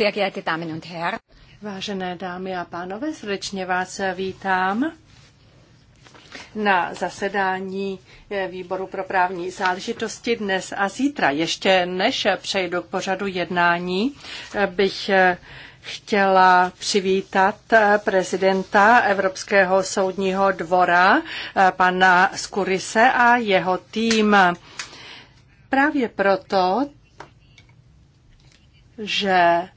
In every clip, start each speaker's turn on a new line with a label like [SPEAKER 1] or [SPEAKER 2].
[SPEAKER 1] Sehr geehrte Damen und Herren. Vážené dámy a pánové, srdečně vás vítám na zasedání výboru pro právní záležitosti dnes a zítra. Ještě než přejdu k pořadu jednání, bych chtěla přivítat prezidenta Evropského soudního dvora, pana Skurise a jeho tým. Právě proto, že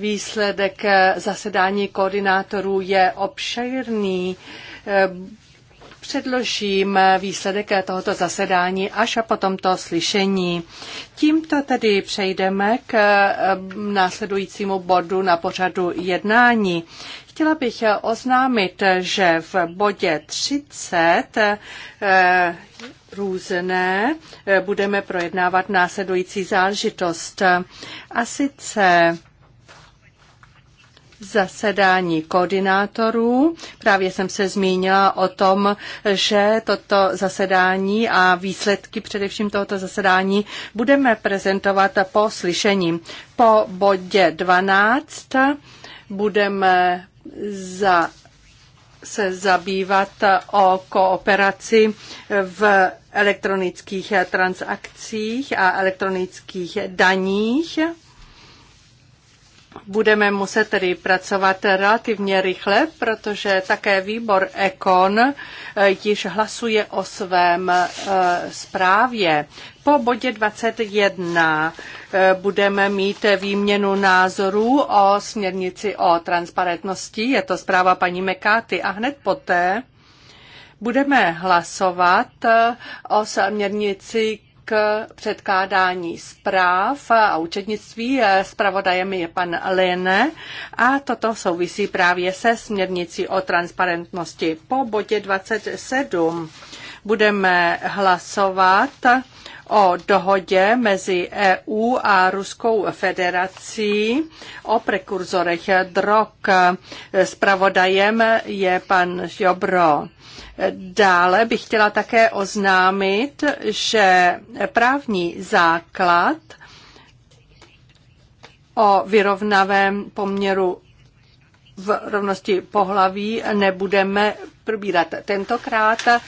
[SPEAKER 1] Výsledek zasedání koordinátorů je obšírný předložím výsledek tohoto zasedání až a potom to slyšení. Tímto tedy přejdeme k eh, následujícímu bodu na pořadu jednání. Chtěla bych oznámit, že v bodě 30 eh, různé eh, budeme projednávat následující záležitost. A sice zasedání koordinátorů. Právě jsem se zmínila o tom, že toto zasedání a výsledky především tohoto zasedání budeme prezentovat po slyšení. Po bodě 12 budeme za se zabývat o kooperaci v elektronických transakcích a elektronických daních. Budeme muset tedy pracovat relativně rychle, protože také výbor Ekon eh, již hlasuje o svém eh, zprávě. Po bodě 21 eh, budeme mít výměnu názorů o směrnici o transparentnosti. Je to zpráva paní Mekáty a hned poté budeme hlasovat o směrnici k předkládání zpráv a účetnictví. Spravodajem je pan Lene a toto souvisí právě se směrnicí o transparentnosti. Po bodě 27 budeme hlasovat o dohodě mezi EU a Ruskou federací o prekurzorech drog. Spravodajem je pan Jobro. Dále bych chtěla také oznámit, že právní základ o vyrovnavém poměru v rovnosti pohlaví nebudeme probírat tentokrát. Eh,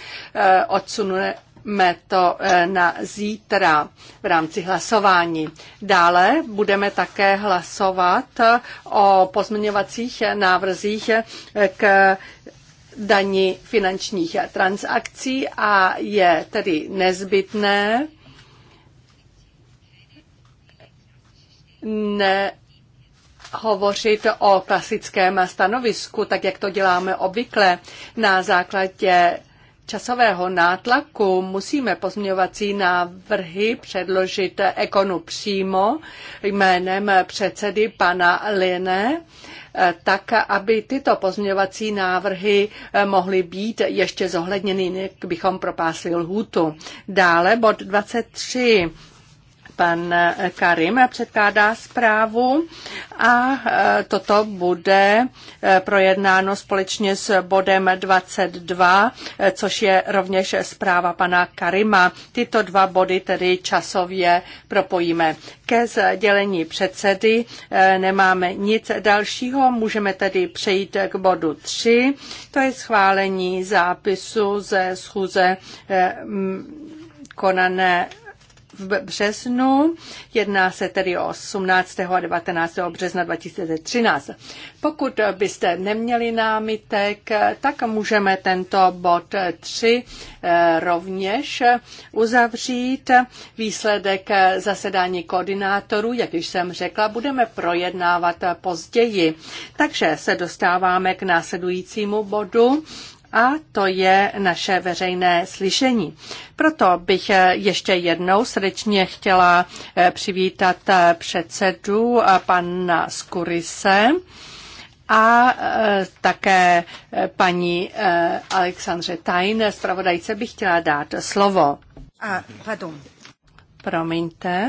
[SPEAKER 1] Odsuneme to eh, na zítra v rámci hlasování. Dále budeme také hlasovat o pozměňovacích návrzích eh, k dani finančních transakcí a je tedy nezbytné ne hovořit o klasickém stanovisku, tak jak to děláme obvykle na základě časového nátlaku musíme pozměňovací návrhy předložit Ekonu přímo jménem předsedy pana Liné. Eh, tak aby tyto pozměňovací návrhy eh, mohly být ještě zohledněny, jak bychom propásli lhůtu. Dále bod 23 Pan Karim předkládá zprávu a e, toto bude e, projednáno společně s bodem 22, e, což je rovněž zpráva pana Karima. Tyto dva body tedy časově propojíme. Ke sdělení předsedy nemáme nic dalšího, můžeme tedy přejít k bodu 3, to je schválení zápisu ze schůze konané v březnu. Jedná se tedy o 18. a 19. března 2013. Pokud byste neměli námitek, tak můžeme tento bod 3 eh, rovněž uzavřít. Výsledek zasedání koordinátorů, jak již jsem řekla, budeme projednávat později. Takže se dostáváme k následujícímu bodu a to je naše veřejné slyšení. Proto bych eh, ještě jednou srdečně chtěla eh, přivítat eh, předsedu pana Skurise a také paní Alexandře Tajn, zpravodajce, bych chtěla dát slovo.
[SPEAKER 2] A, pardon.
[SPEAKER 1] Promiňte.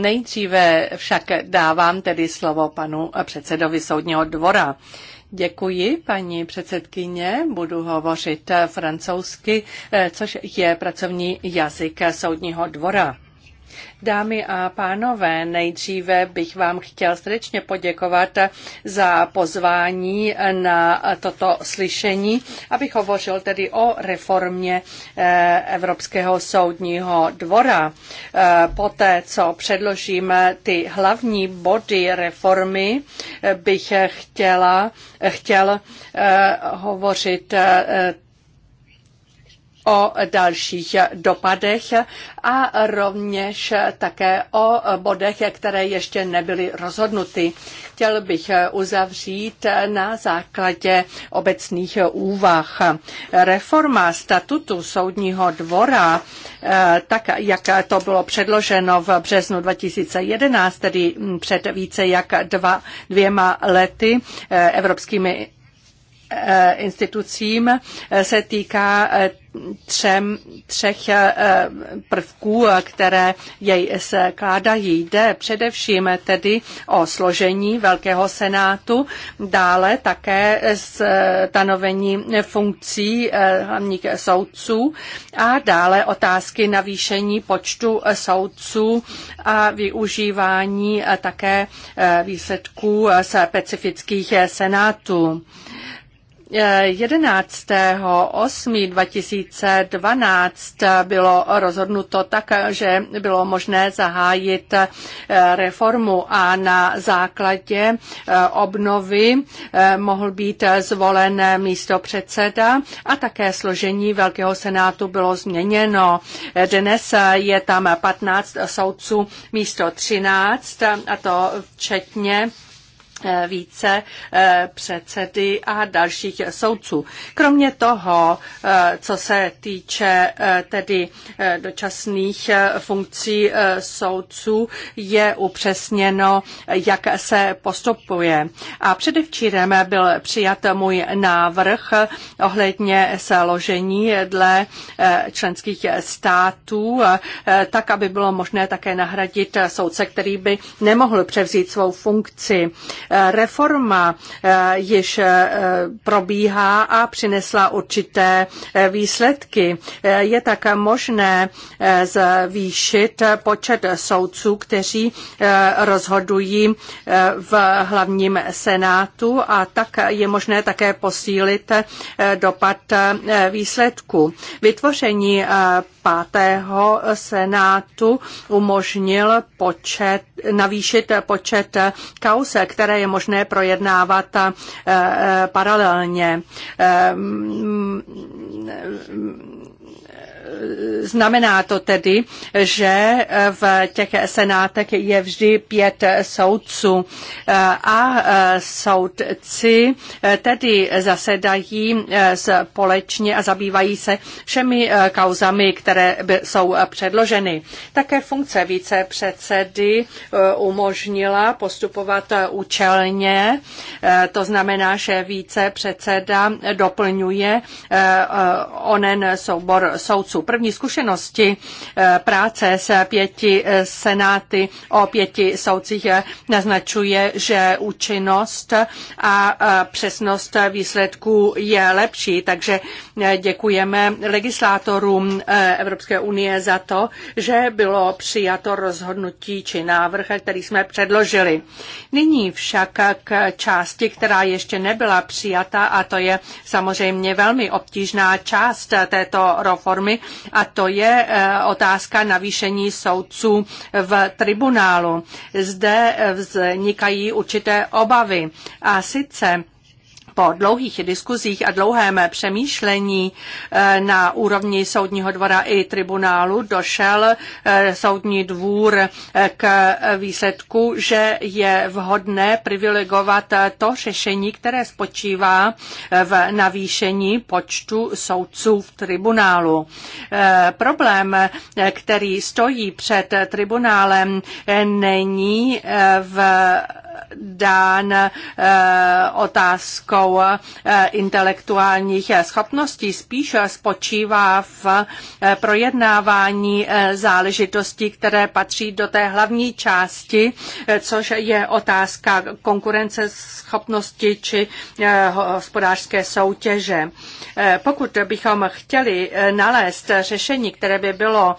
[SPEAKER 1] Nejdříve však dávám tedy slovo panu předsedovi soudního dvora. Děkuji, paní předsedkyně. Budu hovořit francouzsky, eh, což je pracovní jazyk soudního dvora. Dámy a pánové, nejdříve bych vám chtěl srdečně poděkovat za pozvání na toto slyšení, abych hovořil tedy o reformě eh, Evropského soudního dvora. Eh, poté, co předložím ty hlavní body reformy, eh, bych chtěla, chtěl hovořit o dalších dopadech a rovněž také o bodech, které ještě nebyly rozhodnuty. Chtěl bych uzavřít na základě obecných úvah. Reforma statutu Soudního dvora, tak jak to bylo předloženo v březnu 2011, tedy před více jak dva, dvěma lety eh, Evropskými Eh, institucím eh, se týká eh, třem, třech prvků, které jej skládají. Jde především tedy o složení Velkého senátu, dále také stanovení funkcí hlavních soudců a dále otázky navýšení počtu soudců a využívání také výsledků specifických senátů. 11. 8. 2012 bylo rozhodnuto tak, že bylo možné zahájit eh, reformu a na základě eh, obnovy eh, mohl být zvolen místo předseda a také složení Velkého senátu bylo změněno. Dnes je tam 15 soudců místo 13 a to včetně Eh, více eh, předsedy a dalších soudců. Kromě toho, eh, co se týče tedy dočasných funkcí soudců, je upřesněno, jak se postupuje. A předevčírem byl přijat můj návrh ohledně založení dle členských států, tak, aby bylo možné také nahradit soudce, který by nemohl převzít svou funkci. Reforma eh, již eh, probíhá a přinesla určité eh, výsledky. Je tak možné zvýšit počet soudců, kteří rozhodují v hlavním senátu a tak je možné také posílit dopad výsledku. Vytvoření pátého Senátu umožnil počet, navýšit počet kaus, které je možné projednávat eh, eh, paralelně ehm, znamená to tedy, že v těch senátech je vždy pět soudců a soudci tedy zasedají společně a zabývají se všemi kauzami, které jsou předloženy. Také funkce vicepředsedy umožnila postupovat účelně, to znamená, že vicepředseda doplňuje onen soubor soudců první zkušenosti eh, práce s pěti eh, senáty o pěti soudcích eh, naznačuje, že účinnost a přesnost výsledků je lepší. Takže děkujeme legislátorům Evropské unie za to, že bylo přijato rozhodnutí či návrh, který jsme předložili. Nyní však k části, která ještě nebyla přijata, a to je samozřejmě velmi obtížná část této reformy, a to je eh, otázka navýšení soudců v tribunálu. Zde eh, vznikají určité obavy a sice po dlouhých diskuzích a dlouhém přemýšlení eh, na úrovni soudního dvora i tribunálu došel eh, soudní dvůr eh, k výsledku, že je vhodné privilegovat to řešení, které spočívá v navýšení počtu soudců v tribunálu. Problém, který stojí před tribunálem, není v dán eh, otázkou eh, intelektuálních schopností, spíš spočívá v eh, projednávání záležitostí, které patří do té hlavní části, což je otázka konkurence schopnosti či hospodářské soutěže. Pokud bychom chtěli nalézt řešení, které by bylo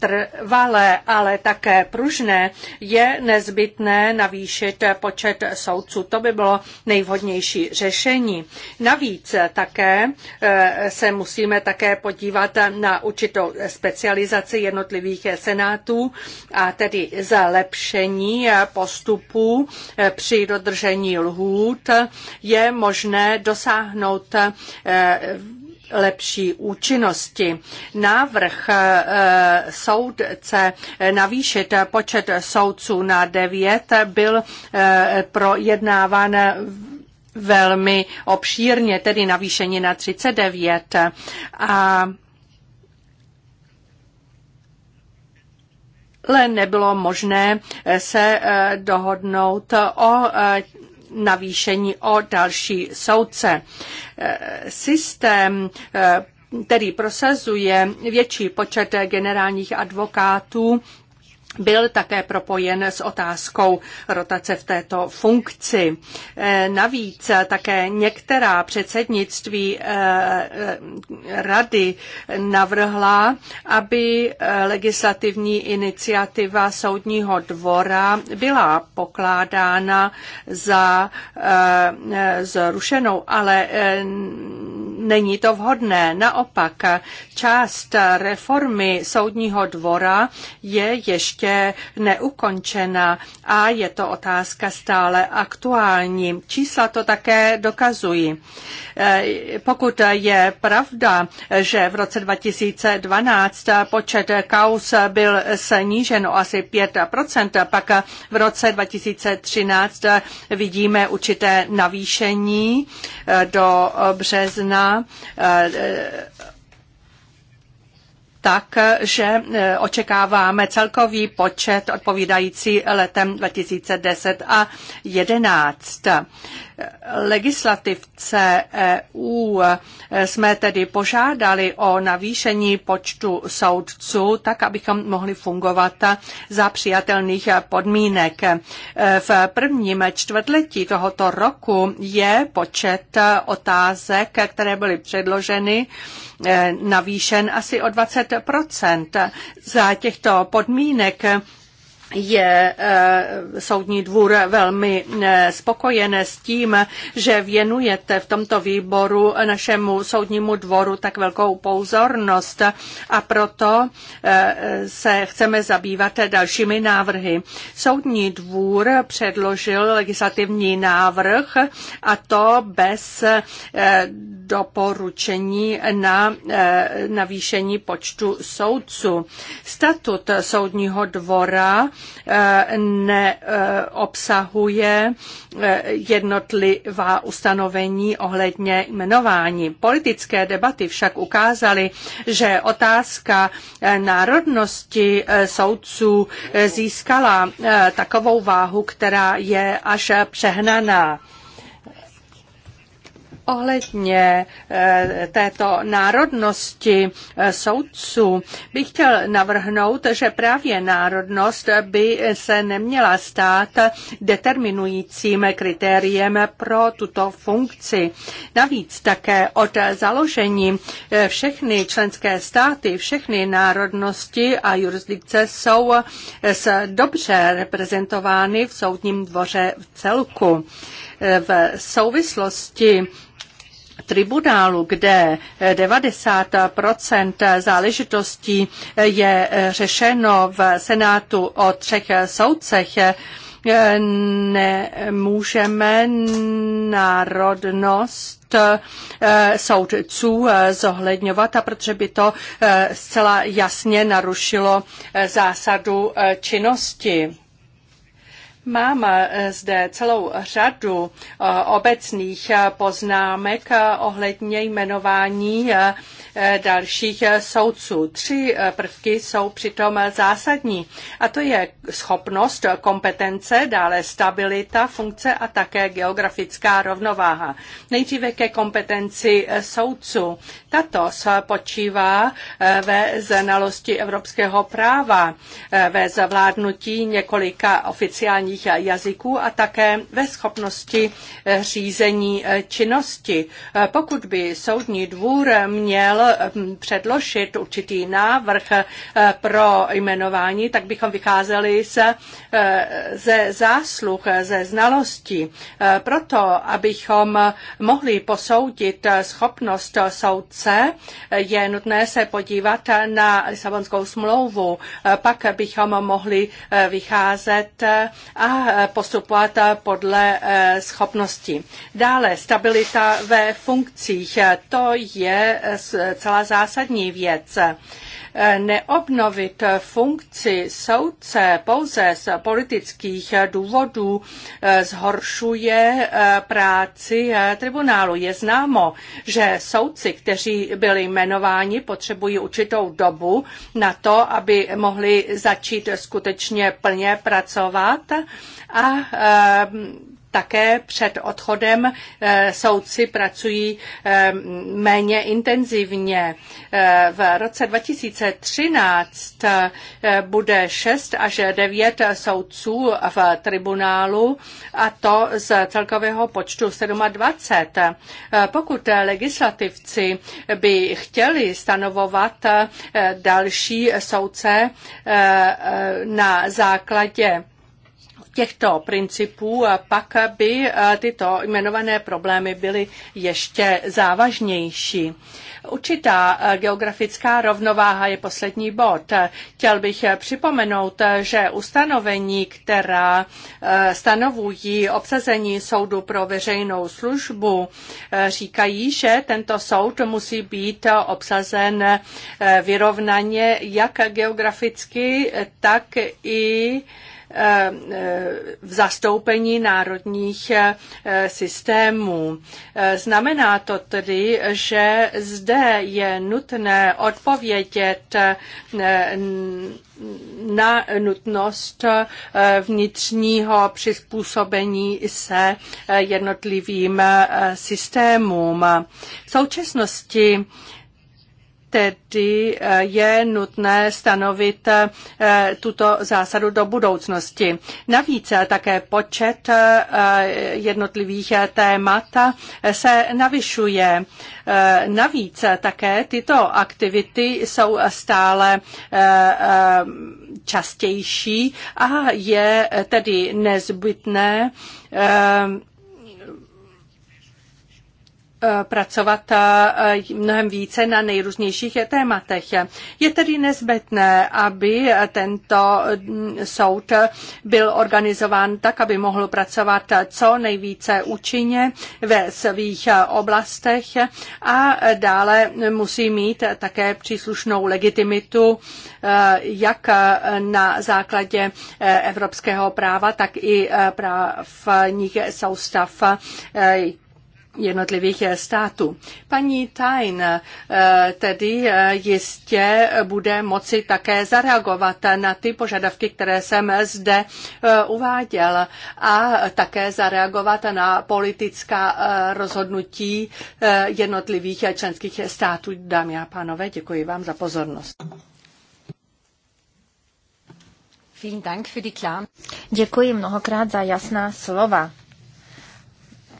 [SPEAKER 1] trvalé, ale také pružné, je nezbytné navýšit počet soudců. To by bylo nejvhodnější řešení. Navíc také eh, se musíme také podívat na určitou specializaci jednotlivých senátů a tedy zlepšení postupů eh, při dodržení lhůt je možné dosáhnout eh, lepší účinnosti. Návrh eh, soudce navýšit počet soudců na devět byl eh, projednáván velmi obšírně, tedy navýšení na 39. A ale nebylo možné se eh, dohodnout o navýšení o další soudce. Eh, systém eh, který prosazuje větší počet generálních advokátů, byl také propojen s otázkou rotace v této funkci. Eh, navíc také některá předsednictví eh, eh, rady navrhla, aby legislativní iniciativa Soudního dvora byla pokládána za zrušenou, ale Není to vhodné. Naopak, část reformy soudního dvora je ještě neukončena a je to otázka stále aktuální. Čísla to také dokazují. Eh, pokud je pravda, že v roce 2012 počet kaus byl snížen o asi 5%, pak v roce 2013 vidíme určité navýšení eh, do března uh, uh, tak, že e, očekáváme celkový počet odpovídající letem 2010 a 2011. Legislativce EU e, jsme tedy požádali o navýšení počtu soudců, tak abychom mohli fungovat za přijatelných podmínek. E, v prvním čtvrtletí tohoto roku je počet otázek, které byly předloženy, navýšen asi o 20 za těchto podmínek je eh, soudní dvůr velmi eh, spokojen s tím, že věnujete v tomto výboru našemu soudnímu dvoru tak velkou pozornost a proto eh, se chceme zabývat dalšími návrhy. Soudní dvůr předložil legislativní návrh a to bez doporučení na navýšení počtu soudců. Statut soudního dvora neobsahuje eh, jednotlivá ustanovení ohledně jmenování. Politické debaty však ukázaly, že otázka eh, národnosti eh, soudců získala takovou váhu, která je až přehnaná. Ohledně eh, této národnosti eh, soudců bych chtěl navrhnout, že právě národnost by se neměla stát determinujícím kritériem pro tuto funkci. Navíc také od založení eh, všechny členské státy, všechny národnosti a jurisdikce jsou dobře reprezentovány v soudním dvoře v celku v souvislosti tribunálu, kde 90 záležitostí je řešeno v Senátu o třech soudcech, nemůžeme národnost eh, soudců eh, zohledňovat, a protože by to eh, zcela jasně narušilo zásadu činnosti. Mám eh, zde celou řadu eh, obecných eh, poznámek ohledně jmenování Eh, dalších eh, soudců. Tři eh, prvky jsou přitom zásadní a to je schopnost, kompetence, dále stabilita, funkce a také geografická rovnováha. Nejdříve ke kompetenci soudců. Tato spočívá ve znalosti evropského práva, ve zvládnutí několika oficiálních jazyků a také ve schopnosti řízení činnosti. Pokud by soudní dvůr měl předložit určitý návrh eh, pro jmenování, tak bychom vycházeli se, eh, ze zásluh, ze znalostí. Eh, proto, abychom mohli posoudit schopnost soudce, je nutné se podívat na Lisabonskou smlouvu. Pak bychom mohli vycházet a postupovat podle schopnosti. Dále stabilita ve funkcích. To je celá zásadní věc. Neobnovit funkci soudce pouze z politických důvodů zhoršuje práci tribunálu. Je známo, že soudci, kteří byli jmenováni, potřebují určitou dobu na to, aby mohli začít skutečně plně pracovat a také před odchodem eh, soudci pracují eh, méně intenzivně. Eh, v roce 2013 bude 6 až 9 soudců v tribunálu a to z celkového počtu 27. Pokud legislativci by chtěli stanovovat další soudce na základě těchto principů, pak by tyto jmenované problémy byly ještě závažnější. Určitá geografická rovnováha je poslední bod. Chtěl bych připomenout, že ustanovení, která stanovují obsazení soudu pro veřejnou službu, říkají, že tento soud musí být obsazen vyrovnaně jak geograficky, tak i v zastoupení národních eh, systémů. Eh, znamená to tedy, že zde je nutné odpovědět eh, na nutnost vnitřního přizpůsobení se jednotlivým systémům. V současnosti tedy eh, je nutné stanovit eh, tuto zásadu do budoucnosti. Navíc eh, také počet jednotlivých témat se navyšuje. Navíc také tyto aktivity jsou stále častější a je tedy nezbytné Eh, pracovat eh, mnohem více na nejrůznějších tématech. Je tedy nezbytné, aby tento mm, soud byl organizován tak, aby mohl pracovat co nejvíce účinně ve svých oblastech a dále musí mít také příslušnou legitimitu eh, jak na základě evropského práva, tak i právních soustav jednotlivých eh, států. Paní Tain eh, tedy eh, jistě bude moci také zareagovat na ty požadavky, které jsem zde uváděl a také zareagovat na politická rozhodnutí jednotlivých členských států. Dámy a pánové, děkuji vám za pozornost. Děkuji
[SPEAKER 3] mnohokrát za jasná slova.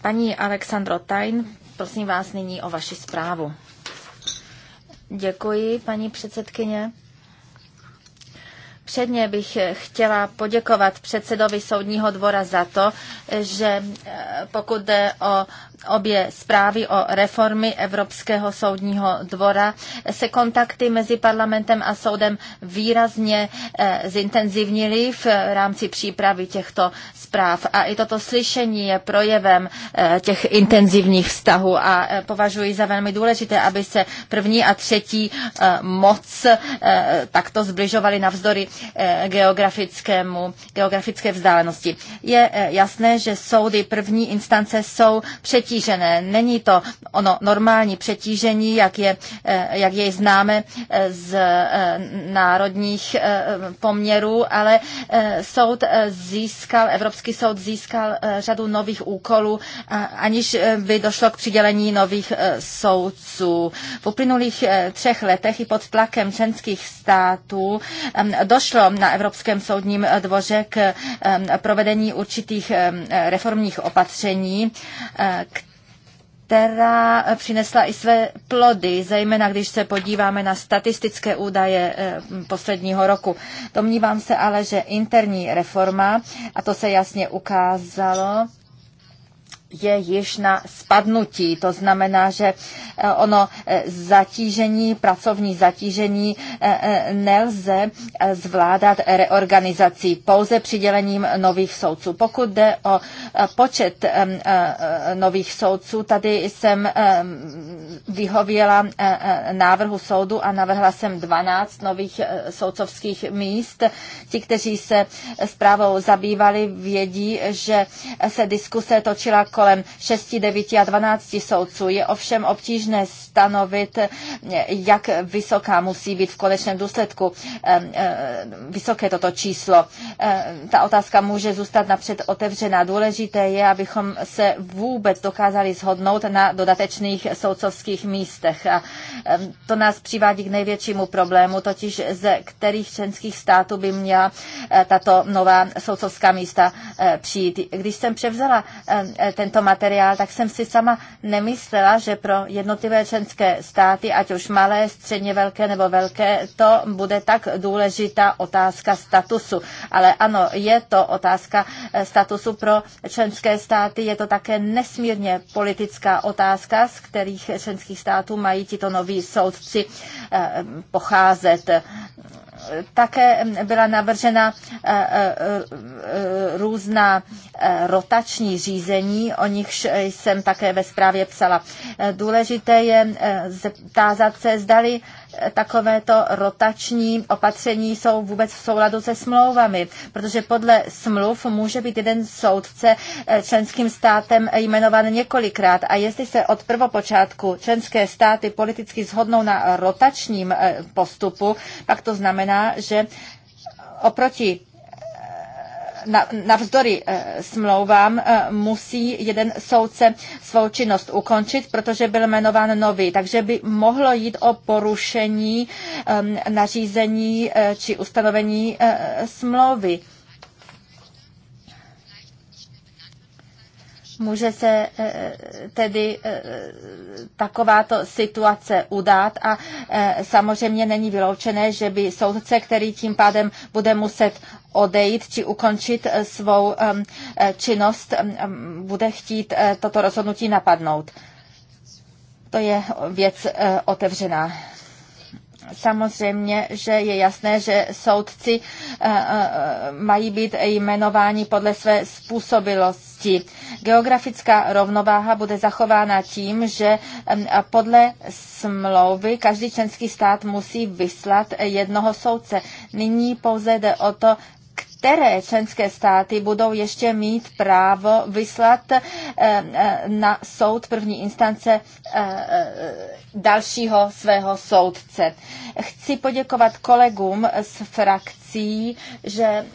[SPEAKER 3] Paní Alexandro Tajn, prosím vás nyní o vaši zprávu. Děkuji, paní předsedkyně. Předně bych chtěla poděkovat předsedovi Soudního dvora za to, že eh, pokud jde o obě zprávy o reformy Evropského soudního dvora se kontakty mezi parlamentem a soudem výrazně eh, zintenzivnily v eh, rámci přípravy těchto zpráv. A i toto slyšení je projevem eh, těch intenzivních vztahů a považuji za velmi důležité, aby se první a třetí moc takto zbližovaly navzdory geografickému, geografické vzdálenosti. Je jasné, že soudy první instance jsou třetí přetížené. Není to ono normální přetížení, jak, je, eh, jak jej známe eh, z eh, národních poměrů, ale soud získal, Evropský soud získal řadu nových úkolů, aniž by došlo k přidělení nových soudců. V uplynulých třech letech i pod tlakem členských států došlo na Evropském soudním dvoře k provedení určitých reformních opatření, která přinesla i své plody, zejména když se podíváme na statistické údaje eh, posledního roku. Domnívám se ale, že interní reforma, a to se jasně ukázalo, je již na spadnutí. To znamená, že eh, ono eh, zatížení, pracovní zatížení eh, nelze zvládat reorganizací, pouze přidělením nových soudců. Pokud jde o počet nových soudců, tady jsem vyhověla návrhu soudu a navrhla jsem 12 nových soudcovských míst. Ti, kteří se zprávou zabývali, vědí, že se diskuse točila kolem kolem 6, 9 a 12 soudců. Je ovšem obtížné stanovit, jak vysoká musí být v konečném důsledku eh, eh, vysoké toto číslo. Eh, ta otázka může zůstat napřed otevřená. Důležité je, abychom se vůbec dokázali shodnout na dodatečných soudcovských místech. A to nás přivádí k největšímu problému, totiž ze kterých členských států by měla tato nová soudcovská místa přijít. Když jsem převzala ten tento materiál, tak jsem si sama nemyslela, že pro jednotlivé členské státy, ať už malé, středně velké nebo velké, to bude tak důležitá otázka statusu. Ale ano, je to otázka eh, statusu pro členské státy, je to také nesmírně politická otázka, z kterých členských států mají tito noví soudci eh, pocházet také byla navržena eh, eh, eh, různá rotační řízení, o nichž jsem také ve zprávě psala. Důležité je tázat se, zdali takovéto rotační opatření jsou vůbec v souladu se smlouvami, protože podle smluv může být jeden soudce eh, členským státem jmenován několikrát a jestli se od prvopočátku členské státy politicky shodnou na rotačním eh, postupu, pak to znamená, že oproti navzdory eh, smlouvám eh, musí jeden soudce svou činnost ukončit, protože byl jmenován nový. Takže by mohlo jít o porušení ehm, nařízení eh, či ustanovení smlouvy. Může se eh, tedy eh, takováto situace udát a eh, samozřejmě není vyloučené, že by soudce, který tím pádem bude muset odejít či ukončit svou činnost, bude chtít toto rozhodnutí napadnout. To je věc otevřená. Samozřejmě, že je jasné, že soudci eh, eh, mají být jmenováni podle své způsobilosti. Geografická rovnováha bude zachována tím, že eh, podle smlouvy každý členský stát musí vyslat jednoho soudce. Nyní pouze jde o to které členské státy budou ještě mít právo vyslat eh, eh, na soud první instance eh, dalšího svého soudce. Chci poděkovat kolegům z frakcí, že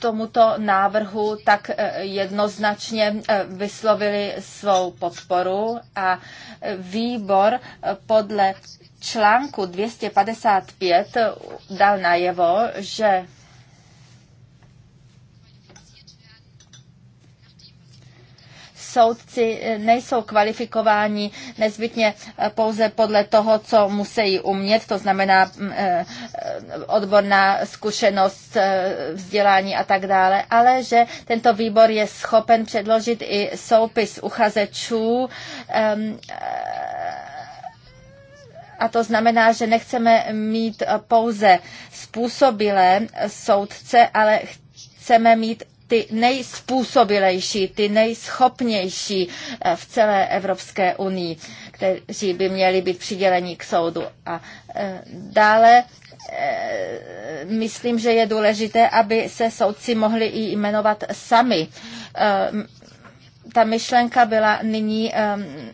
[SPEAKER 3] tomuto návrhu tak jednoznačně vyslovili svou podporu a výbor podle článku 255 dal najevo, že soudci eh, nejsou kvalifikováni nezbytně eh, pouze podle toho, co musí umět, to znamená mm, eh, odborná zkušenost, vzdělání a tak dále, ale že tento výbor je schopen předložit i soupis uchazečů ehm, a to znamená, že nechceme mít pouze způsobilé soudce, ale chceme mít ty nejspůsobilejší, ty nejschopnější eh, v celé Evropské unii, kteří by měli být přiděleni k soudu. A eh, dále eh, myslím, že je důležité, aby se soudci mohli i jmenovat sami ta myšlenka byla nyní um,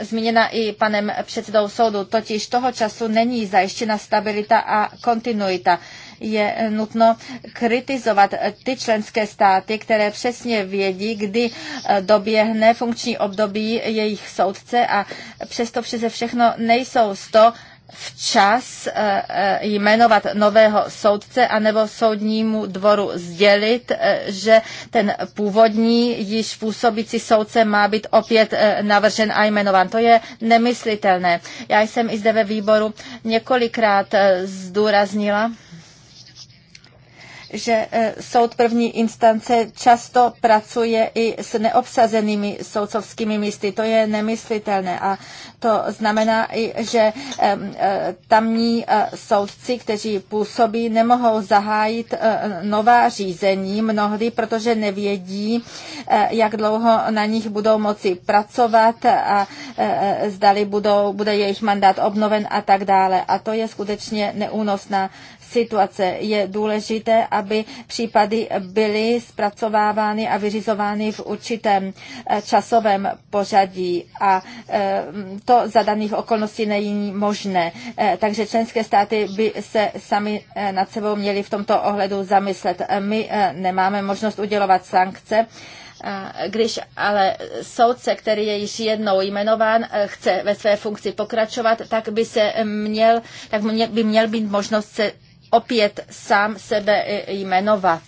[SPEAKER 3] zmíněna i panem předsedou soudu, totiž toho času není zajištěna stabilita a kontinuita je nutno kritizovat ty členské státy, které přesně vědí, kdy eh, doběhne funkční období jejich soudce a přesto přeze všechno nejsou z to včas eh, eh, jmenovat nového soudce anebo soudnímu dvoru sdělit, že ten původní již působící soudce má být opět navržen a jmenován. To je nemyslitelné. Já jsem i zde ve výboru několikrát zdůraznila, že e, soud první instance často pracuje i s neobsazenými soudcovskými místy. To je nemyslitelné a to znamená i, že e, e, tamní soudci, kteří působí, nemohou zahájit nová řízení mnohdy, protože nevědí, jak dlouho na nich budou moci pracovat a zdali budou, bude jejich mandát obnoven a tak dále. A to je skutečně neúnosná situace. Je důležité, aby případy byly zpracovávány a vyřizovány v určitém eh, časovém pořadí a eh, to za daných okolností není možné. Eh, takže členské státy by se sami nad sebou měli v tomto ohledu zamyslet. My nemáme možnost udělovat sankce, když ale soudce, který je již jednou jmenován, chce ve své funkci pokračovat, tak by se měl, tak by měl být možnost se opět sám sebe jmenovat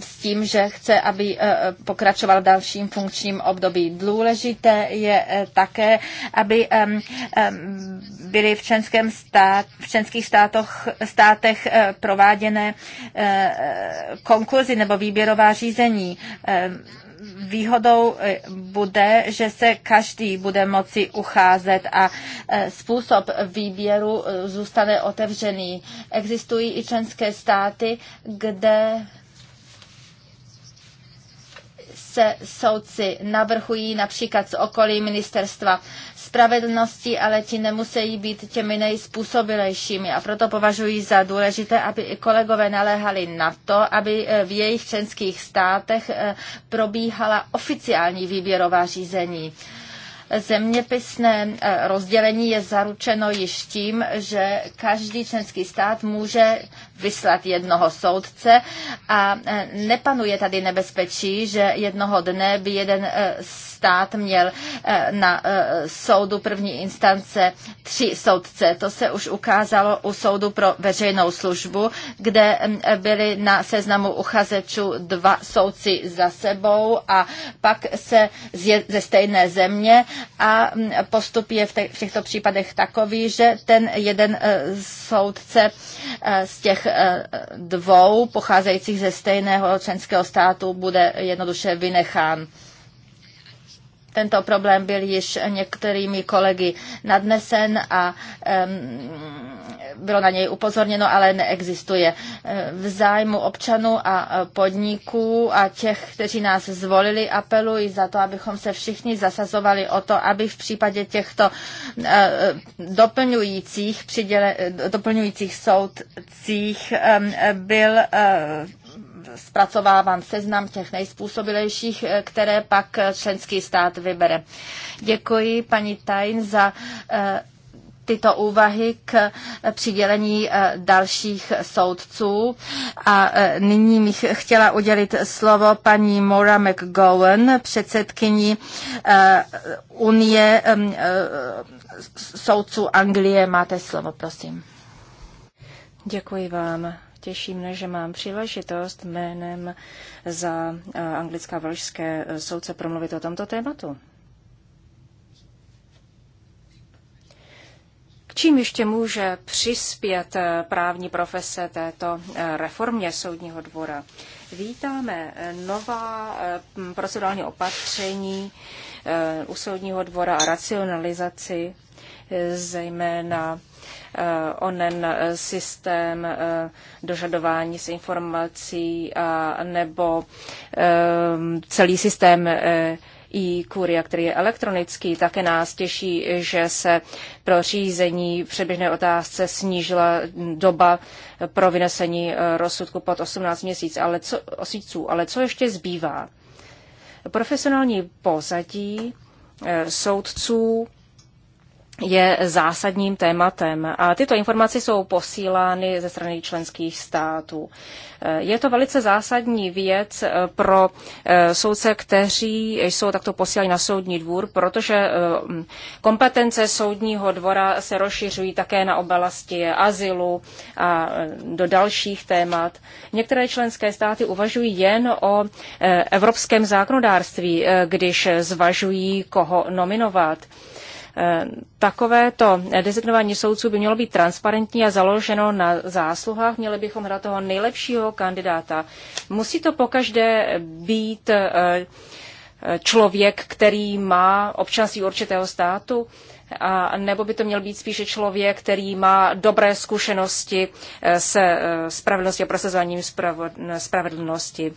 [SPEAKER 3] s tím, že chce, aby e, pokračoval v dalším funkčním období. Důležité je e, také, aby byly v, členském stát, v členských státoch, státech e, prováděné konkurzy nebo výběrová řízení výhodou eh, bude, že se každý bude moci ucházet a eh, způsob výběru eh, zůstane otevřený. Existují i členské státy, kde se soudci navrhují například z okolí ministerstva spravedlnosti, ale ti nemusí být těmi nejspůsobilejšími. A proto považuji za důležité, aby i kolegové naléhali na to, aby eh, v jejich členských státech eh, probíhala oficiální výběrová řízení zeměpisné eh, rozdělení je zaručeno již tím, že každý členský stát může vyslat jednoho soudce a nepanuje tady nebezpečí, že jednoho dne by jeden z stát měl eh, na eh, soudu první instance tři soudce. To se už ukázalo u soudu pro veřejnou službu, kde mm, byli na seznamu uchazečů dva soudci za sebou a pak se ze stejné země a mm, postup je v, v těchto případech takový, že ten jeden eh, soudce z těch dvou pocházejících ze stejného členského státu bude jednoduše vynechán. Tento problém byl již některými kolegy nadnesen a bylo na něj upozorněno, ale neexistuje. V zájmu občanů a podniků a těch, kteří nás zvolili, apeluji za to, abychom se všichni zasazovali o to, aby v případě těchto eh, doplňujících, přiděle, doplňujících soudcích byl eh, zpracováván seznam těch nejspůsobilejších, eh, které pak eh, členský stát vybere. Děkuji paní Tajn za eh, tyto úvahy k přidělení dalších soudců. A nyní bych chtěla udělit slovo paní Maura McGowan, předsedkyni Unie soudců Anglie. Máte
[SPEAKER 2] slovo, prosím. Děkuji vám, Těší mne, že mám příležitost jménem za eh, anglická velšské eh, soudce promluvit o tomto tématu. K čím ještě může přispět eh, právní profese této reformě soudního dvora? Vítáme nová procedurální opatření u soudního dvora a racionalizaci zejména Eh, onen eh, systém eh, dožadování se informací a nebo celý systém i kuria, který je elektronický, také nás těší, že se pro řízení předběžné otázce snížila doba pro vynesení rozsudku pod 18 měsíc, ale co, osíců. Ale co ještě zbývá? Profesionální pozadí soudců je zásadním tématem a tyto informace jsou posílány ze strany členských států. Je to velice zásadní věc eh, pro eh, soudce, kteří jsou takto posíláni na soudní dvůr, protože eh, kompetence soudního dvora se rozšiřují také na oblasti azylu a do dalších témat. Některé členské státy uvažují jen o evropském zákonodárství, když zvažují, koho nominovat. Takovéto designování soudců by mělo být transparentní a založeno na zásluhách. Měli bychom hrát toho nejlepšího kandidáta. Musí to pokaždé být eh, člověk, který má občanství určitého státu, a nebo by to měl být spíše člověk, který má dobré zkušenosti eh, se eh, spravedlností a prosazováním spravedlnosti.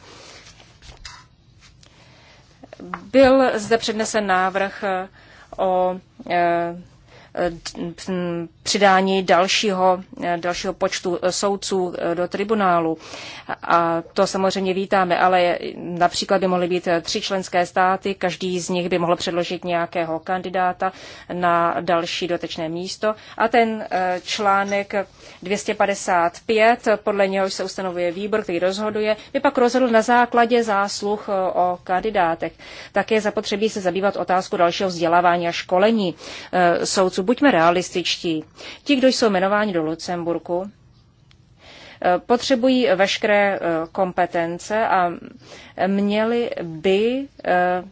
[SPEAKER 2] Byl zde přednesen návrh o e, přidání dalšího, dalšího počtu soudců do tribunálu. A to samozřejmě vítáme, ale například by mohly být tři členské státy, každý z nich by mohl předložit nějakého kandidáta na další dotečné místo. A ten eh, článek 255, podle něhož se ustanovuje výbor, který rozhoduje, by pak rozhodl na základě zásluh eh, o kandidátech. Také zapotřebí se zabývat otázku dalšího vzdělávání a školení eh, soudců poslanců. Buďme realističtí. Ti, kdo jsou jmenováni do Lucemburku, eh, potřebují veškeré eh, kompetence a měli by eh,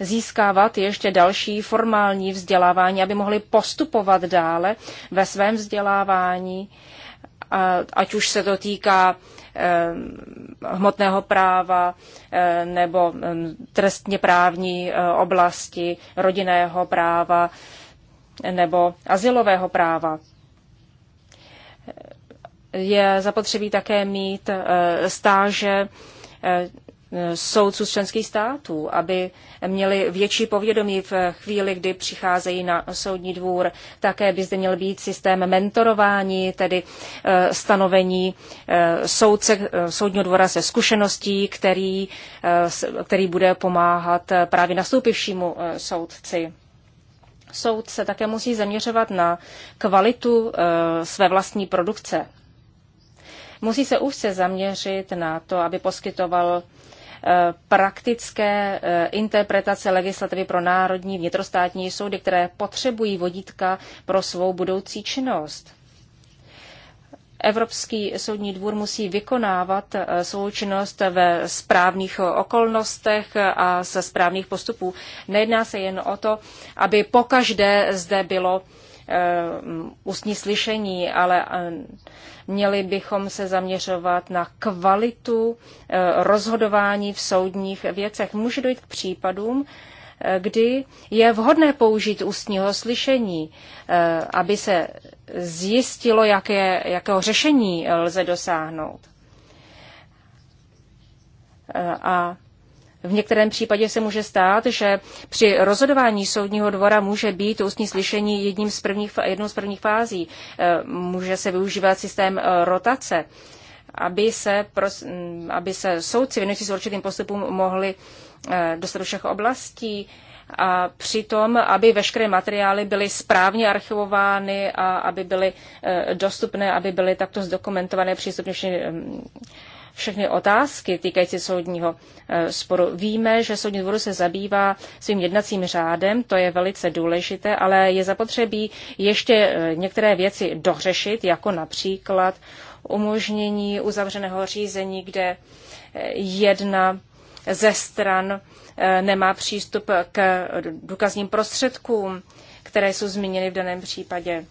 [SPEAKER 2] získávat ještě další formální vzdělávání, aby mohli postupovat dále ve svém vzdělávání, ať už se to týká Eh, hmotného práva eh, nebo eh, trestně právní oblasti, rodinného práva nebo asilového práva. Je zapotřebí také mít stáže soudců z členských států, aby měli větší povědomí v chvíli, kdy přicházejí na soudní dvůr. Také by zde měl být systém mentorování, tedy eh, stanovení eh, soudce, eh, soudního dvora se zkušeností, který, který bude pomáhat právě nastoupivšímu soudci. Soud se také musí zaměřovat na kvalitu své vlastní produkce musí se úzce zaměřit na to, aby poskytoval praktické eh, interpretace legislativy pro národní vnitrostátní soudy, které potřebují vodítka pro svou budoucí činnost. Evropský soudní dvůr musí vykonávat eh, svou činnost ve správných okolnostech a ze správných postupů. Nejedná se jen o to, aby pokaždé zde bylo Eh, ústní slyšení, ale eh, měli bychom se zaměřovat na kvalitu eh, rozhodování v soudních věcech. Může dojít k případům, kdy je vhodné použít ústního slyšení, aby se zjistilo, jaké, jakého řešení lze dosáhnout. A v některém případě se může stát, že při rozhodování soudního dvora může být ústní slyšení jedním z prvních, jednou z prvních fází. E, může se využívat systém e, rotace, aby se, aby se soudci věnující s určitým postupům mohli e, dostat do všech oblastí a přitom, aby veškeré materiály byly správně archivovány a aby byly dostupné, aby byly takto zdokumentované přístupně všem všechny otázky týkající soudního eh, sporu. Víme, že soudní dvůr se zabývá svým jednacím řádem, to je velice důležité, ale je zapotřebí ještě eh, některé věci dořešit, jako například umožnění uzavřeného řízení, kde eh, jedna ze stran nemá přístup k důkazním prostředkům, které jsou zmíněny v daném případě.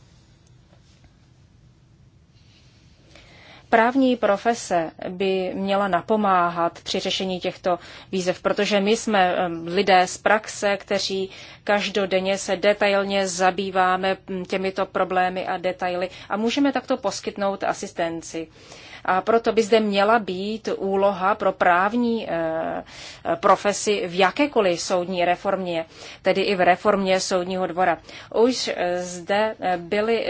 [SPEAKER 2] Právní profese by měla napomáhat při řešení těchto výzev, protože my jsme lidé z praxe, kteří každodenně se detailně zabýváme těmito problémy a detaily a můžeme takto poskytnout asistenci. A proto by zde měla být úloha pro právní eh, eh, profesi v jakékoliv soudní reformě, tedy i v reformě soudního dvora. Už eh, zde byly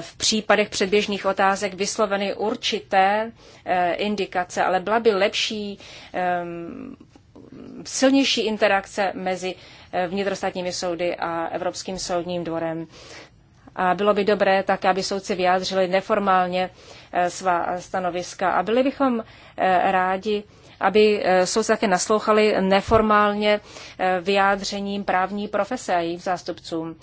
[SPEAKER 2] v případech předběžných otázek vysloveny určité eh, indikace, ale byla by lepší ehm, silnější interakce mezi eh, vnitrostátními soudy a Evropským soudním dvorem. A bylo by dobré tak, aby soudci vyjádřili neformálně eh, svá stanoviska. A byli bychom rádi, aby soudci také naslouchali neformálně vyjádřením právní profese a jejich zástupcům.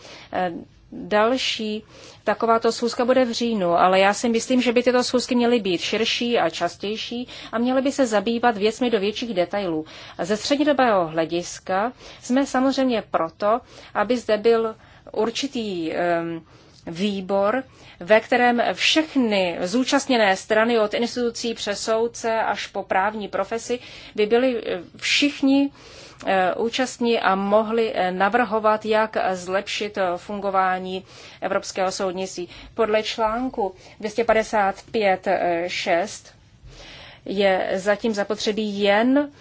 [SPEAKER 2] Další takováto schůzka bude v říjnu, ale já si myslím, že by tyto schůzky měly být širší a častější a měly by se zabývat věcmi do větších detailů. A ze střednědobého hlediska jsme samozřejmě proto, aby zde byl určitý um, výbor, ve kterém všechny zúčastněné strany od institucí přes soudce až po právní profesi by byli eh, všichni uh, Eh, účastní a mohli eh, navrhovat, jak zlepšit eh, fungování Evropského soudnictví. Podle článku 255.6 je zatím zapotřebí jen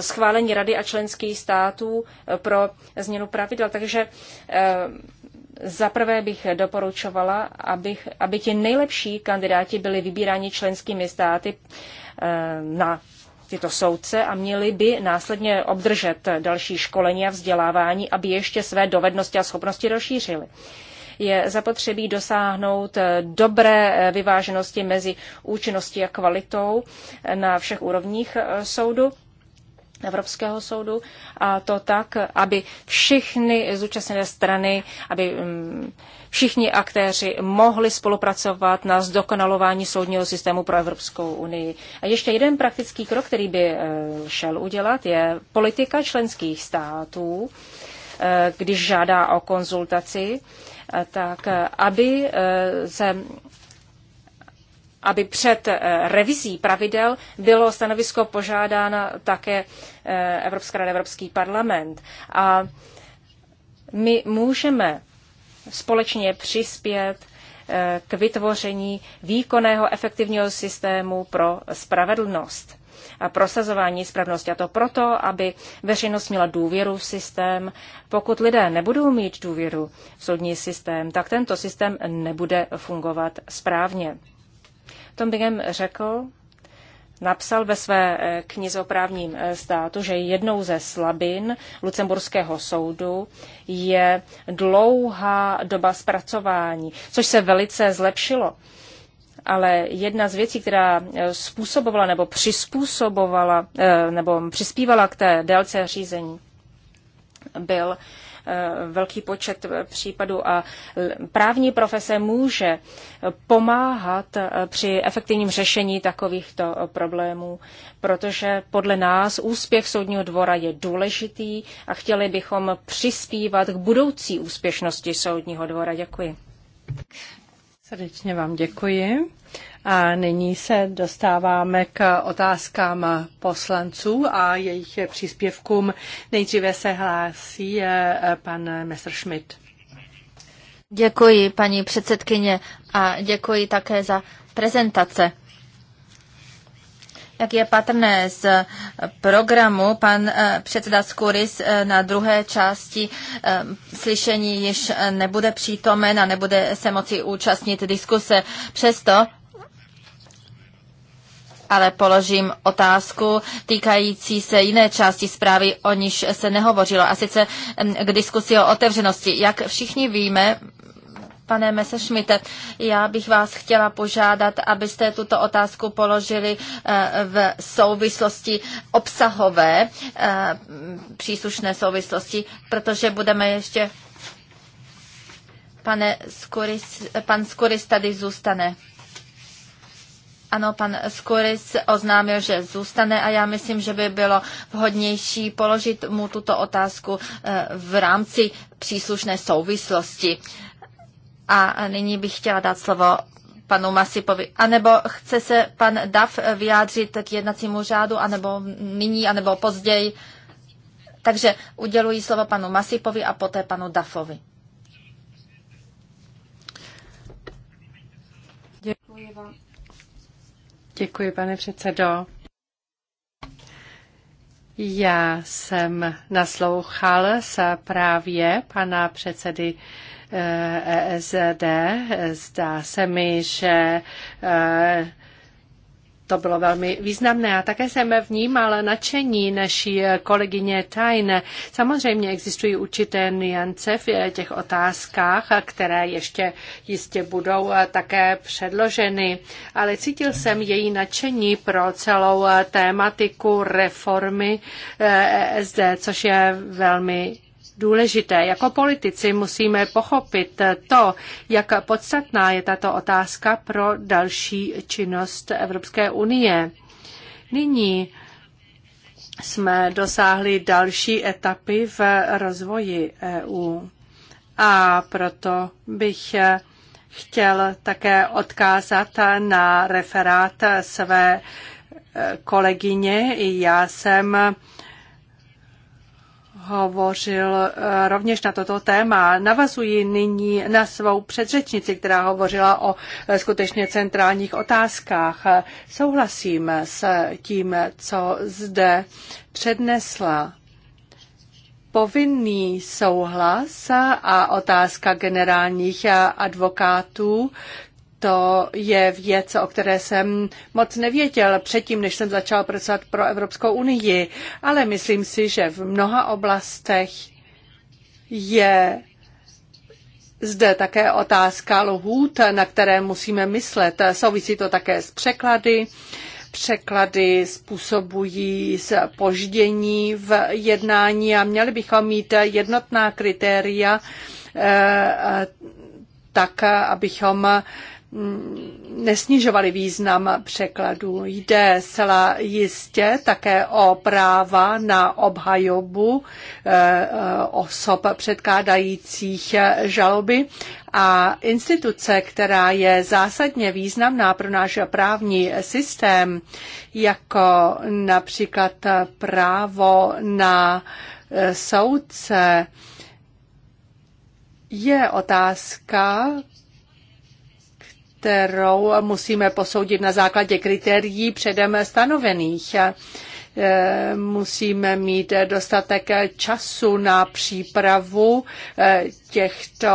[SPEAKER 2] schválení Rady a členských států pro změnu pravidel. Takže zaprvé bych doporučovala, abych, aby ti nejlepší kandidáti byli vybíráni členskými státy na tyto soudce a měli by následně obdržet další školení a vzdělávání, aby ještě své dovednosti a schopnosti rozšířili. Je zapotřebí dosáhnout dobré vyváženosti mezi účinností a kvalitou na všech úrovních soudu Evropského soudu a to tak, aby všichni zúčastněné strany, aby mm, všichni aktéři mohli spolupracovat na zdokonalování soudního systému pro Evropskou unii. A ještě jeden praktický krok, který by eh, šel udělat, je politika členských států, eh, když žádá o konzultaci, eh, tak aby se aby před eh, revizí pravidel bylo stanovisko požádána také eh, Evropská rada, Evropský parlament. A my můžeme společně přispět eh, k vytvoření výkonného efektivního systému pro spravedlnost a prosazování spravedlnosti. A to proto, aby veřejnost měla důvěru v systém. Pokud lidé nebudou mít důvěru v soudní systém, tak tento systém nebude fungovat správně. Tom Bingham řekl, napsal ve své eh, knize o právním eh, státu, že jednou ze slabin Lucemburského soudu je dlouhá doba zpracování, což se velice zlepšilo. Ale jedna z věcí, která eh, způsobovala nebo přizpůsobovala nebo přispívala k té délce řízení, byl Eh, velký počet případů a právní profese může pomáhat eh, při efektivním řešení takovýchto problémů, protože podle nás úspěch soudního dvora je důležitý a chtěli bychom přispívat k budoucí
[SPEAKER 1] úspěšnosti soudního dvora. Děkuji. Srdečně vám děkuji. A nyní se dostáváme k otázkám poslanců a jejich příspěvkům. Nejdříve se hlásí eh, pan Schmidt.
[SPEAKER 3] Děkuji, paní předsedkyně, a děkuji také za prezentace. Jak je patrné z programu, pan eh, předseda Skuris eh, na druhé části slyšení již nebude přítomen a nebude se moci účastnit diskuse. Přesto ale položím otázku týkající se jiné části zprávy, o níž se nehovořilo, a sice mm, k diskusi o otevřenosti. Jak všichni víme, Pane Messerschmitte, já bych vás chtěla požádat, abyste tuto otázku položili eh, v souvislosti obsahové, eh, příslušné souvislosti, protože budeme ještě. Pane Skuris, pan Skuris tady zůstane. Ano, pan Skuris oznámil, že zůstane a já myslím, že by bylo vhodnější položit mu tuto otázku eh, v rámci příslušné souvislosti. A nyní bych chtěla dát slovo panu Masipovi. A nebo chce se pan Dav vyjádřit k jednacímu řádu, anebo nyní, anebo později. Takže uděluji slovo panu Masipovi a poté panu Dafovi.
[SPEAKER 2] Děkuji
[SPEAKER 1] vám. Děkuji, pane předsedo. Já jsem naslouchal se právě pana předsedy ESD. Eh, e Zdá se mi, že eh, to bylo velmi významné a také jsem vnímal nadšení naší kolegyně Tajne. Samozřejmě existují určité niance v těch otázkách, které ještě jistě budou také předloženy, ale cítil jsem její nadšení pro celou tématiku reformy ESD, eh, eh, což je velmi důležité. Jako politici musíme pochopit to, jak podstatná je tato otázka pro další činnost Evropské unie. Nyní jsme dosáhli další etapy v rozvoji EU. A proto bych chtěl také odkázat na referát své kolegyně. Já jsem hovořil eh, rovněž na toto téma. Navazuji nyní na svou předřečnici, která hovořila o eh, skutečně centrálních otázkách. Souhlasím s tím, co zde přednesla povinný souhlas a otázka generálních advokátů, to je věc, o které jsem moc nevěděl předtím, než jsem začal pracovat pro Evropskou unii, ale myslím si, že v mnoha oblastech je zde také otázka lhůt, na které musíme myslet. Souvisí to také s překlady. Překlady způsobují spoždění v jednání a měli bychom mít jednotná kritéria eh, eh, tak, abychom nesnižovaly význam překladů. Jde zcela jistě také o práva na obhajobu eh, eh, osob předkádajících eh, žaloby a instituce, která je zásadně významná pro náš právní systém, jako například právo na soudce, je otázka, kterou musíme posoudit na základě kritérií předem stanovených e, musíme mít dostatek času na přípravu e, těchto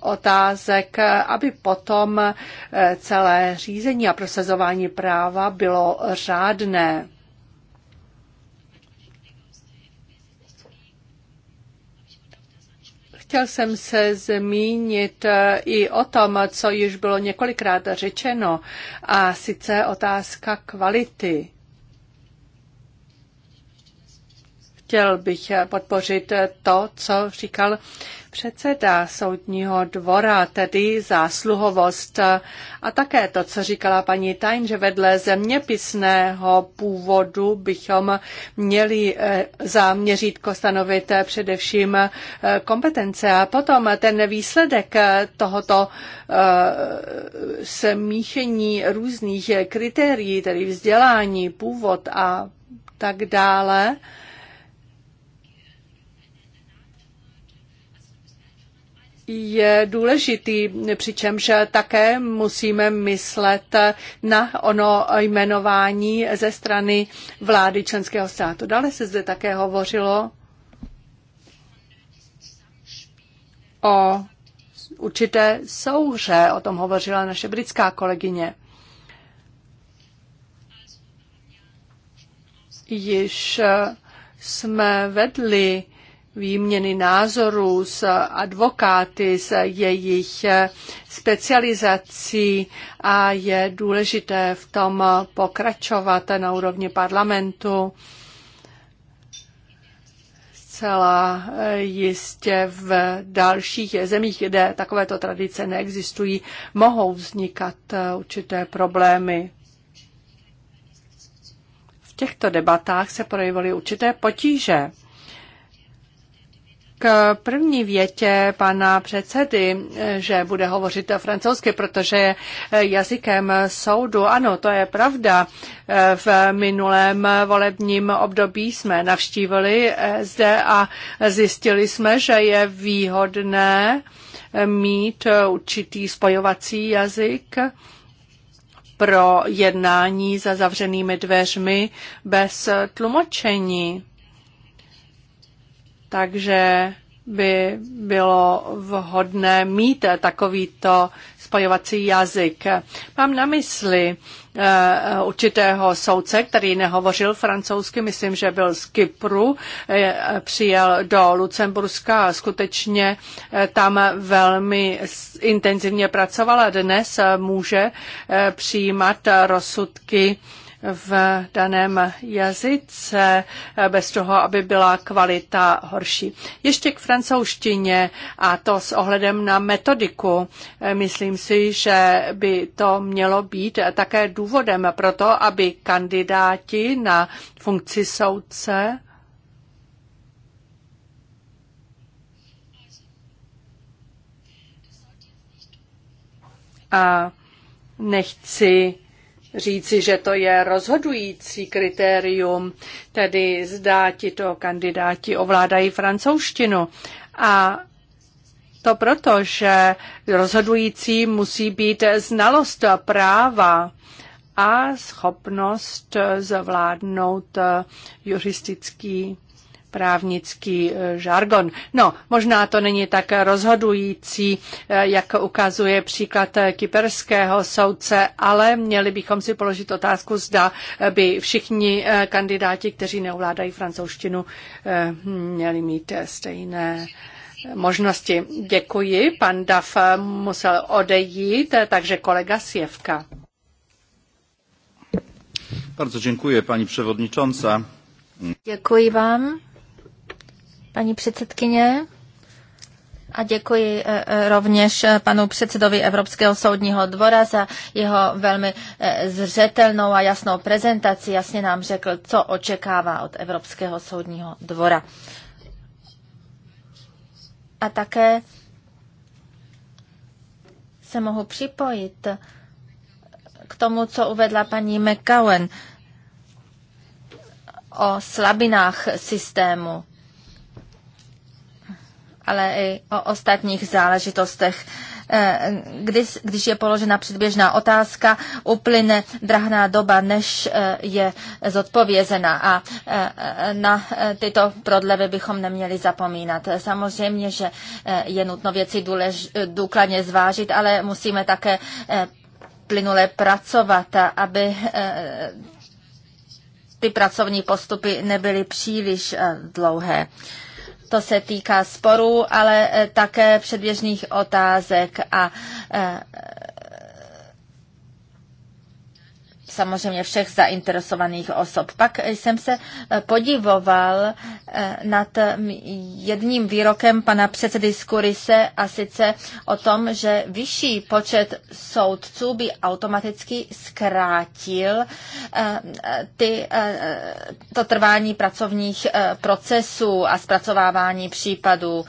[SPEAKER 1] otázek, aby potom e, celé řízení a prosazování práva bylo řádné. Chtěl jsem se zmínit eh, i o tom, co již bylo několikrát řečeno, a sice otázka kvality. Chtěl bych podpořit to, co říkal předseda soudního dvora, tedy zásluhovost. A také to, co říkala paní Tajn, že vedle zeměpisného původu bychom měli eh, za měřítko stanovit eh, především eh, kompetence. A potom ten výsledek tohoto smíchení různých kritérií, tedy vzdělání, původ a tak dále, je důležitý, přičemž také musíme myslet na ono jmenování ze strany vlády členského státu. Dále se zde také hovořilo o určité souhře, o tom hovořila naše britská kolegyně. Již jsme vedli výměny názorů s advokáty, s jejich specializací a je důležité v tom pokračovat na úrovni parlamentu. Celá jistě v dalších zemích, kde takovéto tradice neexistují, mohou vznikat určité problémy. V těchto debatách se projevily určité potíže k první větě pana předsedy, že bude hovořit francouzsky, protože je jazykem soudu. Ano, to je pravda. V minulém volebním období jsme navštívili zde a zjistili jsme, že je výhodné mít určitý spojovací jazyk pro jednání za zavřenými dveřmi bez tlumočení. Takže by bylo vhodné mít takovýto spojovací jazyk. Mám na mysli eh, určitého soudce, který nehovořil francouzsky, myslím, že byl z Kypru, eh, přijel do Lucemburska a skutečně eh, tam velmi intenzivně pracoval a dnes může přijímat rozsudky v daném jazyce, bez toho, aby byla kvalita horší. Ještě k francouzštině a to s ohledem na metodiku. Myslím si, že by to mělo být také důvodem pro to, aby kandidáti na funkci soudce a nechci říci, že to je rozhodující kritérium, tedy zda to kandidáti ovládají francouzštinu. A to proto, že rozhodující musí být znalost práva a schopnost zvládnout juristický právnický eh, žargon. No, možná to není tak rozhodující, eh, jak ukazuje příklad eh, kyperského soudce, ale měli bychom si položit otázku, zda by všichni kandidáti, kteří neovládají francouzštinu, měli mít stejné možnosti. Děkuji. Pan Daf musel odejít, takže kolega Sjevka.
[SPEAKER 3] Bardzo dziękuję pani przewodnicząca. Děkuji vám paní předsedkyně. A děkuji eh, eh, rovněž eh, panu předsedovi Evropského soudního dvora za jeho velmi zřetelnou a jasnou prezentaci. Jasně nám řekl, co očekává od Evropského soudního dvora. A také se mohu připojit k tomu, co uvedla paní McCowen o slabinách systému ale i o ostatních záležitostech. Eh, když, když je položena předběžná otázka, uplyne drahná doba, než eh, je zodpovězena a eh, na tyto prodlevy bychom neměli zapomínat. Samozřejmě, že je nutno věci důlež, důkladně zvážit, ale musíme také plynule pracovat, aby ty pracovní postupy nebyly příliš dlouhé. To se týká sporů, ale eh, také předběžných otázek a eh, samozřejmě všech zainteresovaných osob. Pak jsem se eh, podivoval eh, nad mm, jedním výrokem pana předsedy Skurise a sice o tom, že vyšší počet soudců by automaticky zkrátil eh, ty, to trvání pracovních procesů a zpracovávání případů.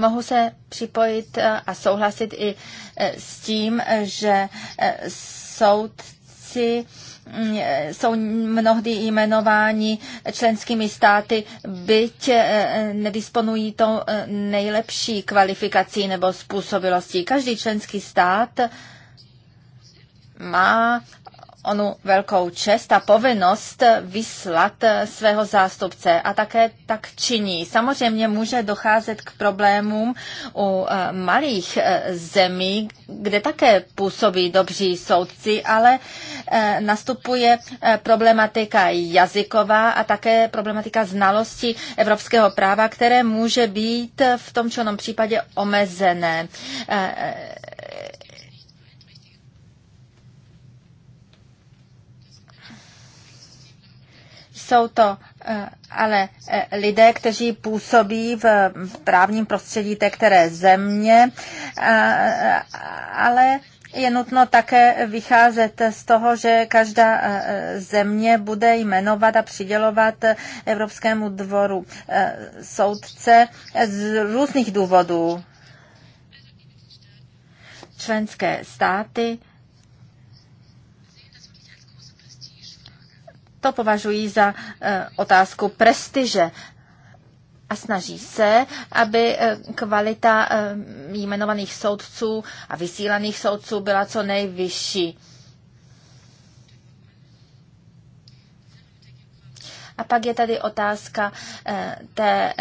[SPEAKER 3] Mohu se připojit eh, a souhlasit i eh, s tím, eh, že soudci mm, jsou mnohdy jmenováni členskými státy, byť nedisponují to nejlepší kvalifikací nebo způsobilostí. Každý členský stát má onu velkou čest a povinnost vyslat eh, svého zástupce a také tak činí. Samozřejmě může docházet k problémům u eh, malých eh, zemí, kde také působí dobří soudci, ale nastupuje problematika jazyková a také problematika znalosti evropského práva, které může být v tom či onom případě omezené. Jsou to eh, ale eh, lidé, kteří působí v právním prostředí té které země, eh, ale je nutno také vycházet z toho, že každá země bude jmenovat a přidělovat Evropskému dvoru soudce z různých důvodů. Členské státy To považují za eh, otázku prestiže a snaží se, aby eh, kvalita eh, jmenovaných soudců a vysílaných soudců byla co nejvyšší. A pak je tady otázka té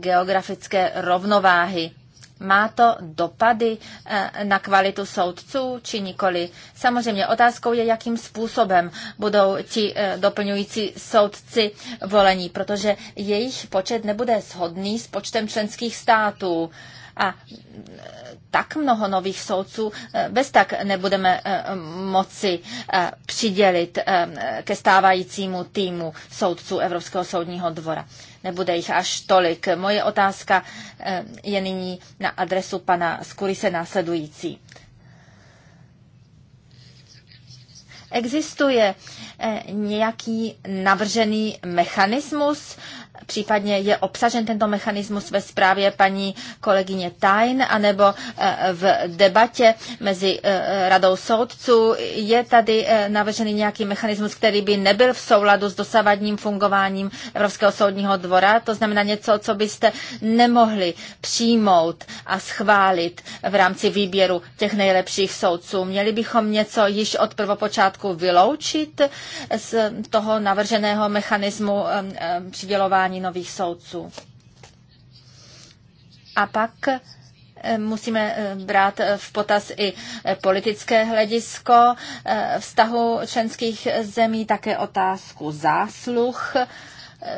[SPEAKER 3] geografické rovnováhy. Má to dopady eh, na kvalitu soudců či nikoli? Samozřejmě otázkou je, jakým způsobem budou ti eh, doplňující soudci volení, protože jejich počet nebude shodný s počtem členských států a eh, tak mnoho nových soudců bez tak nebudeme moci přidělit ke stávajícímu týmu soudců Evropského soudního dvora nebude jich až tolik. Moje otázka eh, je nyní na adresu pana Skurise následující. Existuje eh, nějaký navržený mechanismus, případně je obsažen tento mechanismus ve zprávě paní kolegyně Tajn, anebo eh, v debatě mezi eh, radou soudců. Je tady eh, navržený nějaký mechanismus, který by nebyl v souladu s dosavadním fungováním Evropského soudního dvora, to znamená něco, co byste nemohli přijmout a schválit v rámci výběru těch nejlepších soudců. Měli bychom něco již od prvopočátku vyloučit z toho navrženého mechanismu přidělování vybrání nových soudců. A pak eh, musíme eh, brát eh, v potaz i politické hledisko vztahu členských zemí, také otázku zásluh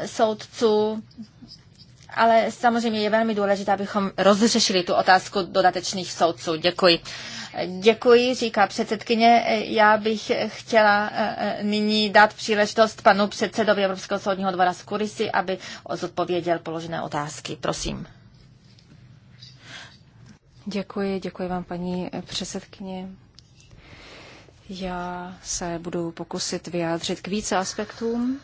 [SPEAKER 3] soudců. Ale samozřejmě je velmi důležité, abychom rozřešili tu otázku dodatečných soudců. Děkuji. Děkuji, říká předsedkyně. Já bych chtěla eh, eh, nyní dát příležitost panu předsedovi Evropského soudního dvora z aby zodpověděl položené otázky. Prosím.
[SPEAKER 2] Děkuji, děkuji vám, paní předsedkyně. Já se budu pokusit vyjádřit k více aspektům.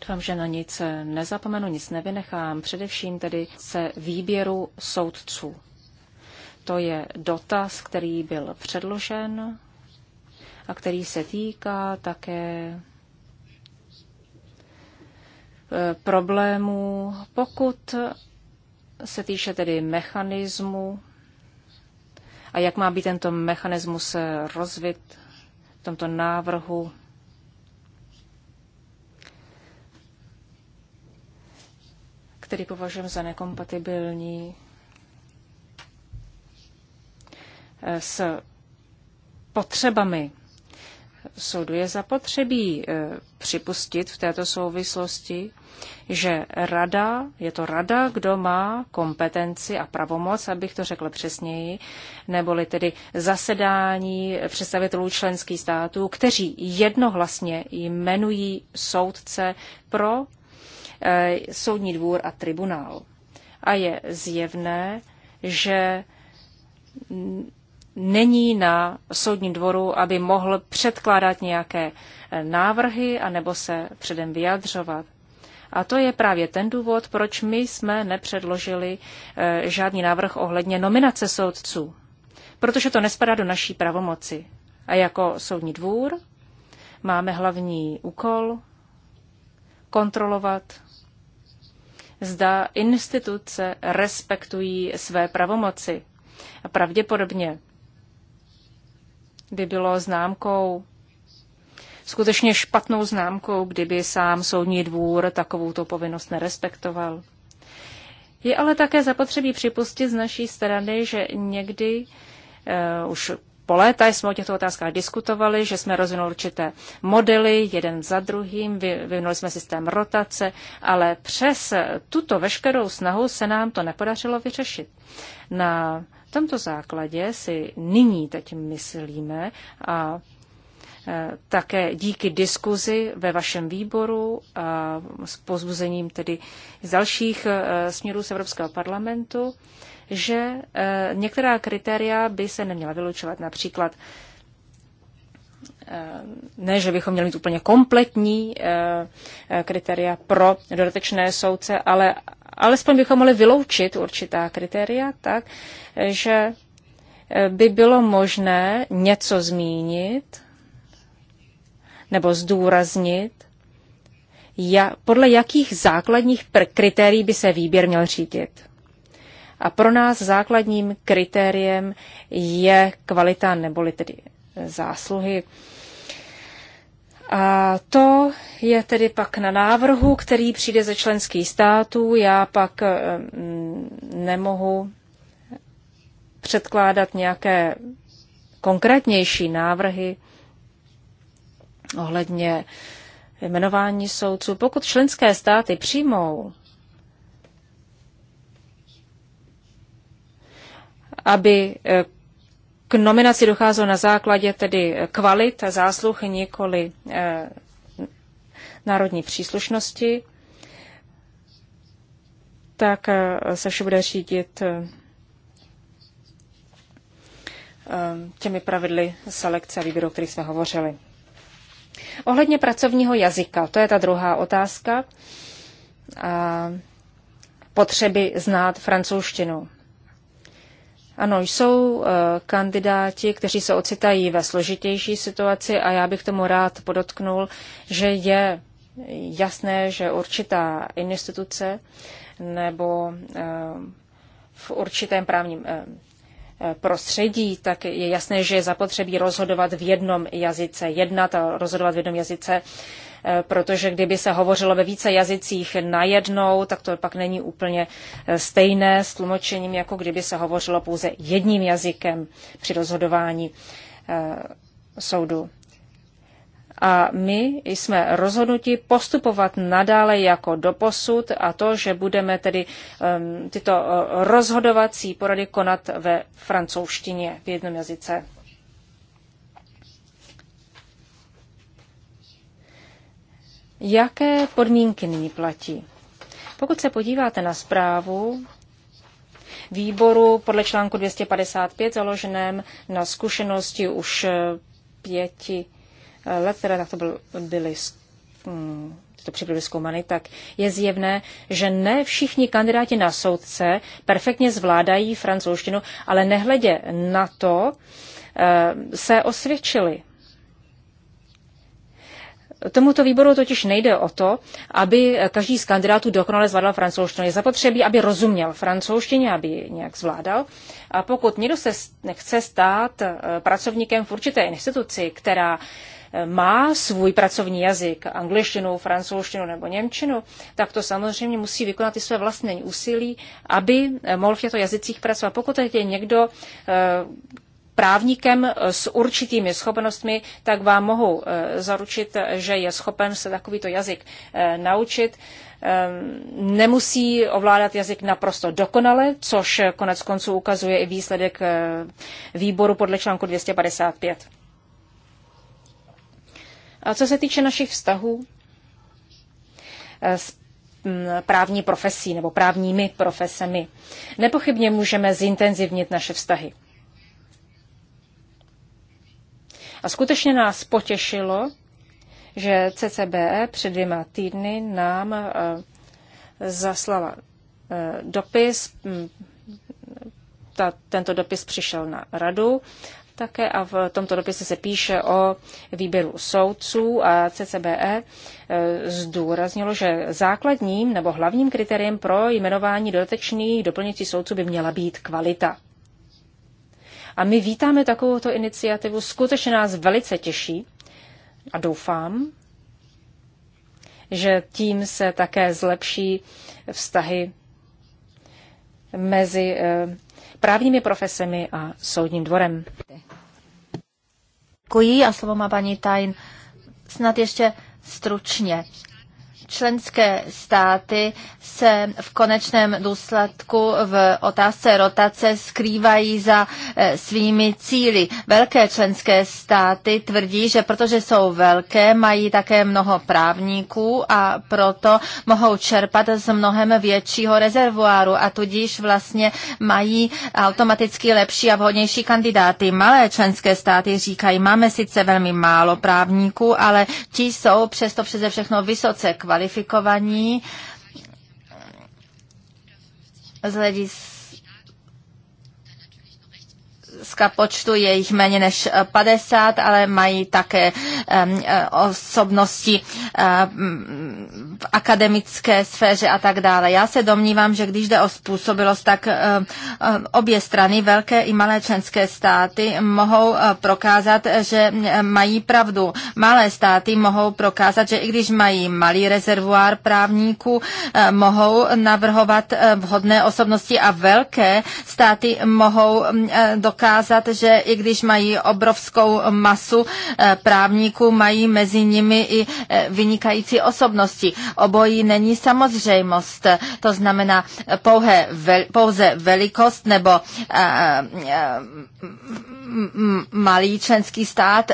[SPEAKER 2] Doufám, že na nic nezapomenu, nic nevynechám. Především tedy se výběru soudců. To je dotaz, který byl předložen a který se týká také e, problémů, pokud se týče tedy mechanismu a jak má být tento mechanismus rozvit v tomto návrhu. který považujeme za nekompatibilní Eh, s potřebami soudu. Je zapotřebí eh, připustit v této souvislosti, že rada, je to rada, kdo má kompetenci a pravomoc, abych to řekl přesněji, neboli tedy zasedání představitelů členských států, kteří jednohlasně jmenují soudce pro eh, soudní dvůr a tribunál. A je zjevné, že není na soudním dvoru, aby mohl předkládat nějaké eh, návrhy anebo se předem vyjadřovat. A to je právě ten důvod, proč my jsme nepředložili eh, žádný návrh ohledně nominace soudců. Protože to nespadá do naší pravomoci. A jako soudní dvůr máme hlavní úkol kontrolovat, zda instituce respektují své pravomoci. A pravděpodobně by bylo známkou, skutečně špatnou známkou, kdyby sám soudní dvůr takovouto povinnost nerespektoval. Je ale také zapotřebí připustit z naší strany, že někdy uh, už po léta jsme o těchto otázkách diskutovali, že jsme rozvinuli určité modely, jeden za druhým, vyvinuli jsme systém rotace, ale přes tuto veškerou snahu se nám to nepodařilo vyřešit. Na tomto základě si nyní teď myslíme a e, také díky diskuzi ve vašem výboru a s pozbuzením tedy z dalších e, směrů z Evropského parlamentu, že e, některá kritéria by se neměla vylučovat. Například ne, že bychom měli mít úplně kompletní kritéria pro dodatečné soudce, ale alespoň bychom mohli vyloučit určitá kritéria tak, že eh, by bylo možné něco zmínit nebo zdůraznit, ja, podle jakých základních kritérií by se výběr měl řídit. A pro nás základním kritériem je kvalita neboli tedy eh, zásluhy a to je tedy pak na návrhu, který přijde ze členských států. Já pak eh, mm, nemohu předkládat nějaké konkrétnější návrhy ohledně jmenování soudců. Pokud členské státy přijmou, aby eh, k nominaci docházelo na základě tedy kvalit a zásluh nikoli e, národní příslušnosti, tak eh, se vše bude řídit eh, těmi pravidly selekce a výběru, o kterých jsme hovořili. Ohledně pracovního jazyka, to je ta druhá otázka. A potřeby znát francouzštinu. Ano, jsou eh, kandidáti, kteří se ocitají ve složitější situaci a já bych tomu rád podotknul, že je jasné, že určitá instituce nebo eh, v určitém právním eh, prostředí, tak je jasné, že je zapotřebí rozhodovat v jednom jazyce, jednat a rozhodovat v jednom jazyce Eh, protože kdyby se hovořilo ve více jazycích najednou, tak to pak není úplně eh, stejné s tlumočením, jako kdyby se hovořilo pouze jedním jazykem při rozhodování eh, soudu. A my jsme rozhodnuti postupovat nadále jako doposud a to, že budeme tedy um, tyto rozhodovací porady konat ve francouzštině v jednom jazyce. Jaké podmínky nyní platí? Pokud se podíváte na zprávu výboru podle článku 255 založeném na zkušenosti už eh, pěti eh, let, které takto byly, mm, to přibyly zkoumany, tak je zjevné, že ne všichni kandidáti na soudce perfektně zvládají francouzštinu, ale nehledě na to eh, se osvědčili. Tomuto výboru totiž nejde o to, aby každý z kandidátů dokonale zvládal francouzštinu. Je zapotřebí, aby rozuměl francouzštině, aby ji nějak zvládal. A pokud někdo se chce stát eh, pracovníkem v určité instituci, která eh, má svůj pracovní jazyk, angličtinu, francouzštinu nebo němčinu, tak to samozřejmě musí vykonat i své vlastní úsilí, aby eh, mohl v těchto jazycích pracovat. Pokud je někdo, právníkem s určitými schopnostmi, tak vám mohu eh, zaručit, že je schopen se takovýto jazyk eh, naučit. Ehm, nemusí ovládat jazyk naprosto dokonale, což konec konců ukazuje i výsledek eh, výboru podle článku 255. A co se týče našich vztahů s hm, právní profesí nebo právními profesemi, nepochybně můžeme zintenzivnit naše vztahy. A skutečně nás potěšilo, že CCBE před dvěma týdny nám eh, zaslala eh, dopis. Hm, ta, tento dopis přišel na radu také a v tomto dopise se píše o výběru soudců a CCBE eh, zdůraznilo, že základním nebo hlavním kritériem pro jmenování dodatečných doplňujících soudců by měla být kvalita. A my vítáme takovouto iniciativu, skutečně nás velice těší a doufám, že tím se také zlepší vztahy mezi eh, právními profesemi a soudním dvorem. Děkuji a slovo má paní Tajn.
[SPEAKER 3] Snad ještě stručně členské státy se v konečném důsledku v otázce rotace skrývají za eh, svými cíly. Velké členské státy tvrdí, že protože jsou velké, mají také mnoho právníků a proto mohou čerpat z mnohem většího rezervoáru a tudíž vlastně mají automaticky lepší a vhodnější kandidáty. Malé členské státy říkají, máme sice velmi málo právníků, ale ti jsou přesto přeze všechno vysoce kvalitní kvalifikovaní z hlediska hlediska počtu je jich méně než 50, ale mají také osobnosti v akademické sféře a tak dále. Já se domnívám, že když jde o způsobilost, tak obě strany, velké i malé členské státy, mohou prokázat, že mají pravdu. Malé státy mohou prokázat, že i když mají malý rezervuár právníků, mohou navrhovat vhodné osobnosti a velké státy mohou dokázat, ukázat, že i když mají obrovskou masu eh, právníků, mají mezi nimi i eh, vynikající osobnosti. Obojí není samozřejmost, to znamená eh, pouhé, pouze velikost nebo malý členský stát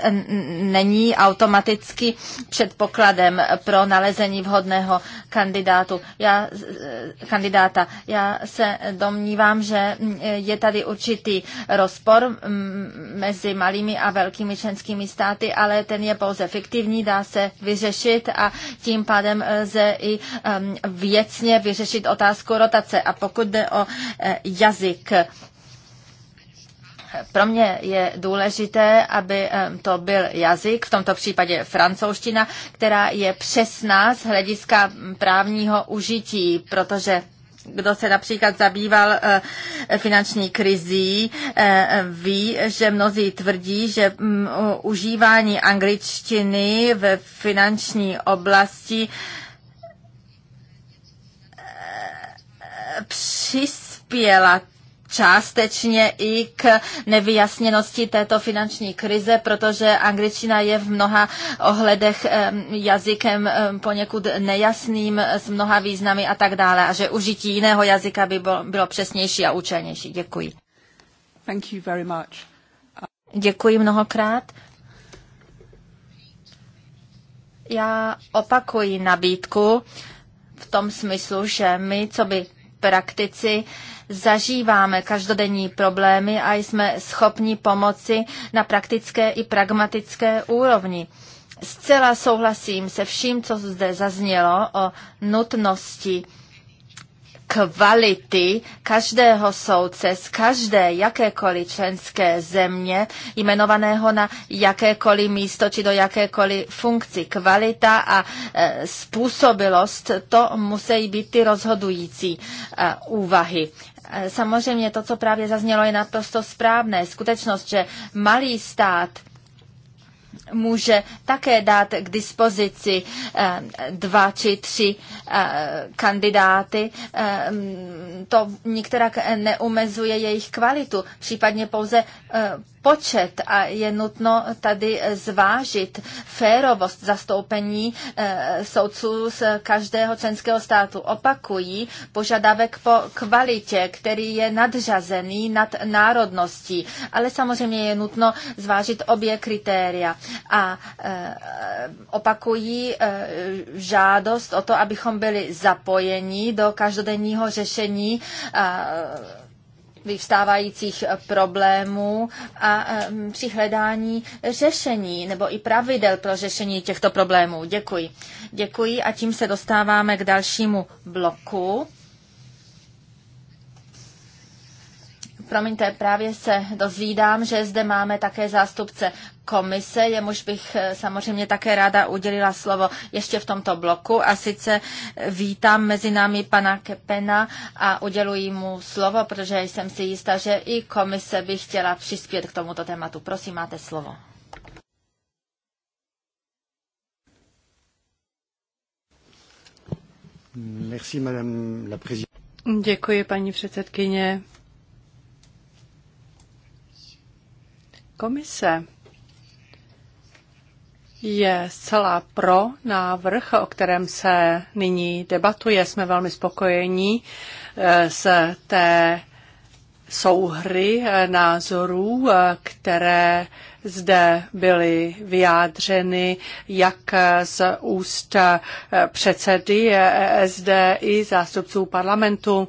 [SPEAKER 3] není automaticky předpokladem pro nalezení vhodného kandidátu. Já, kandidáta. Já se domnívám, že mm, je tady určitý rozpočet spor mezi malými a velkými členskými státy, ale ten je pouze fiktivní, dá se vyřešit a tím pádem lze i věcně vyřešit otázku rotace. A pokud jde o e, jazyk, pro mě je důležité, aby to byl jazyk, v tomto případě francouzština, která je přesná z hlediska právního užití, protože kdo se například zabýval eh, finanční krizí, eh, ví, že mnozí tvrdí, že mm, užívání angličtiny ve finanční oblasti eh, přispěla částečně i k nevyjasněnosti této finanční krize, protože angličtina je v mnoha ohledech jazykem poněkud nejasným, s mnoha významy a tak dále, a že užití jiného jazyka by bylo přesnější a účelnější. Děkuji. Thank you very much. Děkuji mnohokrát. Já opakuji nabídku v tom smyslu, že my, co by praktici, zažíváme každodenní problémy a jsme schopni pomoci na praktické i pragmatické úrovni. Zcela souhlasím se vším, co zde zaznělo o nutnosti kvality každého soudce z každé jakékoliv členské země, jmenovaného na jakékoliv místo či do jakékoliv funkci. Kvalita a e, způsobilost, to musí být ty rozhodující e, úvahy. Eh, samozřejmě to, co právě zaznělo, je naprosto správné. Skutečnost, že malý stát může také dát k dispozici eh, dva či tři eh, kandidáty. Mm, to nikterak neumezuje jejich kvalitu, případně pouze počet a je nutno tady zvážit férovost zastoupení eh, soudců z každého členského státu. Opakují požadavek po kvalitě, který je nadřazený nad národností, ale samozřejmě je nutno zvážit obě kritéria. A eh, opakují eh, žádost o to, abychom byli zapojeni do každodenního řešení vyvstávajících problémů a při hledání řešení nebo i pravidel pro řešení těchto problémů. Děkuji. Děkuji a tím se dostáváme k dalšímu bloku Promiňte, právě se dozvídám, že zde máme také zástupce komise, jemuž bych eh, samozřejmě také ráda udělila slovo ještě v tomto bloku a sice vítám mezi námi pana Kepena a uděluji mu slovo, protože jsem si jistá, že i komise by chtěla přispět k tomuto tématu. Prosím, máte slovo.
[SPEAKER 1] Merci, madame la Děkuji, paní předsedkyně. Komise je zcela pro návrh, o kterém se nyní debatuje. Jsme velmi spokojení z eh, té souhry eh, názorů, eh, které zde byly vyjádřeny jak eh, z úst předsedy ESD i zástupců parlamentu.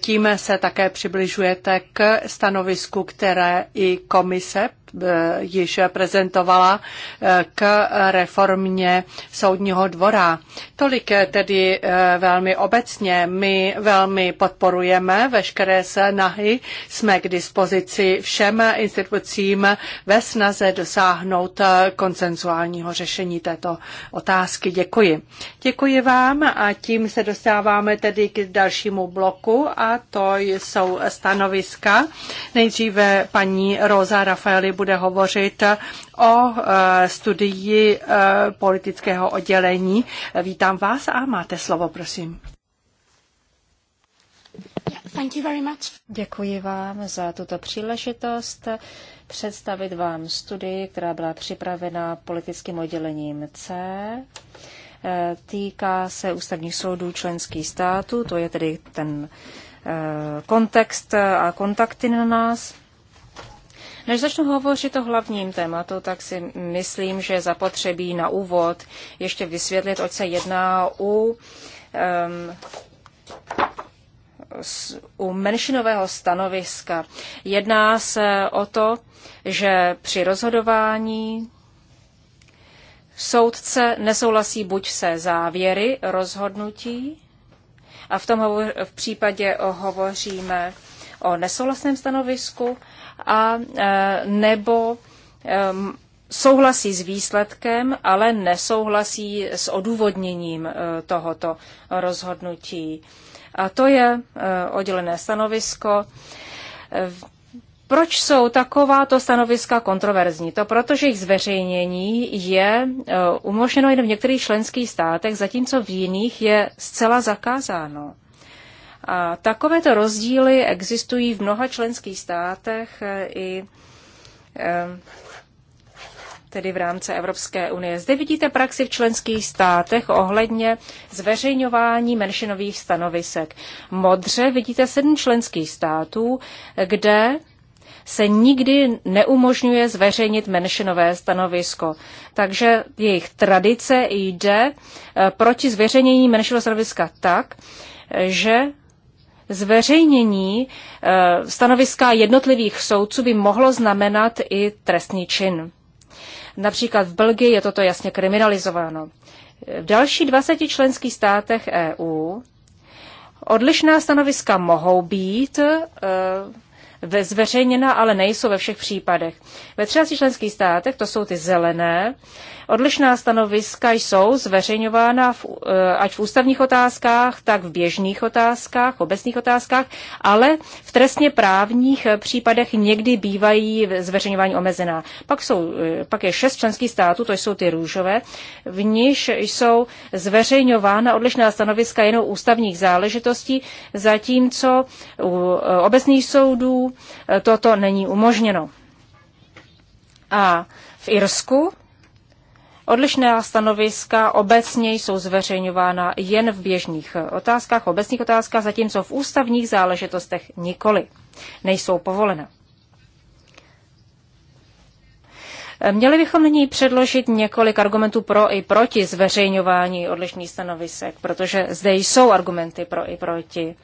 [SPEAKER 1] Tím se také přibližujete k stanovisku, které i komise Eh, již prezentovala eh, k reformě soudního dvora. Tolik eh, tedy velmi obecně. My velmi podporujeme veškeré snahy, jsme k dispozici všem institucím ve snaze dosáhnout konsenzuálního řešení této otázky. Děkuji. Děkuji vám a tím se dostáváme tedy k dalšímu bloku a to jsou stanoviska. Nejdříve paní Rosa Rafaeli bude bude hovořit o eh, studii eh, politického oddělení. Vítám vás a máte slovo, prosím.
[SPEAKER 2] Thank you very much. Děkuji vám za tuto příležitost představit vám studii, která byla připravena politickým oddělením C. Eh, týká se ústavních soudů členských států, to je tedy ten kontext a kontakty na nás. Než začnu hovořit o hlavním tématu, tak si myslím, že zapotřebí na úvod ještě vysvětlit, oč se jedná u, um, u menšinového stanoviska. Jedná se o to, že při rozhodování soudce nesouhlasí buď se závěry rozhodnutí, a v tom v případě hovoříme o nesouhlasném stanovisku a e, nebo souhlasí s výsledkem, ale nesouhlasí s odůvodněním e, tohoto rozhodnutí. A to je e, oddělené stanovisko. Proč jsou takováto stanoviska kontroverzní? To proto, že jejich zveřejnění je umožněno jen v některých členských státech, zatímco v jiných je zcela zakázáno. A takovéto rozdíly existují v mnoha členských státech e, i e, tedy v rámci Evropské unie. Zde vidíte praxi v členských státech ohledně zveřejňování menšinových stanovisek. Modře vidíte sedm členských států, kde se nikdy neumožňuje zveřejnit menšinové stanovisko. Takže jejich tradice jde e, proti zveřejnění menšinového stanoviska tak, že zveřejnění eh, stanoviska jednotlivých soudců by mohlo znamenat i trestný čin. Například v Belgii je toto jasně kriminalizováno. V dalších 20 členských státech EU odlišná stanoviska mohou být eh, zveřejněna, ale nejsou ve všech případech. Ve 13 členských státech, to jsou ty zelené, Odlišná stanoviska jsou zveřejňována v, eh, ať v ústavních otázkách, tak v běžných otázkách, v obecných otázkách, ale v trestně právních eh, případech někdy bývají zveřejňování omezená. Pak, jsou, eh, pak je šest členských států, to jsou ty růžové, v níž jsou zveřejňována odlišná stanoviska jenom ústavních záležitostí, zatímco u obecných soudů toto není umožněno. A v Irsku Odlišná stanoviska obecně jsou zveřejňována jen v běžných otázkách, obecných otázkách, zatímco v ústavních záležitostech nikoli. Nejsou povolena. Měli bychom nyní předložit několik argumentů pro i proti zveřejňování odlišných stanovisek, protože zde jsou argumenty pro i proti. Uh,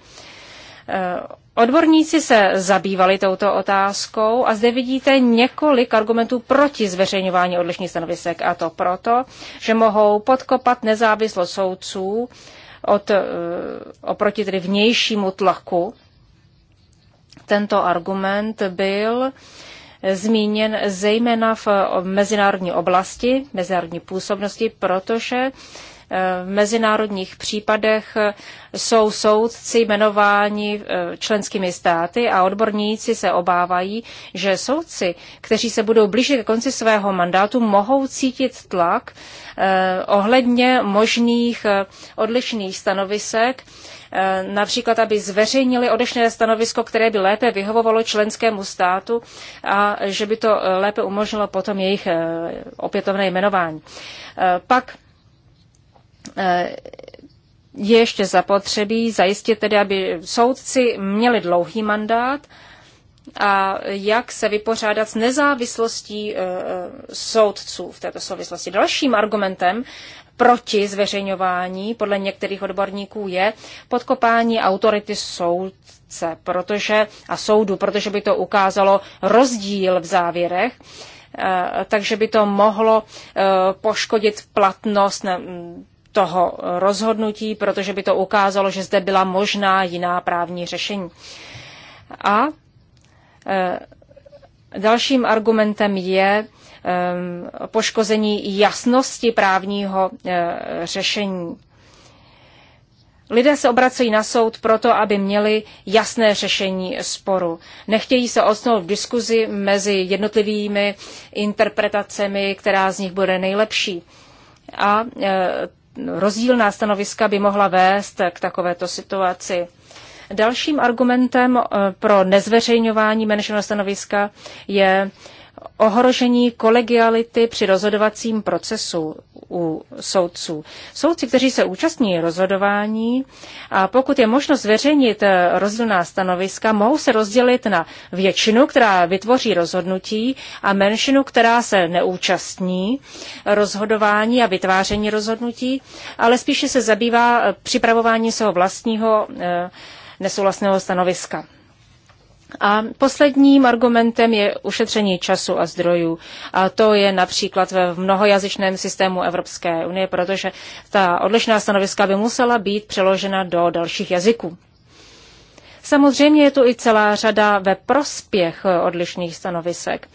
[SPEAKER 2] Eh, odborníci se zabývali touto otázkou a zde vidíte několik argumentů proti zveřejňování odlišných stanovisek a to proto, že mohou podkopat nezávislost soudců od, eh, oproti tedy vnějšímu tlaku. Tento argument byl zmíněn zejména v mezinárodní oblasti, mezinárodní působnosti, protože v mezinárodních případech jsou soudci jmenováni eh, členskými státy a odborníci se obávají, že soudci, kteří se budou blížit ke konci svého mandátu, mohou cítit tlak eh, ohledně možných eh, odlišných stanovisek, například aby zveřejnili odešné stanovisko, které by lépe vyhovovalo členskému státu a že by to lépe umožnilo potom jejich opětovné jmenování. Pak Eh, je ještě zapotřebí zajistit tedy, aby soudci měli dlouhý mandát a jak se vypořádat s nezávislostí eh, eh, soudců v této souvislosti. Dalším argumentem proti zveřejňování podle některých odborníků je podkopání autority soudce protože, a soudu, protože by to ukázalo rozdíl v závěrech takže by to mohlo poškodit platnost toho rozhodnutí, protože by to ukázalo, že zde byla možná jiná právní řešení. A eh, dalším argumentem je eh, poškození jasnosti právního eh, řešení. Lidé se obracejí na soud proto, aby měli jasné řešení sporu. Nechtějí se osnout v diskuzi mezi jednotlivými interpretacemi, která z nich bude nejlepší. A rozdílná stanoviska by mohla vést k takovéto situaci. Dalším argumentem eh, pro nezveřejňování menšinového stanoviska je ohrožení kolegiality při rozhodovacím procesu u soudců. Soudci, kteří se účastní rozhodování, a pokud je možno zveřejnit eh, rozdílná stanoviska, mohou se rozdělit na většinu, která vytvoří rozhodnutí, a menšinu, která se neúčastní rozhodování a vytváření rozhodnutí, ale spíše se zabývá eh, připravováním svého vlastního eh, nesouhlasného stanoviska. A posledním argumentem je ušetření času a zdrojů. A to je například ve mnohojazyčném systému Evropské unie, protože ta odlišná stanoviska by musela být přeložena do dalších jazyků. Samozřejmě je tu i celá řada ve prospěch odlišných stanovisek.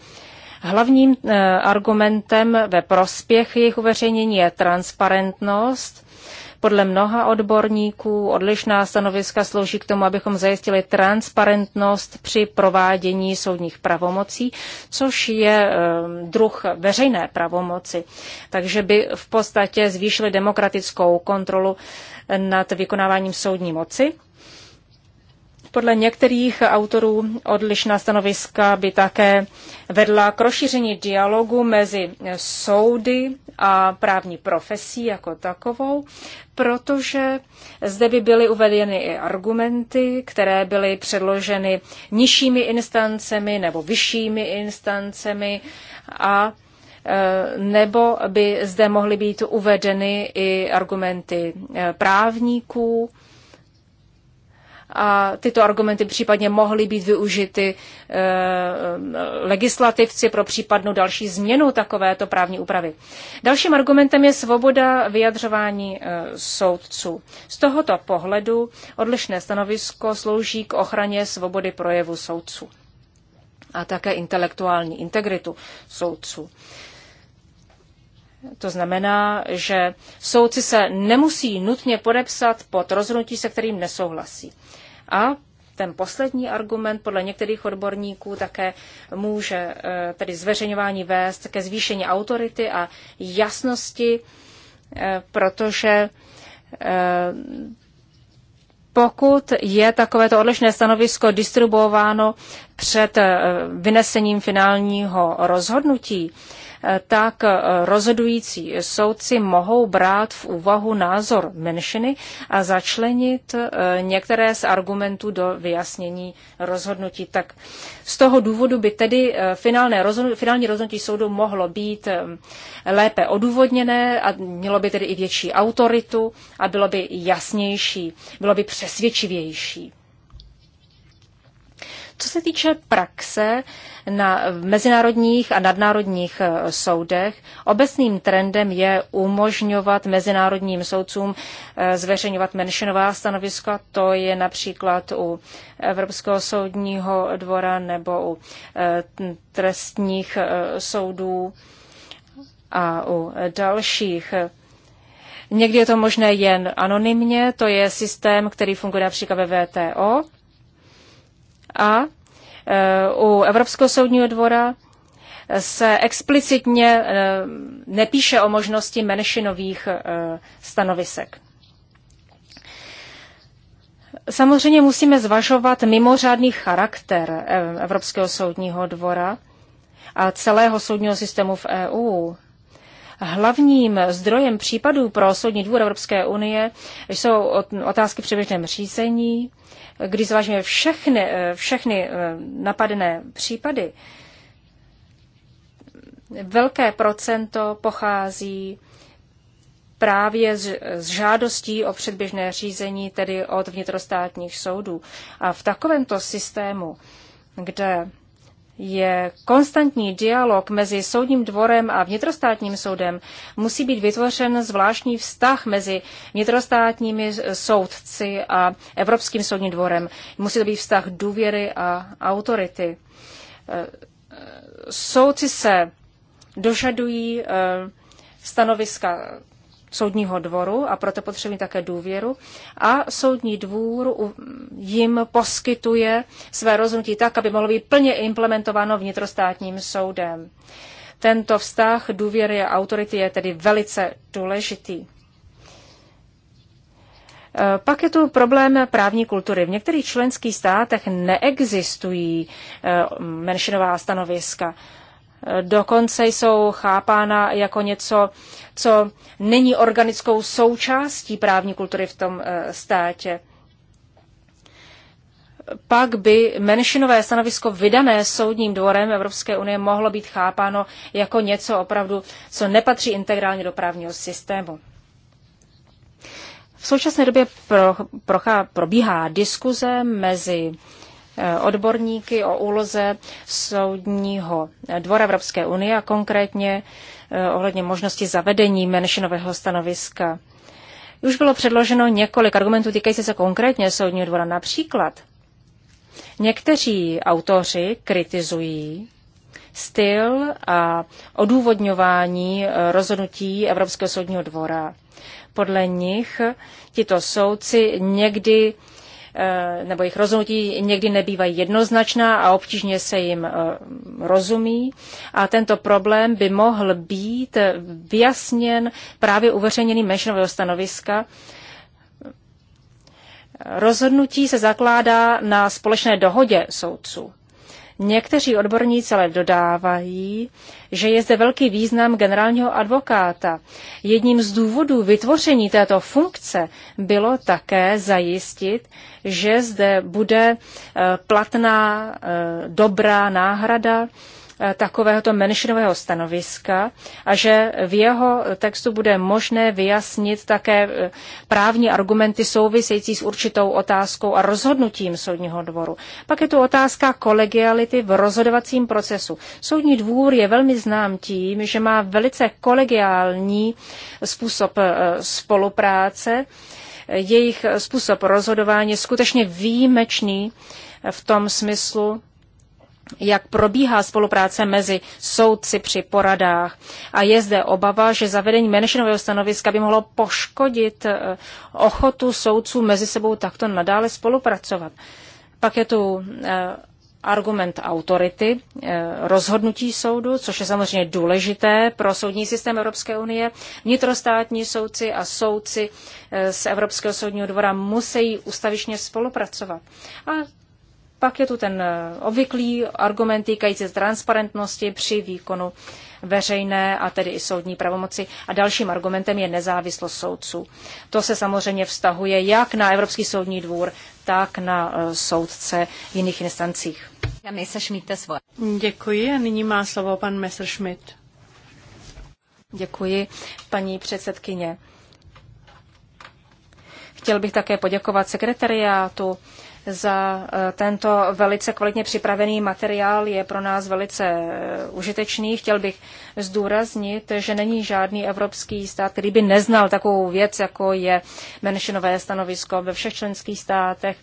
[SPEAKER 2] Hlavním eh, argumentem ve prospěch jejich uveřejnění je transparentnost podle mnoha odborníků odlišná stanoviska slouží k tomu, abychom zajistili transparentnost při provádění soudních pravomocí, což je eh, druh veřejné pravomoci. Takže by v podstatě zvýšili demokratickou kontrolu nad vykonáváním soudní moci podle některých autorů odlišná stanoviska by také vedla k rozšíření dialogu mezi soudy a právní profesí jako takovou, protože zde by byly uvedeny i argumenty, které byly předloženy nižšími instancemi nebo vyššími instancemi a eh, nebo by zde mohly být uvedeny i argumenty eh, právníků, a tyto argumenty případně mohly být využity e, legislativci pro případnou další změnu takovéto právní úpravy. Dalším argumentem je svoboda vyjadřování e, soudců. Z tohoto pohledu odlišné stanovisko slouží k ochraně svobody projevu soudců a také intelektuální integritu soudců. To znamená, že soudci se nemusí nutně podepsat pod rozhodnutí, se kterým nesouhlasí. A ten poslední argument podle některých odborníků také může eh, tedy zveřejňování vést ke zvýšení autority a jasnosti, eh, protože eh, pokud je takovéto odlišné stanovisko distribuováno před vynesením finálního rozhodnutí, Eh, tak eh, rozhodující soudci mohou brát v úvahu názor menšiny a začlenit eh, některé z argumentů do vyjasnění rozhodnutí. Tak z toho důvodu by tedy finálné rozhodnutí, finální rozhodnutí soudu mohlo být lépe odůvodněné a mělo by tedy i větší autoritu a bylo by jasnější, bylo by přesvědčivější. Co se týče praxe na mezinárodních a nadnárodních eh, soudech, obecným trendem je umožňovat mezinárodním soudcům eh, zveřejňovat menšinová stanoviska. To je například u Evropského soudního dvora nebo u eh, trestních soudů a u dalších. Někdy je to možné jen anonymně, to je systém, který funguje například ve VTO a e, u Evropského soudního dvora se explicitně e, nepíše o možnosti menšinových e, stanovisek. Samozřejmě musíme zvažovat mimořádný charakter Evropského soudního dvora a celého soudního systému v EU. Hlavním zdrojem případů pro soudní dvůr Evropské unie jsou otázky přeběžném řízení, když zvážíme všechny, eh, všechny eh, napadené případy, velké procento pochází právě z, žádostí o předběžné řízení, tedy od vnitrostátních soudů. A v takovémto systému, kde je konstantní dialog mezi soudním dvorem a vnitrostátním soudem. Musí být vytvořen zvláštní vztah mezi vnitrostátními soudci a Evropským soudním dvorem. Musí to být vztah důvěry a autority. Eh, soudci se dožadují eh, stanoviska soudního dvoru a proto potřebují také důvěru. A soudní dvůr jim poskytuje své rozhodnutí tak, aby mohlo být plně implementováno vnitrostátním soudem. Tento vztah důvěry a autority je tedy velice důležitý. E, pak je tu problém právní kultury. V některých členských státech neexistují e, menšinová stanoviska dokonce jsou chápána jako něco, co není organickou součástí právní kultury v tom eh, státě. Pak by menšinové stanovisko vydané Soudním dvorem Evropské unie mohlo být chápáno jako něco opravdu, co nepatří integrálně do právního systému. V současné době pro, pro, probíhá diskuze mezi odborníky o úloze Soudního dvora Evropské unie a konkrétně eh, ohledně možnosti zavedení menšinového stanoviska. Už bylo předloženo několik argumentů týkající se konkrétně Soudního dvora. Například někteří autoři kritizují styl a odůvodňování eh, rozhodnutí Evropského soudního dvora. Podle nich tito soudci někdy Eh, nebo jejich rozhodnutí někdy nebývají jednoznačná a obtížně se jim eh, rozumí. A tento problém by mohl být vyjasněn právě uveřejněným menšinového stanoviska, Rozhodnutí se zakládá na společné dohodě soudců. Někteří odborníci ale dodávají, že je zde velký význam generálního advokáta. Jedním z důvodů vytvoření této funkce bylo také zajistit, že zde bude eh, platná eh, dobrá náhrada Eh, takovéhoto menšinového stanoviska a že v jeho textu bude možné vyjasnit také eh, právní argumenty související s určitou otázkou a rozhodnutím soudního dvoru. Pak je tu otázka kolegiality v rozhodovacím procesu. Soudní dvůr je velmi znám tím, že má velice kolegiální způsob eh, spolupráce. Jejich způsob rozhodování je skutečně výjimečný v tom smyslu, jak probíhá spolupráce mezi soudci při poradách. A je zde obava, že zavedení menšinového stanoviska by mohlo poškodit eh, ochotu soudců mezi sebou takto nadále spolupracovat. Pak je tu eh, argument autority eh, rozhodnutí soudu, což je samozřejmě důležité pro soudní systém Evropské unie. Vnitrostátní soudci a soudci z Evropského soudního dvora musí ustavičně spolupracovat. A pak je tu ten eh, obvyklý argument týkající transparentnosti při výkonu veřejné a tedy i soudní pravomoci. A dalším argumentem je nezávislost soudců. To se samozřejmě vztahuje jak na Evropský soudní dvůr, tak na eh, soudce v jiných instancích. Děkuji a nyní má slovo pan Messerschmidt. Děkuji, paní předsedkyně. Chtěl bych také poděkovat sekretariátu za eh, tento velice kvalitně připravený materiál. Je pro nás velice eh, užitečný. Chtěl bych zdůraznit, že není žádný evropský stát, který by neznal takovou věc, jako je menšinové stanovisko ve všech členských státech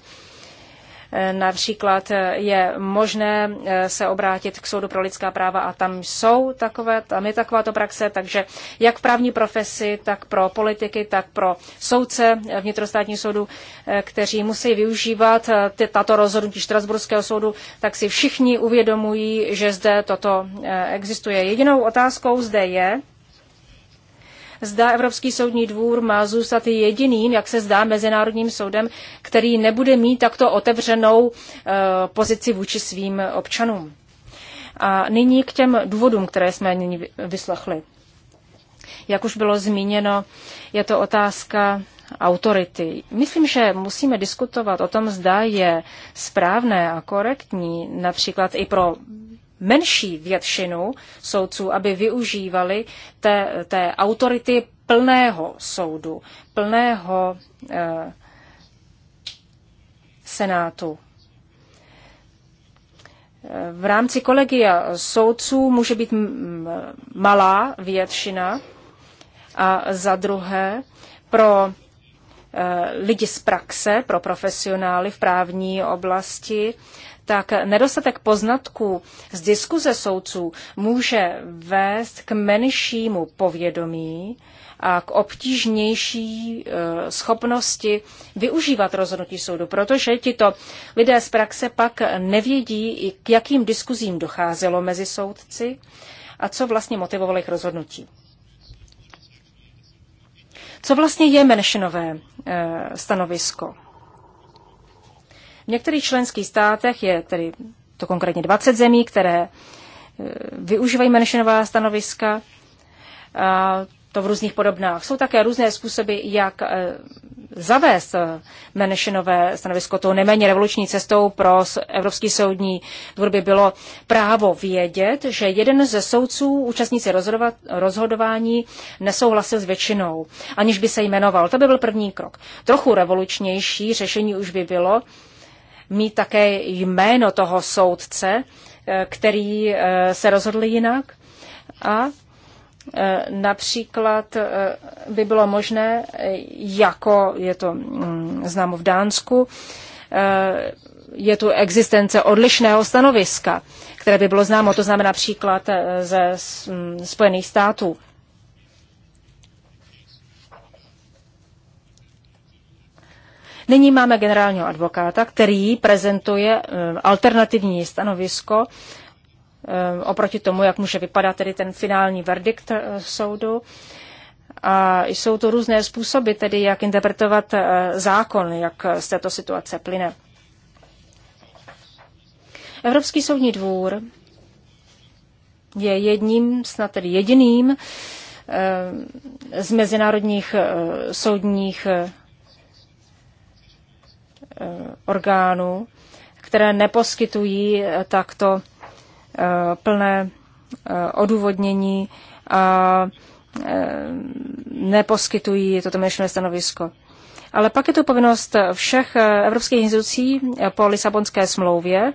[SPEAKER 2] Eh, například eh, je možné eh, se obrátit k soudu pro lidská práva a tam jsou takové, tam je takováto praxe, takže jak v právní profesi, tak pro politiky, tak pro soudce vnitrostátní soudu, kteří musí využívat tato rozhodnutí Štrasburského soudu, tak si všichni uvědomují, že zde toto existuje. Jedinou otázkou zde je, zda Evropský soudní dvůr má zůstat jediným, jak se zdá, mezinárodním soudem, který nebude mít takto otevřenou eh, pozici vůči svým občanům. A nyní k těm důvodům, které jsme nyní vyslechli. Jak už bylo zmíněno, je to otázka autority. Myslím, že musíme diskutovat o tom, zda je správné a korektní například i pro menší většinu soudců, aby využívali té, té autority plného soudu, plného eh, senátu. Eh, v rámci kolegia soudců může být malá většina a za druhé pro eh, lidi z praxe, pro profesionály v právní oblasti, tak nedostatek poznatků z diskuze soudců může vést k menšímu povědomí a k obtížnější eh, schopnosti využívat rozhodnutí soudu, protože tito lidé z praxe pak nevědí, k jakým diskuzím docházelo mezi soudci a co vlastně motivovalo jejich rozhodnutí. Co vlastně je menšinové eh, stanovisko? V některých členských státech je tedy to konkrétně 20 zemí, které e, využívají menšinová stanoviska, a to v různých podobnách. Jsou také různé způsoby, jak e, zavést e, menšinové stanovisko. Tou neméně revoluční cestou pro Evropský soudní dvůr by bylo právo vědět, že jeden ze soudců, účastníci rozhodování, nesouhlasil s většinou, aniž by se jmenoval. To by byl první krok. Trochu revolučnější řešení už by bylo, mít také jméno toho soudce, eh, který eh, se rozhodl jinak. A eh, například by bylo možné, jako je to mm, známo v Dánsku, je tu existence odlišného stanoviska, které by bylo známo, to znamená například ze mm, Spojených států. Nyní máme generálního advokáta, který prezentuje eh, alternativní stanovisko eh, oproti tomu, jak může vypadat tedy ten finální verdikt eh, soudu. A jsou to různé způsoby, tedy jak interpretovat zákon, jak z této situace plyne. Evropský soudní dvůr je jedním, snad tedy jediným z mezinárodních soudních Eh, orgánů, které neposkytují eh, takto eh, plné odůvodnění a neposkytují toto měšné stanovisko. Ale pak je to povinnost všech evropských institucí po Lisabonské smlouvě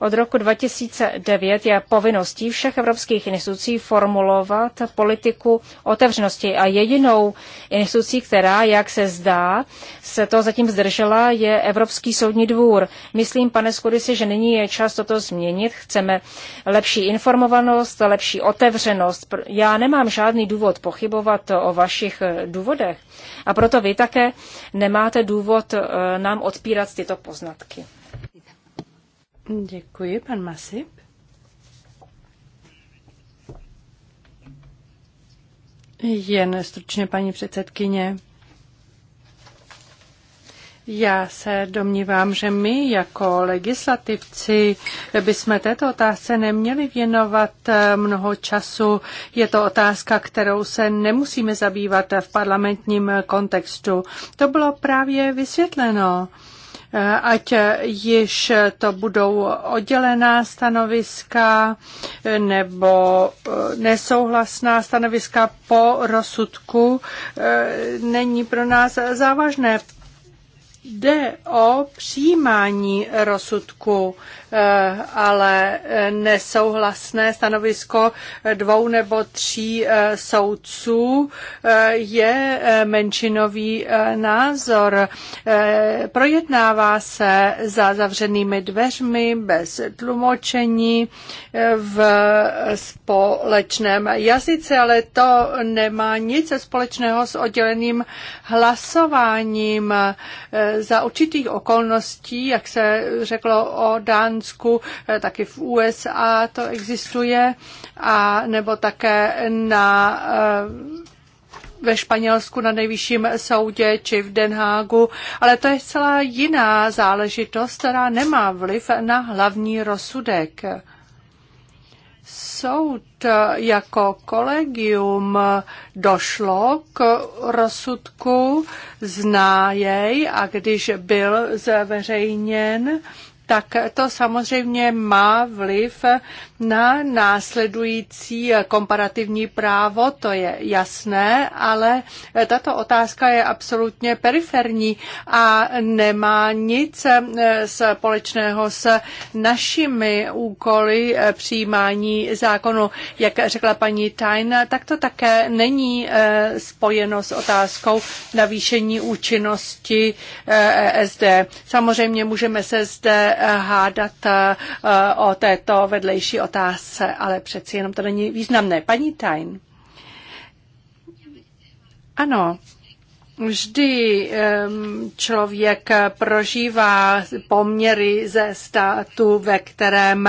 [SPEAKER 2] od roku 2009 je povinností všech evropských institucí formulovat politiku otevřenosti a jedinou institucí, která, jak se zdá, se to zatím zdržela, je Evropský soudní dvůr. Myslím, pane Skudisi, že nyní je čas toto změnit. Chceme lepší informovanost, lepší otevřenost. Já nemám žádný důvod pochybovat o vašich důvodech a proto vy také nemáte důvod eh, nám odpírat tyto poznatky.
[SPEAKER 1] Děkuji, pan Masip. Jen stručně, paní předsedkyně. Já se domnívám, že my jako legislativci bychom této otázce neměli věnovat eh, mnoho času. Je to otázka, kterou se nemusíme zabývat v parlamentním kontextu. To bylo právě vysvětleno. Eh, ať již to budou oddělená stanoviska eh, nebo eh, nesouhlasná stanoviska po rozsudku, není pro nás závažné jde o přijímání rozsudku, eh, ale eh, nesouhlasné stanovisko dvou nebo tří eh, soudců je menšinový názor. Projednává se za zavřenými dveřmi, bez tlumočení, v společném jazyce, ale to nemá nic společného s odděleným hlasováním za určitých okolností, jak se řeklo o Dánsku, eh, taky v USA to existuje, a nebo také na eh, ve Španělsku na nejvyšším soudě či v Den Hágu, ale to je celá jiná záležitost, která nemá vliv na hlavní rozsudek soud eh, jako kolegium eh, došlo k rozsudku, zná jej a když byl zveřejněn, tak to samozřejmě má vliv na následující komparativní právo, to je jasné, ale tato otázka je absolutně periferní a nemá nic společného s našimi úkoly přijímání zákonu. Jak řekla paní Tajn, tak to také není eh, spojeno s otázkou navýšení účinnosti eh, e SD. Samozřejmě můžeme se zde hádat eh, eh, o této vedlejší otázce, ale přeci jenom to není významné. Paní Tajn. Ano, Vždy člověk prožívá poměry ze státu, ve kterém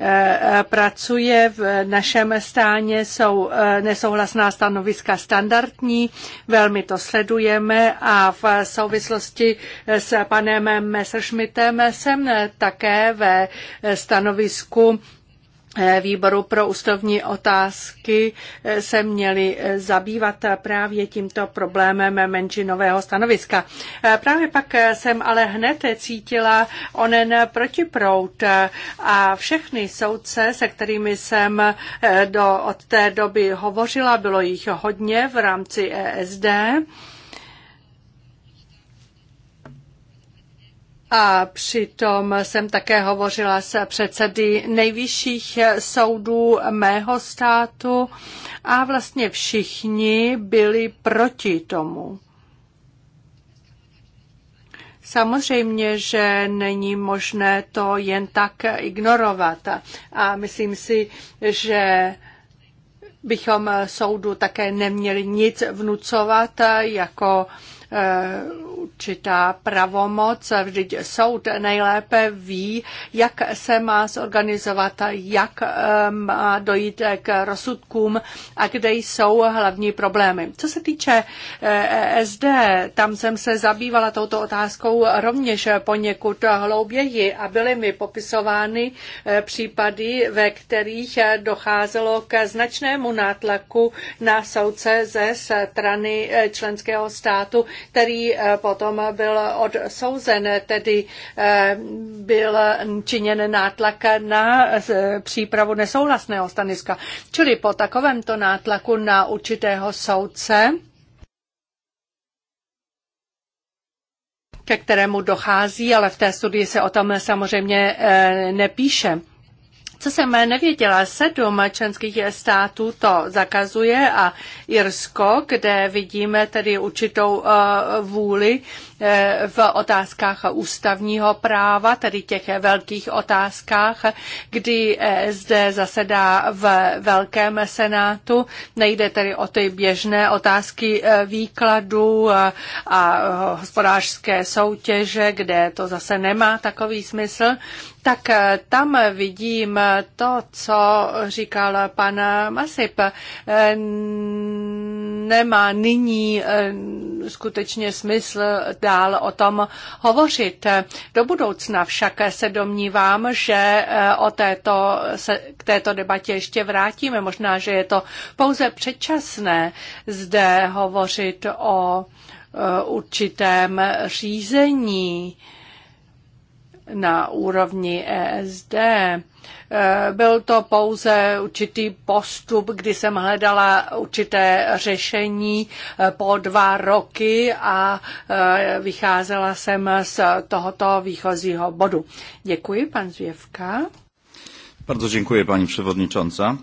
[SPEAKER 1] Eh, pracuje v našem stáně, jsou eh, nesouhlasná stanoviska standardní, velmi to sledujeme a v souvislosti s panem Messerschmittem jsem také ve stanovisku Eh, výboru pro ústavní otázky eh, se měli eh, zabývat právě tímto problémem menšinového stanoviska. Právě pak jsem ale hned cítila onen protiprout a všechny soudce, se kterými jsem do, od té doby hovořila, bylo jich hodně v rámci ESD, A přitom jsem také hovořila s předsedy nejvyšších soudů mého státu a vlastně všichni byli proti tomu. Samozřejmě, že není možné to jen tak ignorovat. A myslím si, že bychom soudu také neměli nic vnucovat jako eh, určitá pravomoc. Vždyť soud nejlépe ví, jak se má zorganizovat, jak eh, má dojít k rozsudkům a kde jsou hlavní problémy. Co se týče eh, SD, tam jsem se zabývala touto otázkou rovněž poněkud hlouběji a byly mi popisovány eh, případy, ve kterých docházelo k značnému nátlaku na soudce ze strany členského státu, který po potom byl odsouzen, tedy eh, byl činěn nátlak na eh, přípravu nesouhlasného staniska. Čili po takovémto nátlaku na určitého soudce, ke kterému dochází, ale v té studii se o tom samozřejmě eh, nepíše. Co jsem nevěděla, sedm členských států to zakazuje a Irsko, kde vidíme tedy určitou eh, vůli, v otázkách ústavního práva, tedy těch velkých otázkách, kdy eh, zde zasedá v Velkém senátu. Nejde tedy o ty běžné otázky eh, výkladu eh, a hospodářské soutěže, kde to zase nemá takový smysl. Tak tam vidím to, co říkal pan Masip nemá nyní eh, skutečně smysl dál o tom hovořit. Do budoucna však se domnívám, že eh, o této, se k této debatě ještě vrátíme. Možná, že je to pouze předčasné zde hovořit o eh, určitém řízení na úrovni ESD. E, byl to pouze určitý postup, kdy jsem hledala určité řešení e, po dva roky a e, vycházela jsem z tohoto výchozího bodu. Děkuji, pan Zvěvka.
[SPEAKER 3] Bardzo dziękuję, pani przewodnicząca.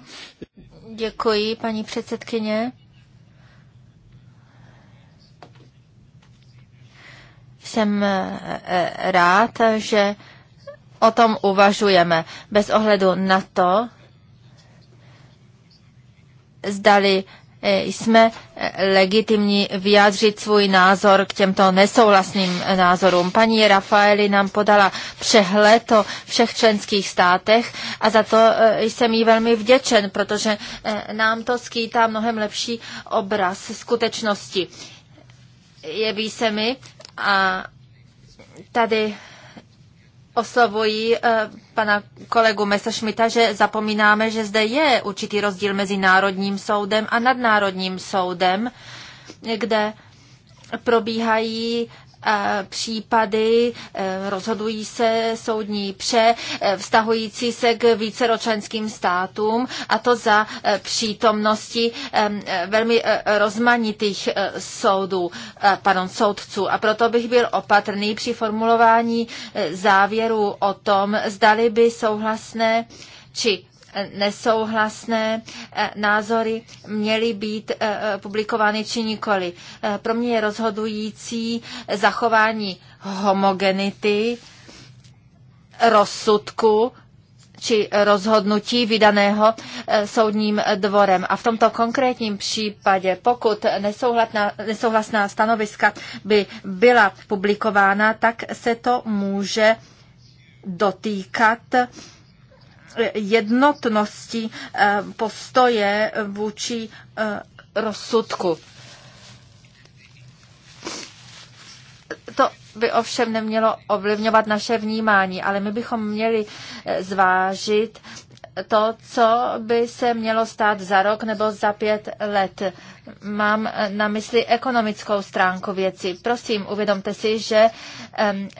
[SPEAKER 1] Děkuji, paní předsedkyně.
[SPEAKER 3] Jsem e, e, rád, že o tom uvažujeme bez ohledu na to, zdali e, jsme legitimní vyjádřit svůj názor k těmto nesouhlasným názorům. Paní Rafaeli nám podala přehled o všech členských státech a za to jsem jí velmi vděčen, protože nám to skýtá mnohem lepší obraz skutečnosti. Jeví se mi, a tady oslovují eh, pana kolegu Messerschmitta, že zapomínáme, že zde je určitý rozdíl mezi Národním soudem a Nadnárodním soudem, kde probíhají případy, eh, rozhodují se soudní pře, eh, vztahující se k víceročenským státům a to za eh, přítomnosti velmi rozmanitých soudů, pardon, soudců. A proto bych byl opatrný při formulování závěru o tom, zdali by souhlasné či nesouhlasné eh, názory měly být eh, eh, publikovány či nikoli. Pro mě je rozhodující zachování homogenity rozsudku či rozhodnutí vydaného soudním dvorem. A v tomto konkrétním případě, pokud nesouhlasná stanoviska by byla publikována, tak se to může dotýkat jednotnosti eh, postoje vůči eh, rozsudku. To by ovšem nemělo ovlivňovat naše vnímání, ale my bychom měli eh, zvážit, to, co by se mělo stát za rok nebo za pět let. Mám na mysli ekonomickou stránku věci. Prosím, uvědomte si, že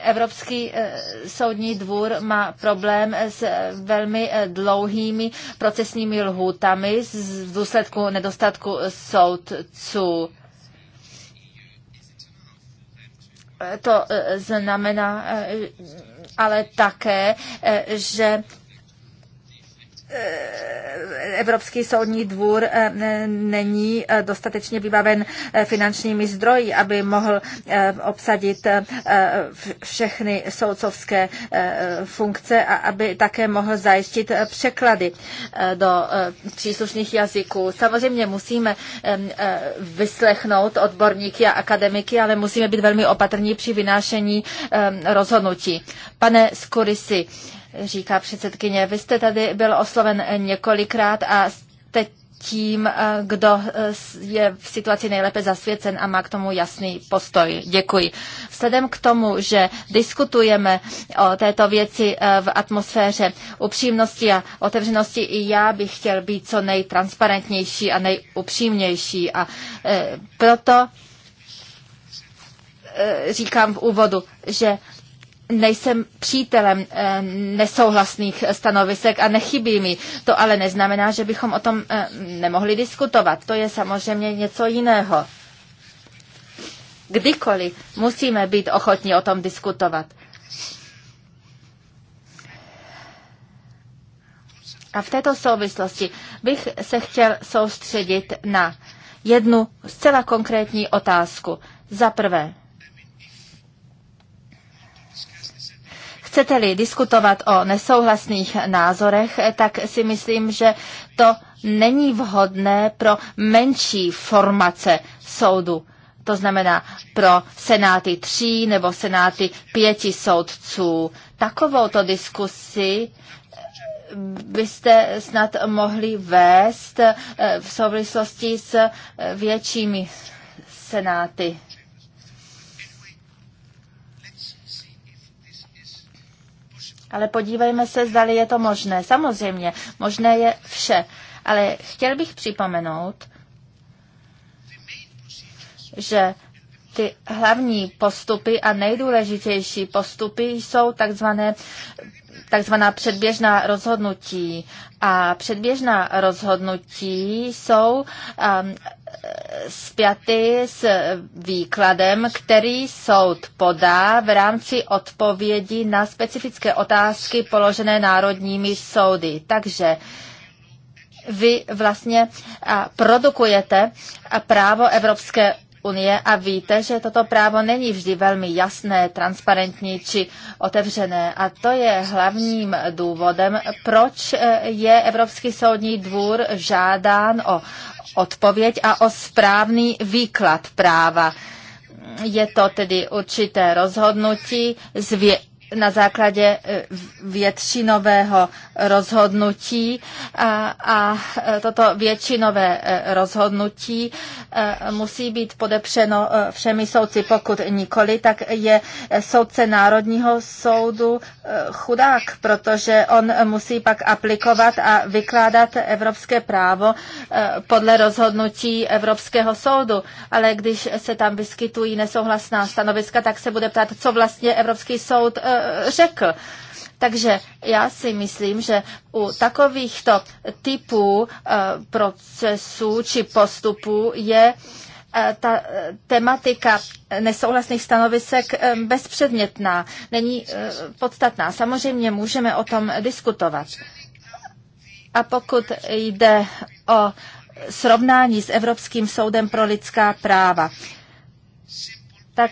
[SPEAKER 3] Evropský eh, soudní dvůr má problém s eh, velmi eh, dlouhými procesními lhůtami z důsledku nedostatku soudců. To znamená ale také, že Eh, Evropský soudní dvůr eh, není eh, dostatečně vybaven finančními zdroji, aby mohl obsadit všechny soudcovské funkce a aby také mohl zajistit překlady do příslušných jazyků. Samozřejmě musíme vyslechnout odborníky a akademiky, ale musíme být velmi opatrní při vynášení rozhodnutí. Pane Skurisi, říká předsedkyně. Vy jste tady byl osloven několikrát a jste tím, eh, kdo eh, je v situaci nejlépe zasvěcen a má k tomu jasný postoj. Děkuji. Vzhledem k tomu, že diskutujeme o této věci eh, v atmosféře upřímnosti a otevřenosti, i já bych chtěl být co nejtransparentnější a nejupřímnější. A proto říkám v úvodu, že nejsem přítelem eh, nesouhlasných stanovisek a nechybí mi. To ale neznamená, že bychom o tom eh, nemohli diskutovat. To je samozřejmě něco jiného. Kdykoliv musíme být ochotní o tom diskutovat. A v této souvislosti bych se chtěl soustředit na jednu zcela konkrétní otázku. Za prvé, Chcete-li diskutovat o nesouhlasných názorech, tak si myslím, že to není vhodné pro menší formace soudu. To znamená pro senáty tří nebo senáty pěti soudců. Takovouto diskusi byste snad mohli vést eh, v souvislosti s eh, většími senáty. ale podívejme se, zda je to možné. Samozřejmě, možné je vše, ale chtěl bych připomenout, že ty hlavní postupy a nejdůležitější postupy jsou takzvané takzvaná předběžná rozhodnutí. A předběžná rozhodnutí jsou um, spjaty s výkladem, který soud podá v rámci odpovědi na specifické otázky položené národními soudy. Takže vy vlastně produkujete právo Evropské unie a víte, že toto právo není vždy velmi jasné, transparentní či otevřené. A to je hlavním důvodem, proč eh, je Evropský soudní dvůr žádán o odpověď a o správný výklad práva je to tedy určité rozhodnutí z, vě- na základě e, většinového rozhodnutí a, a e, toto většinové e, rozhodnutí musí být podepřeno všemi soudci. Pokud nikoli, tak je soudce Národního soudu chudák, protože on musí pak aplikovat a vykládat evropské právo podle rozhodnutí Evropského soudu. Ale když se tam vyskytují nesouhlasná stanoviska, tak se bude ptát, co vlastně Evropský soud řekl. Takže já si myslím, že u takovýchto typů eh, procesů či postupů je eh, ta tematika nesouhlasných stanovisek eh, bezpředmětná, není podstatná. Samozřejmě můžeme o tom diskutovat. A pokud jde o srovnání s Evropským soudem pro lidská práva, tak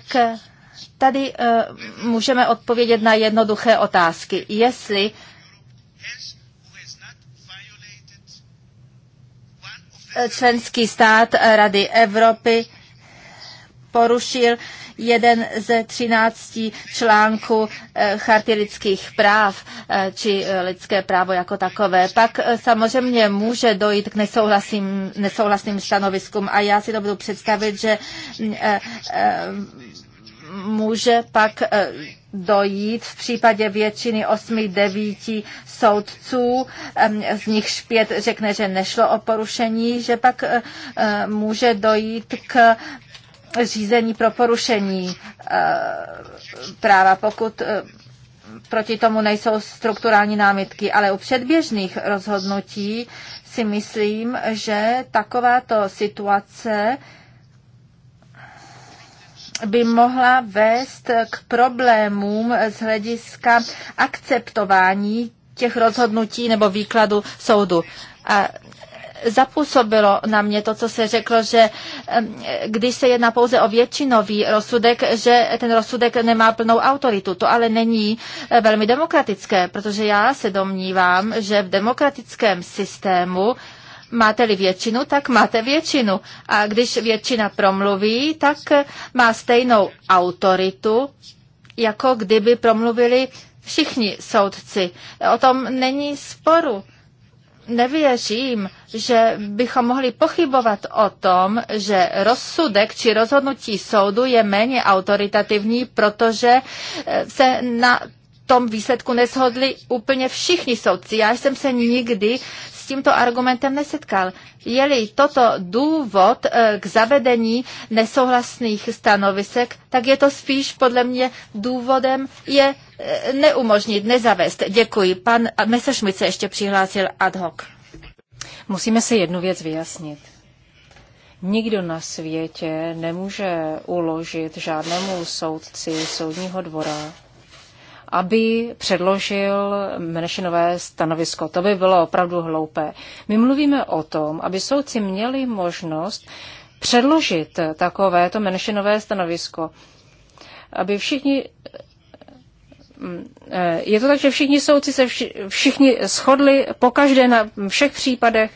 [SPEAKER 3] Tady uh, můžeme odpovědět na jednoduché otázky. Jestli členský stát Rady Evropy porušil jeden ze třinácti článků eh, charty lidských práv eh, či lidské právo jako takové. Pak samozřejmě může dojít k nesouhlasným, nesouhlasným stanoviskům a já si to budu představit, že mm, může pak eh, dojít v případě většiny 8 devíti soudců, z nich pět řekne, že nešlo o porušení, že pak eh, eh, může dojít k řízení pro porušení práva, pokud proti tomu nejsou strukturální námitky, ale u předběžných rozhodnutí si myslím, že takováto situace by mohla vést k problémům z hlediska akceptování těch rozhodnutí nebo výkladu soudu. A zapůsobilo na mě to, co se řeklo, že když se jedná pouze o většinový rozsudek, že ten rozsudek nemá plnou autoritu. To ale není eh, velmi demokratické, protože já se domnívám, že v demokratickém systému Máte-li většinu, tak máte většinu. A když většina promluví, tak má stejnou autoritu, jako kdyby promluvili všichni soudci. O tom není sporu. Nevěřím, že bychom mohli pochybovat o tom, že rozsudek či rozhodnutí soudu je méně autoritativní, protože eh, se na tom výsledku neshodli úplně všichni soudci. Já jsem se nikdy s tímto argumentem nesetkal. Je-li toto důvod eh, k zavedení nesouhlasných stanovisek, tak je to spíš podle mě důvodem je eh, neumožnit, nezavést. Děkuji. Pan Messerschmidt se ještě
[SPEAKER 2] přihlásil ad hoc. Musíme si jednu věc vyjasnit. Nikdo na světě nemůže uložit žádnému soudci soudního dvora aby předložil menšinové stanovisko. To by bylo opravdu hloupé. My mluvíme o tom, aby soudci měli možnost předložit takovéto menšinové stanovisko, aby všichni eh, je to tak, že všichni soudci se vši, všichni shodli po každé na všech případech,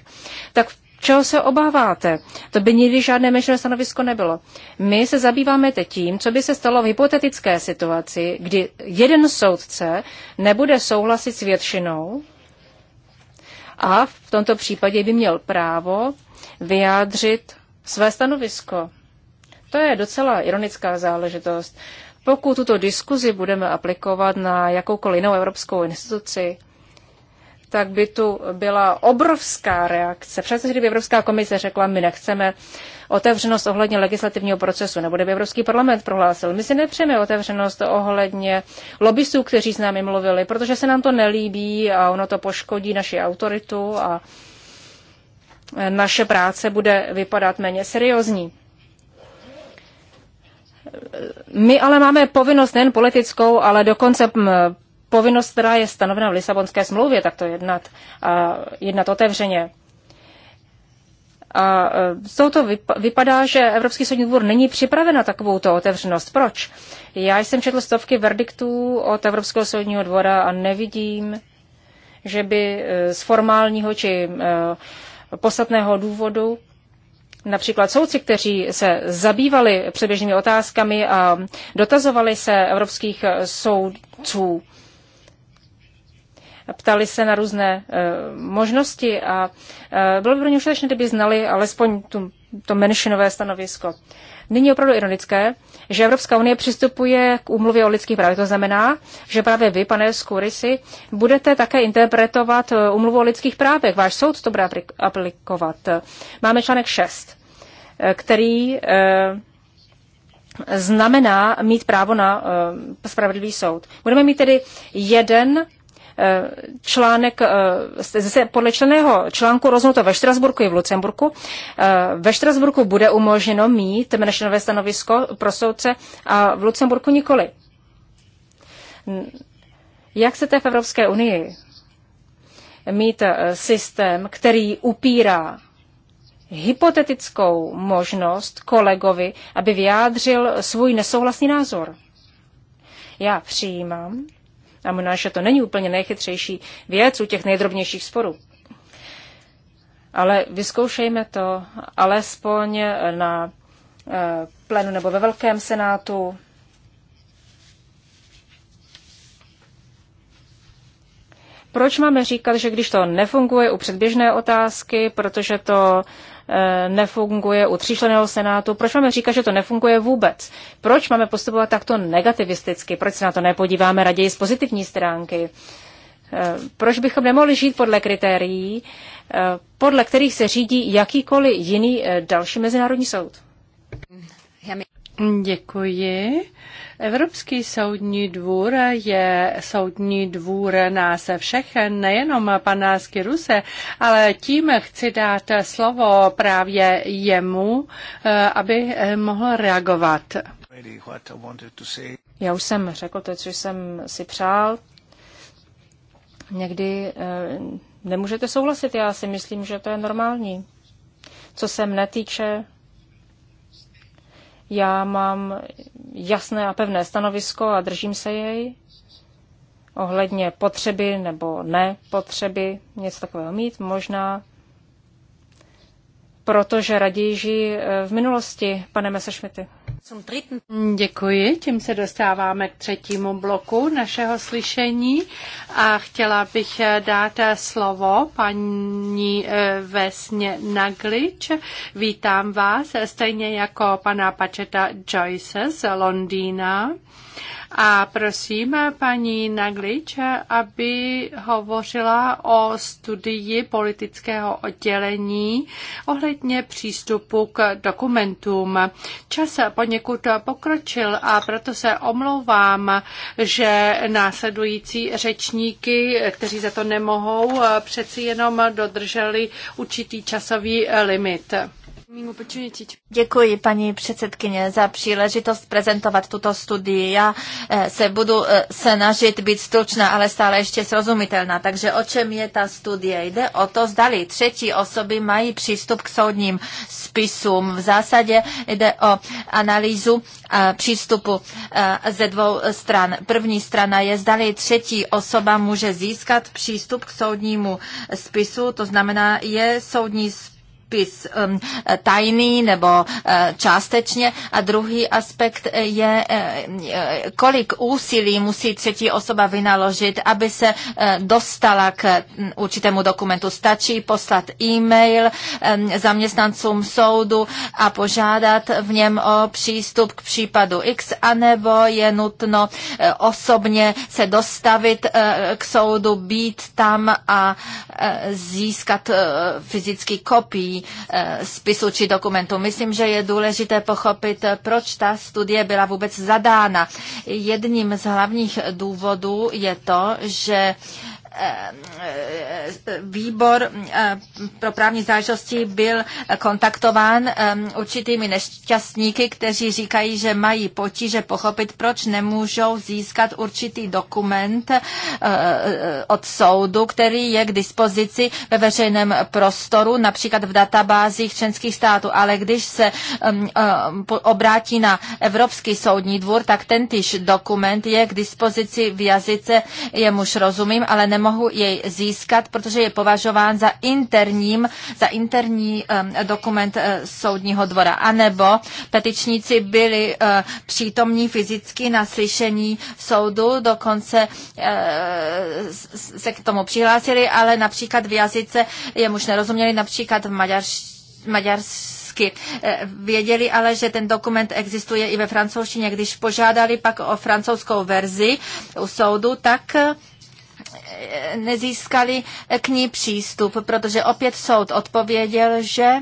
[SPEAKER 2] tak Čeho se obáváte? To by nikdy žádné menšinové stanovisko nebylo. My se zabýváme teď tím, co by se stalo v hypotetické situaci, kdy jeden soudce nebude souhlasit s většinou a v tomto případě by měl právo vyjádřit své stanovisko. To je docela ironická záležitost. Pokud tuto diskuzi budeme aplikovat na jakoukoliv jinou evropskou instituci, tak by tu byla obrovská reakce. Přesně, kdyby Evropská komise řekla, my nechceme otevřenost ohledně legislativního procesu, nebo kdyby Evropský parlament prohlásil, my si nepřejeme otevřenost ohledně lobbystů, kteří s námi mluvili, protože se nám to nelíbí a ono to poškodí naši autoritu a naše práce bude vypadat méně seriózní. My ale máme povinnost nejen politickou, ale dokonce povinnost, která je stanovena v Lisabonské smlouvě, tak to jednat, a jednat otevřeně. A e, z tohoto vypadá, že Evropský soudní dvůr není připraven na takovouto otevřenost. Proč? Já jsem četl stovky verdiktů od Evropského soudního dvora a nevidím, že by e, z formálního či e, posadného důvodu například soudci, kteří se zabývali předběžnými otázkami a dotazovali se evropských soudců ptali se na různé eh, možnosti a eh, bylo by pro ně užitečné, kdyby znali alespoň tu, to menšinové stanovisko. Nyní je opravdu ironické, že Evropská unie přistupuje k úmluvě o lidských právech. To znamená, že právě vy, pane Skurisi, budete také interpretovat eh, úmluvu o lidských právech. Váš soud to bude aplikovat. Máme článek 6, který znamená mít právo na spravedlivý soud. Budeme mít tedy jeden Eh, článek, eh, podle členého článku rozhodnuto ve Štrasburku i v Lucemburku. Eh, ve Štrasburku bude umožněno mít menšinové stanovisko pro soudce a v Lucemburku nikoli. Jak chcete v Evropské unii mít systém, který upírá hypotetickou možnost kolegovi, aby vyjádřil svůj nesouhlasný názor? Já přijímám, a možná, že to není úplně nejchytřejší věc u těch nejdrobnějších sporů. Ale vyzkoušejme to alespoň na eh, plenu nebo ve Velkém senátu. Proč máme říkat, že když to nefunguje u předběžné otázky, protože to uh, Eh, nefunguje u tříšleného senátu. Proč máme říkat, že to nefunguje vůbec? Proč máme postupovat takto negativisticky? Proč se na to nepodíváme raději z pozitivní stránky? Eh, proč bychom nemohli žít podle kritérií, eh, podle kterých se řídí jakýkoliv jiný další mezinárodní soud?
[SPEAKER 1] Děkuji. Evropský soudní dvůr je soudní dvůr nás všech, nejenom pana Skiruse, ale tím chci dát slovo právě jemu, eh, aby eh, mohl reagovat. Já už jsem
[SPEAKER 2] řekl to, co jsem si přál. Někdy eh, nemůžete souhlasit, já si myslím, že to je normální. Co se mne týče, já mám jasné a pevné stanovisko a držím se jej ohledně potřeby nebo nepotřeby něco takového mít. Možná protože raději žijí
[SPEAKER 1] eh, v minulosti, pane Messerschmitty. Děkuji, tím se dostáváme k třetímu bloku našeho slyšení a chtěla bych eh, dát eh, slovo paní eh, Vesně Naglič. Vítám vás, stejně jako pana Pačeta Joyce z Londýna. A prosím paní Naglič, aby hovořila o studii politického oddělení ohledně přístupu k dokumentům. Čas poněkud pokročil a proto se omlouvám, že následující řečníky, kteří za to nemohou, přeci jenom dodrželi určitý časový limit.
[SPEAKER 3] Děkuji, paní předsedkyně, za příležitost prezentovat tuto studii. Já eh, se budu eh, snažit být stručná, ale stále ještě srozumitelná. Takže o čem je ta studie? Jde o to, zdali třetí osoby mají přístup k soudním spisům. V zásadě jde o analýzu eh, přístupu ze dvou stran. První strana je, zdali třetí osoba může získat přístup k soudnímu spisu, to znamená, je soudní spis podpis um, tajný nebo eh, částečně. A druhý aspekt je, eh, eh, kolik úsilí musí třetí osoba vynaložit, aby se dostala k mm, určitému dokumentu. Stačí poslat e-mail zaměstnancům soudu a požádat v něm o přístup k případu X, anebo je nutno osobně se dostavit k soudu, být tam a získat fyzický kopii Eh, spisu či dokumentu. Myslím, že je důležité pochopit, eh, proč ta studie byla vůbec zadána. Jedním z hlavních důvodů je to, že výbor eh, pro právní záležitosti byl kontaktován eh, určitými nešťastníky, kteří říkají, že mají potíže pochopit, proč nemůžou získat určitý dokument eh, od soudu, který je k dispozici ve veřejném prostoru, například v databázích členských států. Ale když se obrátí na Evropský soudní dvůr, tak tentýž dokument je k dispozici v jazyce, jemuž rozumím, ale nemohu nemohu jej získat, protože je považován za, interním, za interní dokument eh, soudního dvora. A nebo petičníci byli eh, přítomní fyzicky na slyšení soudu, dokonce eh, se k tomu přihlásili, ale například v jazyce jemuž nerozuměli, například v maďarštině Věděli ale, že ten dokument existuje i ve francouzštině. Když požádali pak o francouzskou verzi u soudu, tak nezískali k ní přístup, protože opět soud odpověděl, že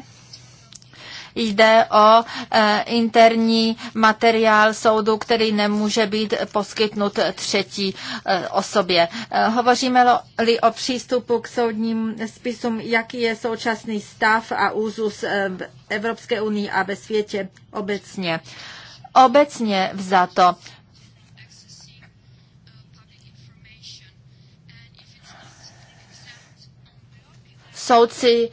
[SPEAKER 3] jde o e, interní materiál soudu, který nemůže být poskytnut třetí e, osobě. E, hovoříme-li o přístupu k soudním spisům, jaký je současný stav a úzus v Evropské unii a ve světě obecně. Obecně vzato soudci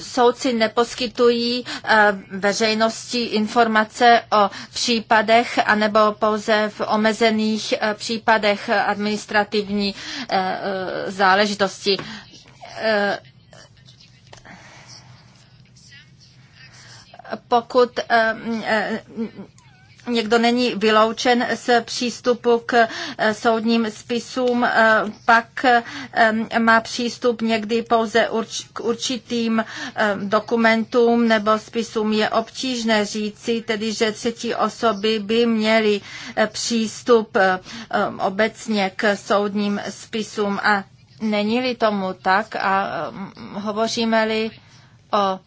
[SPEAKER 3] Soudci neposkytují uh, veřejnosti informace o případech anebo pouze v omezených uh, případech administrativní uh, záležitosti. Pokud někdo není vyloučen z přístupu k eh, soudním spisům, eh, pak eh, má přístup někdy pouze k určitým dokumentům nebo spisům. Je obtížné říci, tedy že třetí osoby by měly přístup obecně k soudním spisům a není-li tomu tak a hm, hovoříme-li o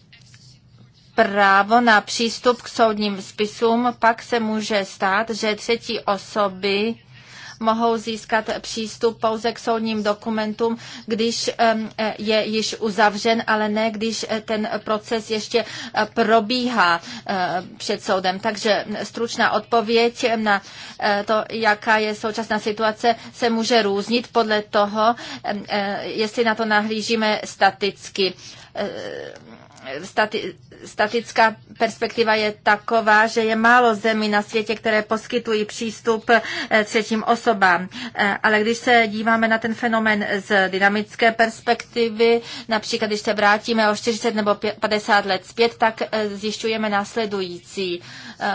[SPEAKER 3] právo na přístup k soudním spisům, pak se může stát, že třetí osoby mohou získat přístup pouze k soudním dokumentům, když je již uzavřen, ale ne když eh, ten proces ještě eh, probíhá eh, před soudem. Takže stručná odpověď na to, jaká je současná situace, se může různit podle toho, jestli na to nahlížíme staticky stati, statická perspektiva je taková, že je málo zemí na světě, které poskytují přístup eh, třetím osobám. Eh, ale když se díváme na ten fenomén z dynamické perspektivy, například když se vrátíme o 40 nebo 50 let zpět, tak eh, zjišťujeme následující.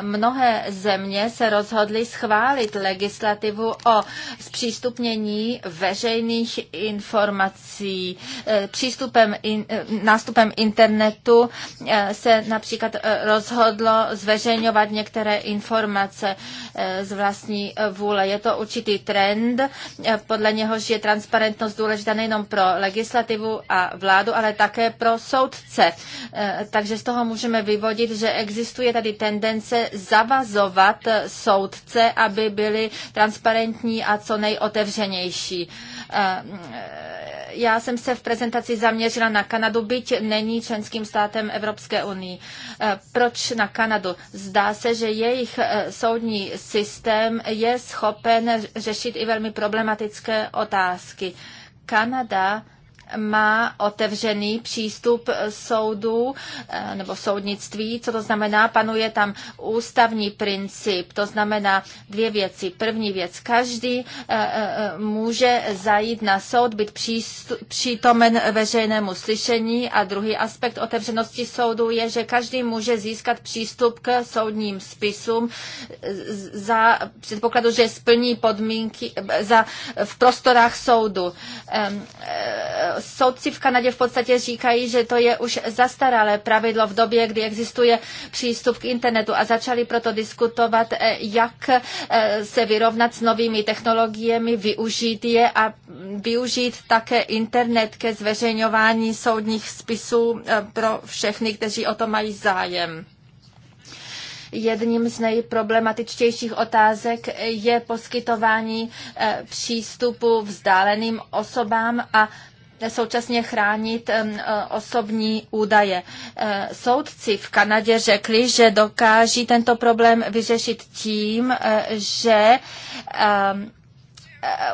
[SPEAKER 3] Mnohé země se rozhodly schválit legislativu o zpřístupnění veřejných informací přístupem, in, nástupem internetu internetu eh, se například eh, rozhodlo zveřejňovat některé informace eh, z vlastní vůle. Je to určitý trend, podle něhož je transparentnost důležitá nejenom pro legislativu a vládu, ale také pro soudce. Takže z toho můžeme vyvodit, že existuje tady tendence zavazovat soudce, aby byli transparentní a co nejotevřenější já jsem se v prezentaci zaměřila na Kanadu, byť není členským státem Evropské unii. E, proč na Kanadu? Zdá se, že jejich e, soudní systém je schopen řešit i velmi problematické otázky. Kanada má otevřený přístup soudů eh, nebo soudnictví. Co to znamená? Panuje tam ústavní princip. To znamená dvě věci. První věc, každý eh, eh, může zajít na soud, být přítomen veřejnému slyšení a druhý aspekt otevřenosti soudu je, že každý může získat přístup k soudním spisům za předpokladu, že splní podmínky za, v prostorách soudu soudci v Kanadě v podstatě říkají, že to je už zastaralé pravidlo v době, kdy existuje přístup k internetu a začali proto diskutovat, eh, jak eh, se vyrovnat s novými technologiemi, využít je a využít také internet ke zveřejňování soudních spisů eh, pro všechny, kteří o to mají zájem. Jedním z nejproblematičtějších otázek je poskytování přístupu vzdáleným osobám a současně chránit e, osobní údaje. E, soudci v Kanadě řekli, že dokáží tento problém vyřešit tím, e, že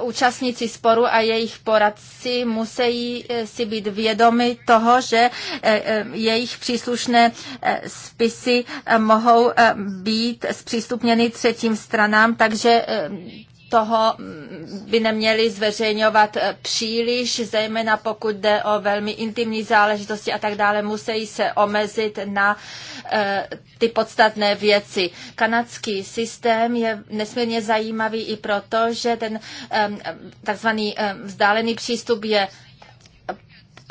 [SPEAKER 3] účastníci sporu a jejich poradci musí si být vědomi toho, že jejich příslušné spisy mohou být zpřístupněny třetím stranám, takže toho by neměli zveřejňovat eh, příliš, zejména pokud jde o velmi intimní záležitosti a tak dále, musí se omezit na eh, ty podstatné věci. Kanadský systém je nesmírně zajímavý i proto, že ten eh, takzvaný vzdálený přístup je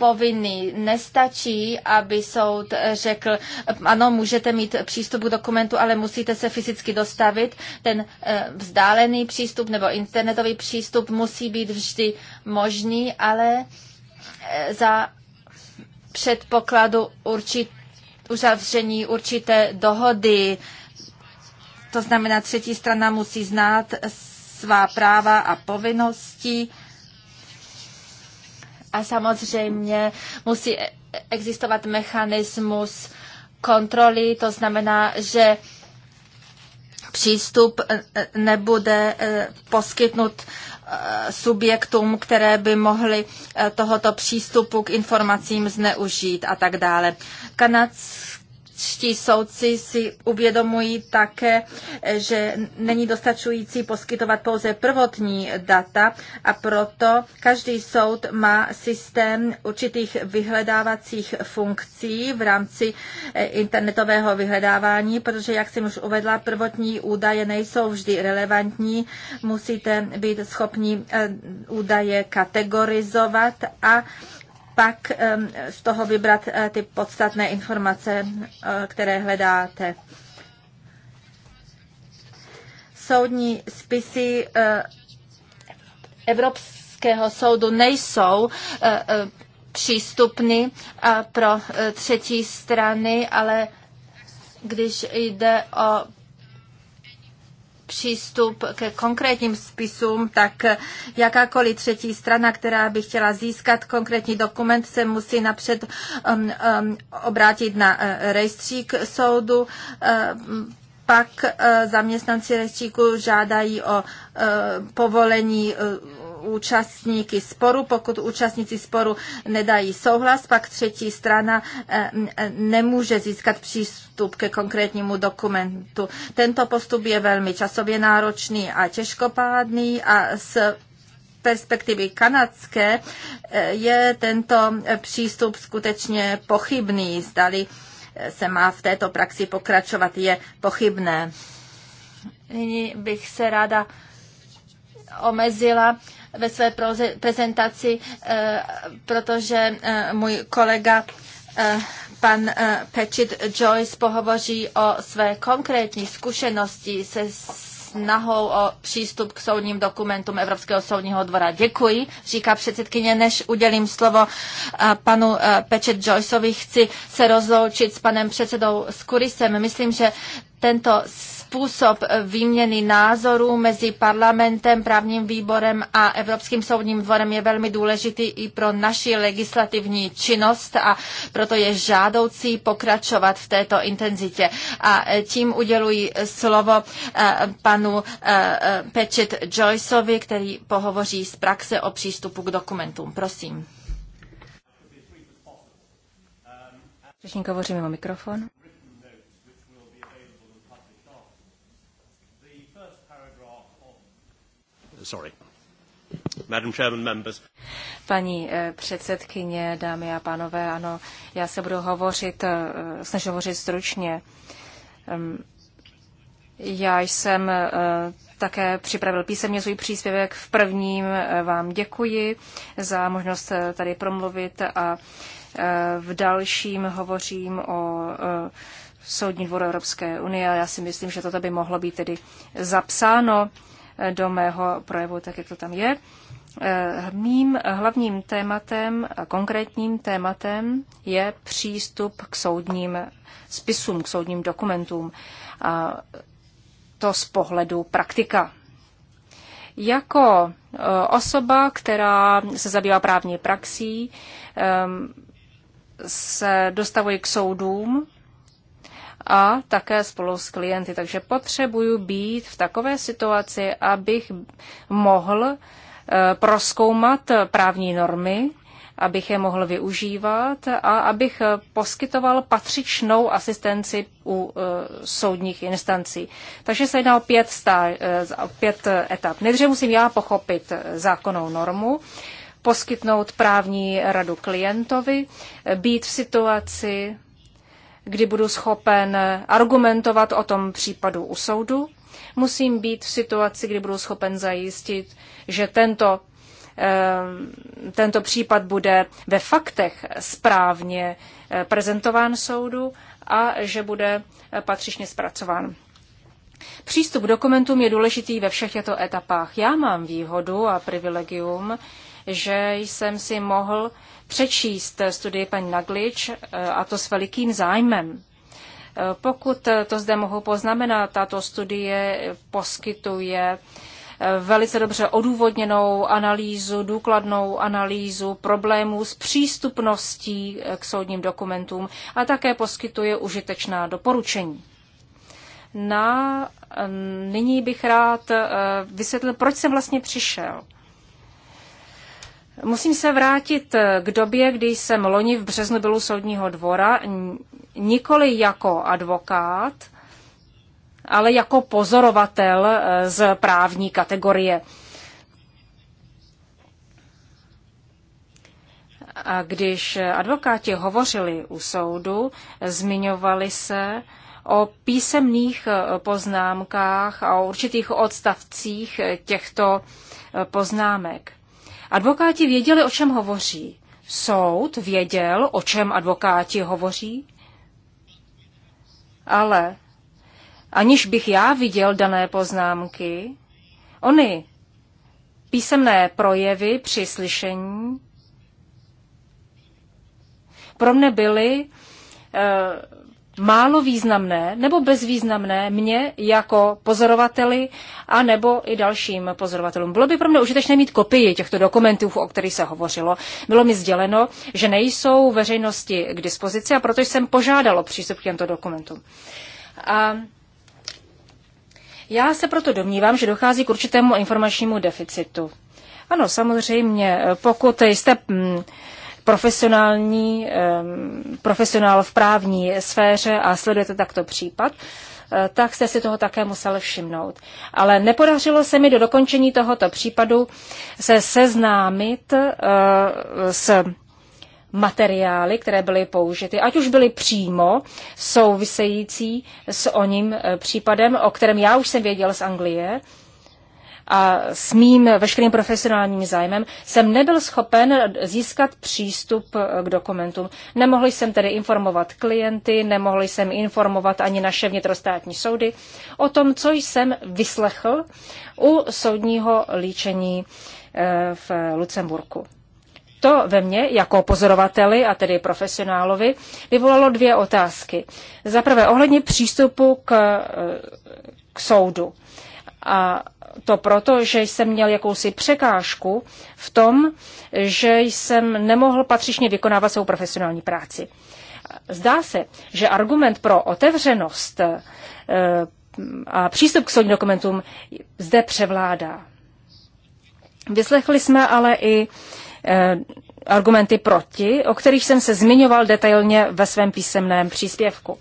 [SPEAKER 3] povinný. Nestačí, aby soud řekl, ano, můžete mít přístup k dokumentu, ale musíte se fyzicky dostavit. Ten eh, vzdálený přístup nebo internetový přístup musí být vždy možný, ale eh, za předpokladu určit, uzavření určité dohody. To znamená, třetí strana musí znát svá práva a povinnosti a samozřejmě musí e- existovat mechanismus kontroly, to znamená, že přístup nebude e, poskytnut e, subjektům, které by mohly tohoto přístupu k informacím zneužít a tak dále. Kanadský Evropští soudci si uvědomují také, že není dostačující poskytovat pouze prvotní data a proto každý soud má systém určitých vyhledávacích funkcí v rámci eh, internetového vyhledávání, protože, jak jsem už uvedla, prvotní údaje nejsou vždy relevantní. Musíte být schopni eh, údaje kategorizovat a pak z toho vybrat eh, ty podstatné informace, eh, které hledáte. Soudní spisy eh, Evropského soudu nejsou přístupny pro třetí strany, ale když jde o přístup ke konkrétním spisům, tak jakákoliv třetí strana, která by chtěla získat konkrétní dokument, se musí napřed um, um, obrátit na uh, rejstřík soudu. Uh, pak eh, zaměstnanci rejstříku žádají o povolení účastníky sporu. Pokud účastníci sporu nedají souhlas, pak třetí strana eh, eh, nemůže získat přístup ke konkrétnímu dokumentu. Tento postup je velmi časově náročný a těžkopádný a s perspektivy kanadské eh, je tento přístup skutečně pochybný. Zdali se má v této praxi pokračovat, je pochybné. Nyní bych se ráda omezila ve své prezentaci, eh, protože eh, můj kolega eh, pan Pečit Joyce pohovoří o své konkrétní zkušenosti se snahou o přístup k soudním dokumentům Evropského soudního dvora. Děkuji, říká předsedkyně, než udělím slovo panu Pečet Joyceovi, chci se rozloučit s panem předsedou Skurisem. Myslím, že tento způsob výměny názorů mezi parlamentem, právním výborem a Evropským soudním dvorem je velmi důležitý i pro naši legislativní činnost a proto je žádoucí pokračovat v této intenzitě. A e, tím uděluji e, slovo e, panu Pečet Joyceovi, který pohovoří z praxe o přístupu k dokumentům. Prosím.
[SPEAKER 2] Řečník hovoří mimo mikrofon. Sorry. Madam Chairman, members. Paní eh, předsedkyně, dámy a pánové, ano, já se budu hovořit, eh, snažit hovořit stručně. Ehm, já jsem eh, také připravil písemně svůj příspěvek. V prvním vám děkuji za možnost tady promluvit a v dalším hovořím o Soudní dvoru Evropské unie. Já si myslím, že toto by mohlo být tedy zapsáno do mého projevu, tak jak to tam je. Eh, mým hlavním tématem, konkrétním tématem je přístup k soudním spisům, k soudním dokumentům. A to z pohledu praktika. Jako eh, osoba, která se zabývá právní praxí, eh, se dostavuji k soudům a také spolu s klienty. Takže potřebuju být v takové situaci, abych mohl eh, proskoumat právní normy, abych je mohl využívat a abych eh, poskytoval patřičnou asistenci u eh, soudních instancí. Takže se jedná o pět, stá, pět etap. Nejdříve musím já pochopit zákonnou normu, poskytnout právní radu klientovi, být v situaci kdy budu schopen argumentovat o tom případu u soudu. Musím být v situaci, kdy budu schopen zajistit, že tento, eh, tento případ bude ve faktech správně eh, prezentován soudu a že bude eh, patřičně zpracován. Přístup k dokumentům je důležitý ve všech těchto etapách. Já mám výhodu a privilegium, že jsem si mohl přečíst studii paní Naglič eh, a to s velikým zájmem. Eh, pokud to zde mohu poznamenat, tato studie poskytuje eh, velice dobře odůvodněnou analýzu, důkladnou analýzu problémů s přístupností k soudním dokumentům a také poskytuje užitečná doporučení. Na, nyní bych rád vysvětlil, proč jsem vlastně přišel. Musím se vrátit eh, k době, kdy jsem loni v březnu byl u soudního dvora, nikoli jako advokát, ale jako pozorovatel eh, z právní kategorie. A když eh, advokáti hovořili u soudu, zmiňovali se o písemných poznámkách a o určitých odstavcích těchto poznámek. Advokáti věděli, o čem hovoří. Soud věděl, o čem advokáti hovoří. Ale aniž bych já viděl dané poznámky, oni písemné projevy při slyšení pro mne byly eh, málo významné nebo bezvýznamné mě jako pozorovateli a nebo i dalším pozorovatelům. Bylo by pro mě užitečné mít kopii těchto dokumentů, o kterých se hovořilo. Bylo mi sděleno, že nejsou veřejnosti k dispozici a proto jsem požádalo přístup k těmto dokumentům. A já se proto domnívám, že dochází k určitému informačnímu deficitu. Ano, samozřejmě, pokud jste mm, profesionální, profesionál v právní sféře a sledujete takto případ, eh, tak jste si toho také musel všimnout. Ale nepodařilo se mi do dokončení tohoto případu se seznámit eh, s materiály, které byly použity, ať už byly přímo související s oním eh, případem, o kterém já už jsem věděl z Anglie, a s mým veškerým profesionálním zájmem jsem nebyl schopen získat přístup eh, k dokumentům. Nemohl jsem tedy informovat klienty, nemohl jsem informovat ani naše vnitrostátní soudy o tom, co jsem vyslechl u soudního líčení eh, v Lucemburku. To ve mně, jako pozorovateli a tedy profesionálovi, vyvolalo dvě otázky. Za prvé ohledně přístupu k, eh, k soudu. A to proto, že jsem měl jakousi překážku v tom, že jsem nemohl patřičně vykonávat svou profesionální práci. Zdá se, že argument pro otevřenost eh, a přístup k soudním dokumentům zde převládá. Vyslechli jsme ale i eh, argumenty proti, o kterých jsem se zmiňoval detailně ve svém písemném příspěvku.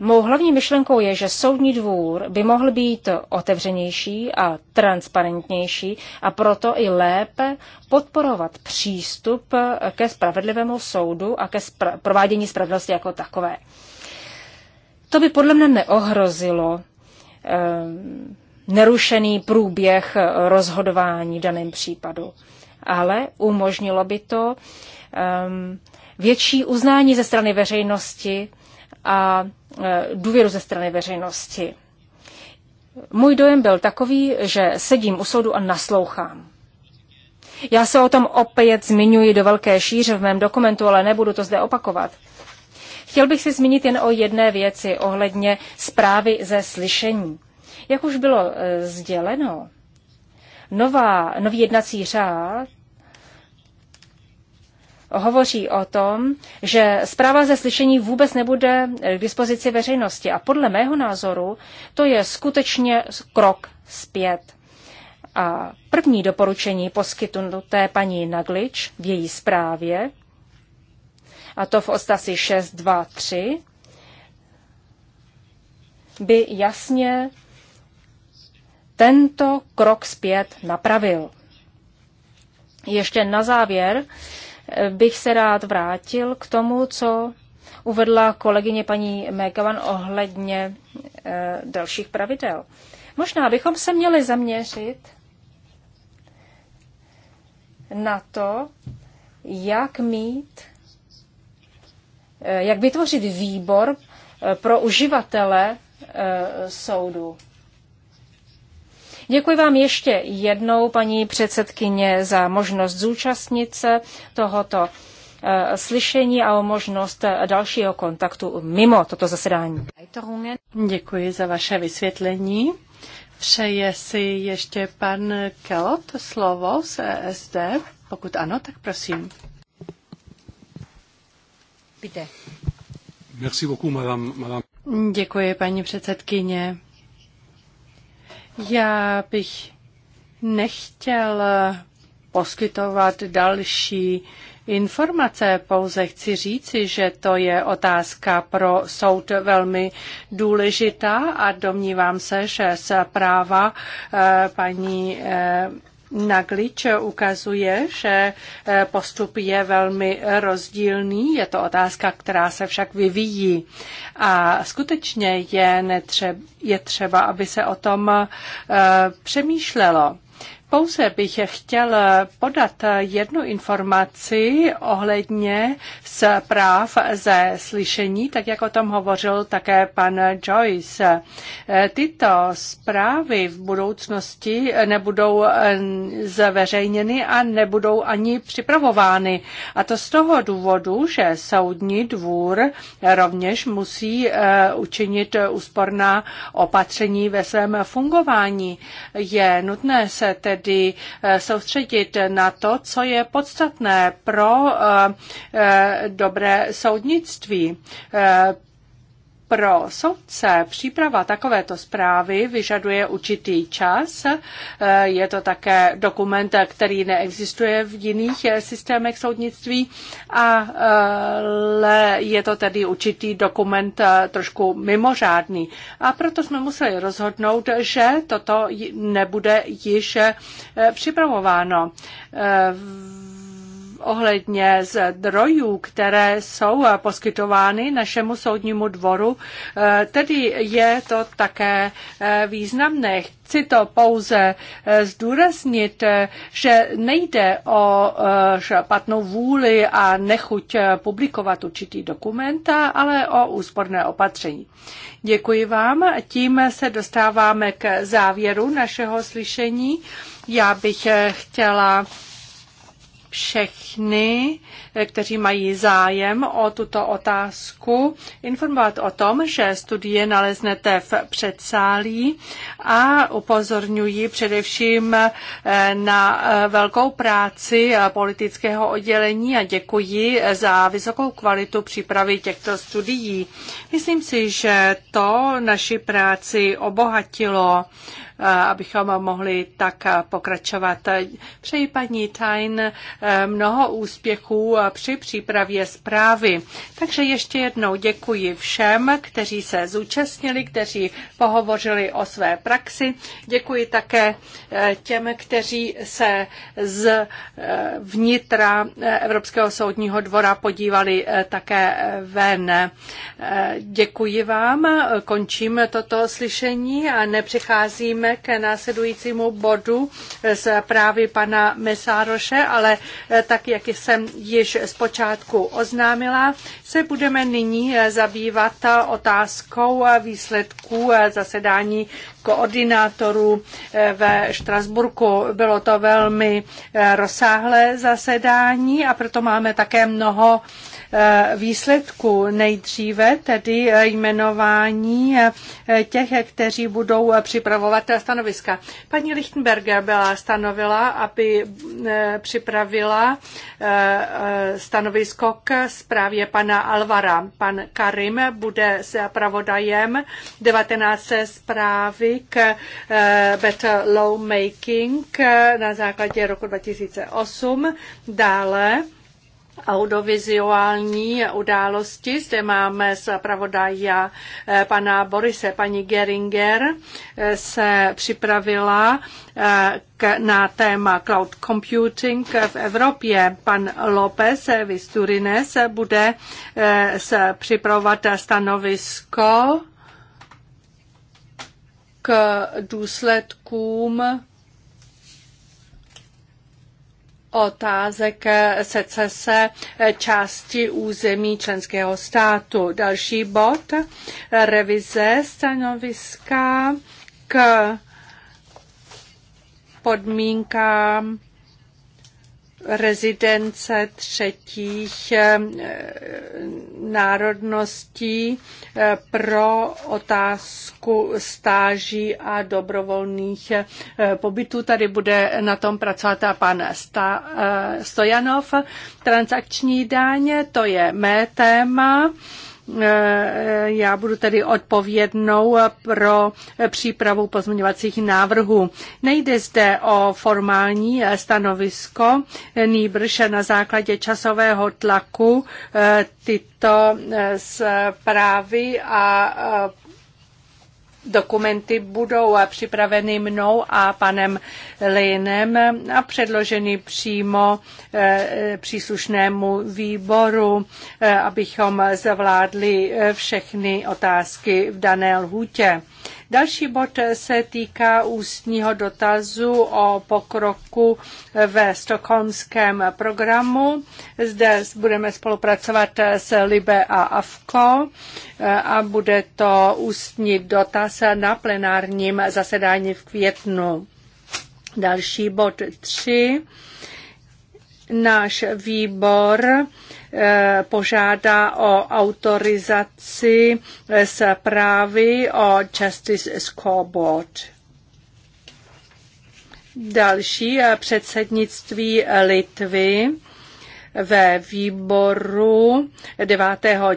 [SPEAKER 2] Mou hlavní myšlenkou je, že soudní dvůr by mohl být otevřenější a transparentnější a proto i lépe podporovat přístup ke spravedlivému soudu a ke spra- provádění spravedlnosti jako takové. To by podle mne neohrozilo eh, nerušený průběh rozhodování v daném případu, ale umožnilo by to eh, větší uznání ze strany veřejnosti a Eh, důvěru ze strany veřejnosti. Můj dojem byl takový, že sedím u soudu a naslouchám. Já se o tom opět zmiňuji do velké šíře v mém dokumentu, ale nebudu to zde opakovat. Chtěl bych si zmínit jen o jedné věci ohledně zprávy ze slyšení. Jak už bylo eh, sděleno, nová, nový jednací řád hovoří o tom, že zpráva ze slyšení vůbec nebude k dispozici veřejnosti. A podle mého názoru to je skutečně krok zpět. A první doporučení poskytnuté paní Naglič v její zprávě, a to v odstasi 623, by jasně tento krok zpět napravil. Ještě na závěr bych se rád vrátil k tomu, co uvedla kolegyně paní Megavan ohledně e, dalších pravidel. Možná bychom se měli zaměřit na to, jak mít, e, jak vytvořit výbor eh, pro uživatele e, soudu. Děkuji vám ještě jednou, paní předsedkyně, za možnost zúčastnit se tohoto eh, slyšení a o možnost eh, dalšího kontaktu mimo toto zasedání.
[SPEAKER 1] Děkuji za vaše vysvětlení. Přeje si ještě pan Kelot slovo z ESD? Pokud ano, tak prosím. Děkuji, paní předsedkyně. Já bych nechtěl poskytovat další informace, pouze chci říci, že to je otázka pro soud velmi důležitá a domnívám se, že zpráva eh, paní eh, Naglič ukazuje, že eh, postup je velmi rozdílný, je to otázka, která se však vyvíjí. A skutečně je, netřeb, je třeba, aby se o tom eh, přemýšlelo. Pouze bych chtěl podat jednu informaci ohledně zpráv ze slyšení, tak jak o tom hovořil také pan Joyce. Tyto zprávy v budoucnosti nebudou eh, zveřejněny a nebudou ani připravovány. A to z toho důvodu, že soudní dvůr rovněž musí eh, učinit úsporná opatření ve svém fungování. Je nutné se tedy tedy eh, soustředit na to, co je podstatné pro eh, eh, dobré soudnictví. Pro soudce příprava takovéto zprávy vyžaduje určitý čas. Eh, je to také dokument, který neexistuje v jiných eh, systémech soudnictví, ale je to tedy určitý dokument eh, trošku mimořádný. A proto jsme museli rozhodnout, že toto nebude již připravováno ohledně zdrojů, které jsou poskytovány našemu soudnímu dvoru, eh, tedy je to také eh, významné. Chci to pouze eh, zdůraznit, že nejde o špatnou vůli a nechuť publikovat určitý dokument, ale o úsporné opatření. Děkuji vám. Tím se dostáváme k závěru našeho slyšení. Já bych chtěla všechny, eh, kteří mají zájem o tuto otázku, informovat o tom, že studie naleznete v předsálí a upozorňuji především eh, na eh, velkou práci politického oddělení a děkuji za vysokou kvalitu přípravy těchto studií. Myslím si, že to naši práci obohatilo Eh, abychom mohli tak pokračovat. Přeji paní Tain eh, mnoho úspěchů při přípravě zprávy. Takže ještě jednou děkuji všem, kteří se zúčastnili, kteří pohovořili o své praxi. Děkuji také eh, těm, kteří se z vnitra Evropského soudního dvora podívali také ven. Děkuji vám, končím toto slyšení a nepřicházíme dostaneme k následujícímu bodu z právy pana Mesároše, ale eh, tak, jak jsem již zpočátku oznámila, se budeme nyní eh, zabývat eh, otázkou výsledků zasedání koordinátorů ve Štrasburku. Bylo to velmi rozsáhlé zasedání a proto máme také mnoho Eh, výsledku. Nejdříve tedy jmenování eh, těch, kteří budou připravovat stanoviska. Paní Lichtenberger byla stanovila, aby eh, připravila stanovisko k zprávě pana Alvara. Pan Karim bude se pravodajem 19. zprávy k Better Law Making na základě roku 2008. Dále audiovizuální události. Zde máme pravodajia eh, pana Borise, paní Geringer eh, se připravila eh, na téma cloud computing v Evropě. Pan López se bude se připravovat stanovisko k důsledkům otázek secese části území členského státu. Další bod, revize stanoviska k podmínkám rezidence třetích eh, eh, národností eh, pro otázku stáží a dobrovolných pobytů. Tady bude na tom pracovat a pan Stojanov. Transakční dáně, to je mé téma. Eh, eh, já budu tedy odpovědnou eh, pro přípravu pozměňovacích návrhů. Nejde zde o formální stanovisko, nýbrž na základě časového tlaku tyto zprávy a Dokumenty budou připraveny mnou a panem Lejnem a předloženy přímo eh, příslušnému výboru, eh, abychom zvládli eh, všechny otázky v dané lhůtě. Další bod se týká ústního dotazu o pokroku ve stokholmském programu. Zde budeme spolupracovat s Libe a AFKO eh, a bude to ústní dotaz na plenárním zasedání v květnu. Další bod 3. Náš výbor Eh, požádá o autorizaci eh, zprávy o Justice Scoreboard. Další eh, předsednictví Litvy ve výboru 9.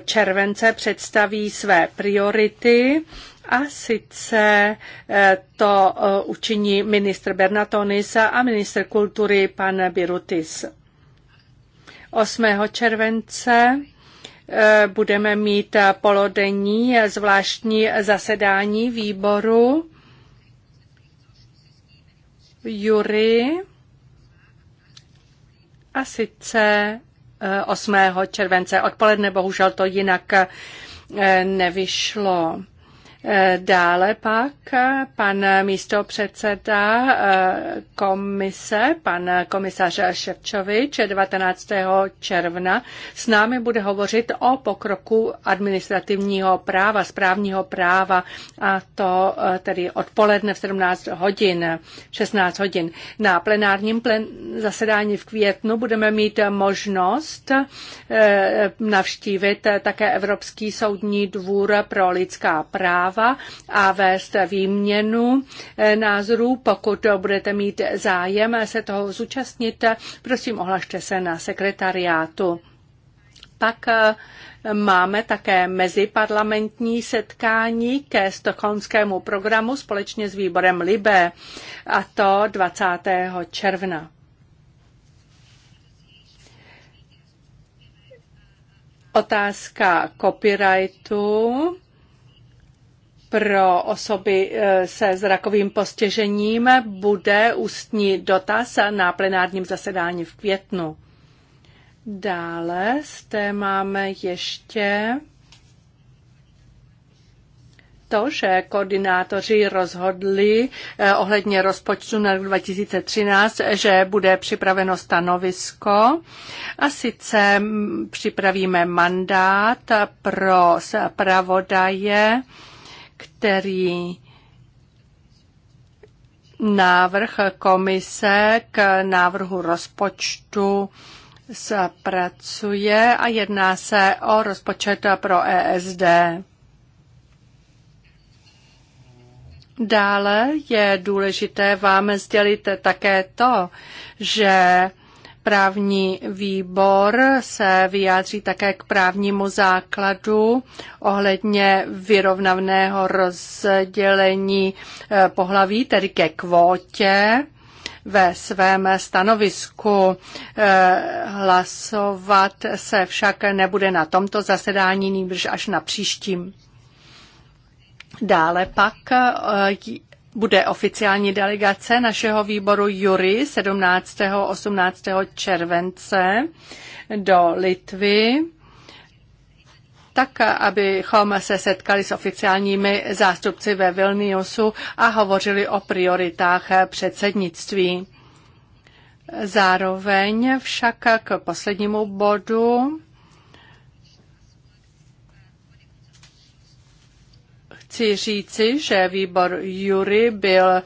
[SPEAKER 1] července představí své priority a sice to učiní ministr Bernatonis a ministr kultury pan Birutis. 8. července eh, budeme mít eh, polodenní eh, zvláštní zasedání výboru Jury a sice 8. července odpoledne, bohužel to jinak nevyšlo. Dále pak pan místo předseda eh, komise, pan komisař Ševčovič 19. června s námi bude hovořit o pokroku administrativního práva, správního práva a to eh, tedy odpoledne v 17 hodin, 16 hodin. Na plenárním plen- zasedání v květnu budeme mít možnost eh, navštívit také Evropský soudní dvůr pro lidská práva práva a vést výměnu eh, názorů. Pokud budete mít zájem se toho zúčastnit, prosím ohlašte se na sekretariátu. Pak eh, Máme také meziparlamentní setkání ke stokholmskému programu společně s výborem Libé, a to 20. června. Otázka copyrightu pro osoby e, se zrakovým postižením bude ústní dotaz na plenárním zasedání v květnu. Dále zde máme ještě to, že koordinátoři rozhodli e, ohledně rozpočtu na rok 2013, že bude připraveno stanovisko a sice připravíme mandát pro zpravodaje který návrh komise k návrhu rozpočtu zpracuje a jedná se o rozpočet pro ESD. Dále je důležité vám sdělit také to, že Právní výbor se vyjádří také k právnímu základu ohledně vyrovnavného rozdělení eh, pohlaví, tedy ke kvótě ve svém stanovisku. Eh, hlasovat se však nebude na tomto zasedání, nýbrž až na příštím. Dále pak eh, bude oficiální delegace našeho výboru Jury 17. 18. července do Litvy tak, abychom se setkali s oficiálními zástupci ve Vilniusu a hovořili o prioritách předsednictví. Zároveň však k poslednímu bodu Chci říci, že výbor Jury byl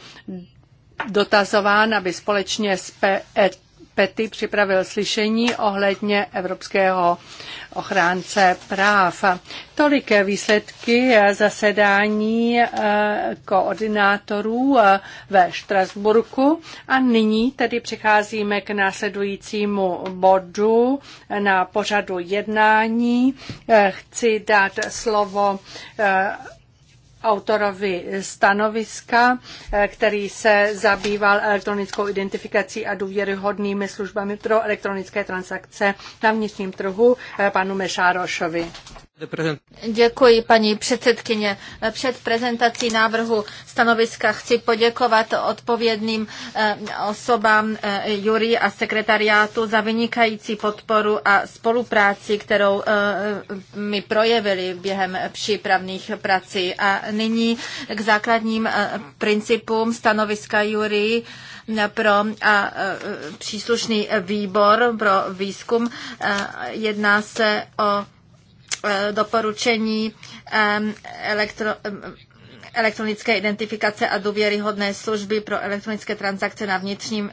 [SPEAKER 1] dotazován, aby společně s PET eh, Pety připravil slyšení ohledně Evropského ochránce práv. Tolik výsledky zasedání eh, koordinátorů eh, ve Štrasburku a nyní tedy přicházíme k následujícímu bodu na pořadu jednání. Chci dát slovo autorovi stanoviska, eh, který se zabýval elektronickou identifikací a důvěryhodnými službami pro elektronické transakce na vnitřním trhu, eh, panu Mešárošovi. Děkuji, paní předsedkyně. Před
[SPEAKER 3] prezentací návrhu stanoviska chci poděkovat odpovědným eh, osobám eh, Jury a sekretariátu za vynikající podporu a spolupráci, kterou eh, mi projevili během přípravných prací. A nyní k základním principům stanoviska Jury pro a příslušný výbor pro výzkum. Jedná se o Eh, doporučení elektro, elektronické identifikace a důvěryhodné služby pro elektronické transakce na vnitřním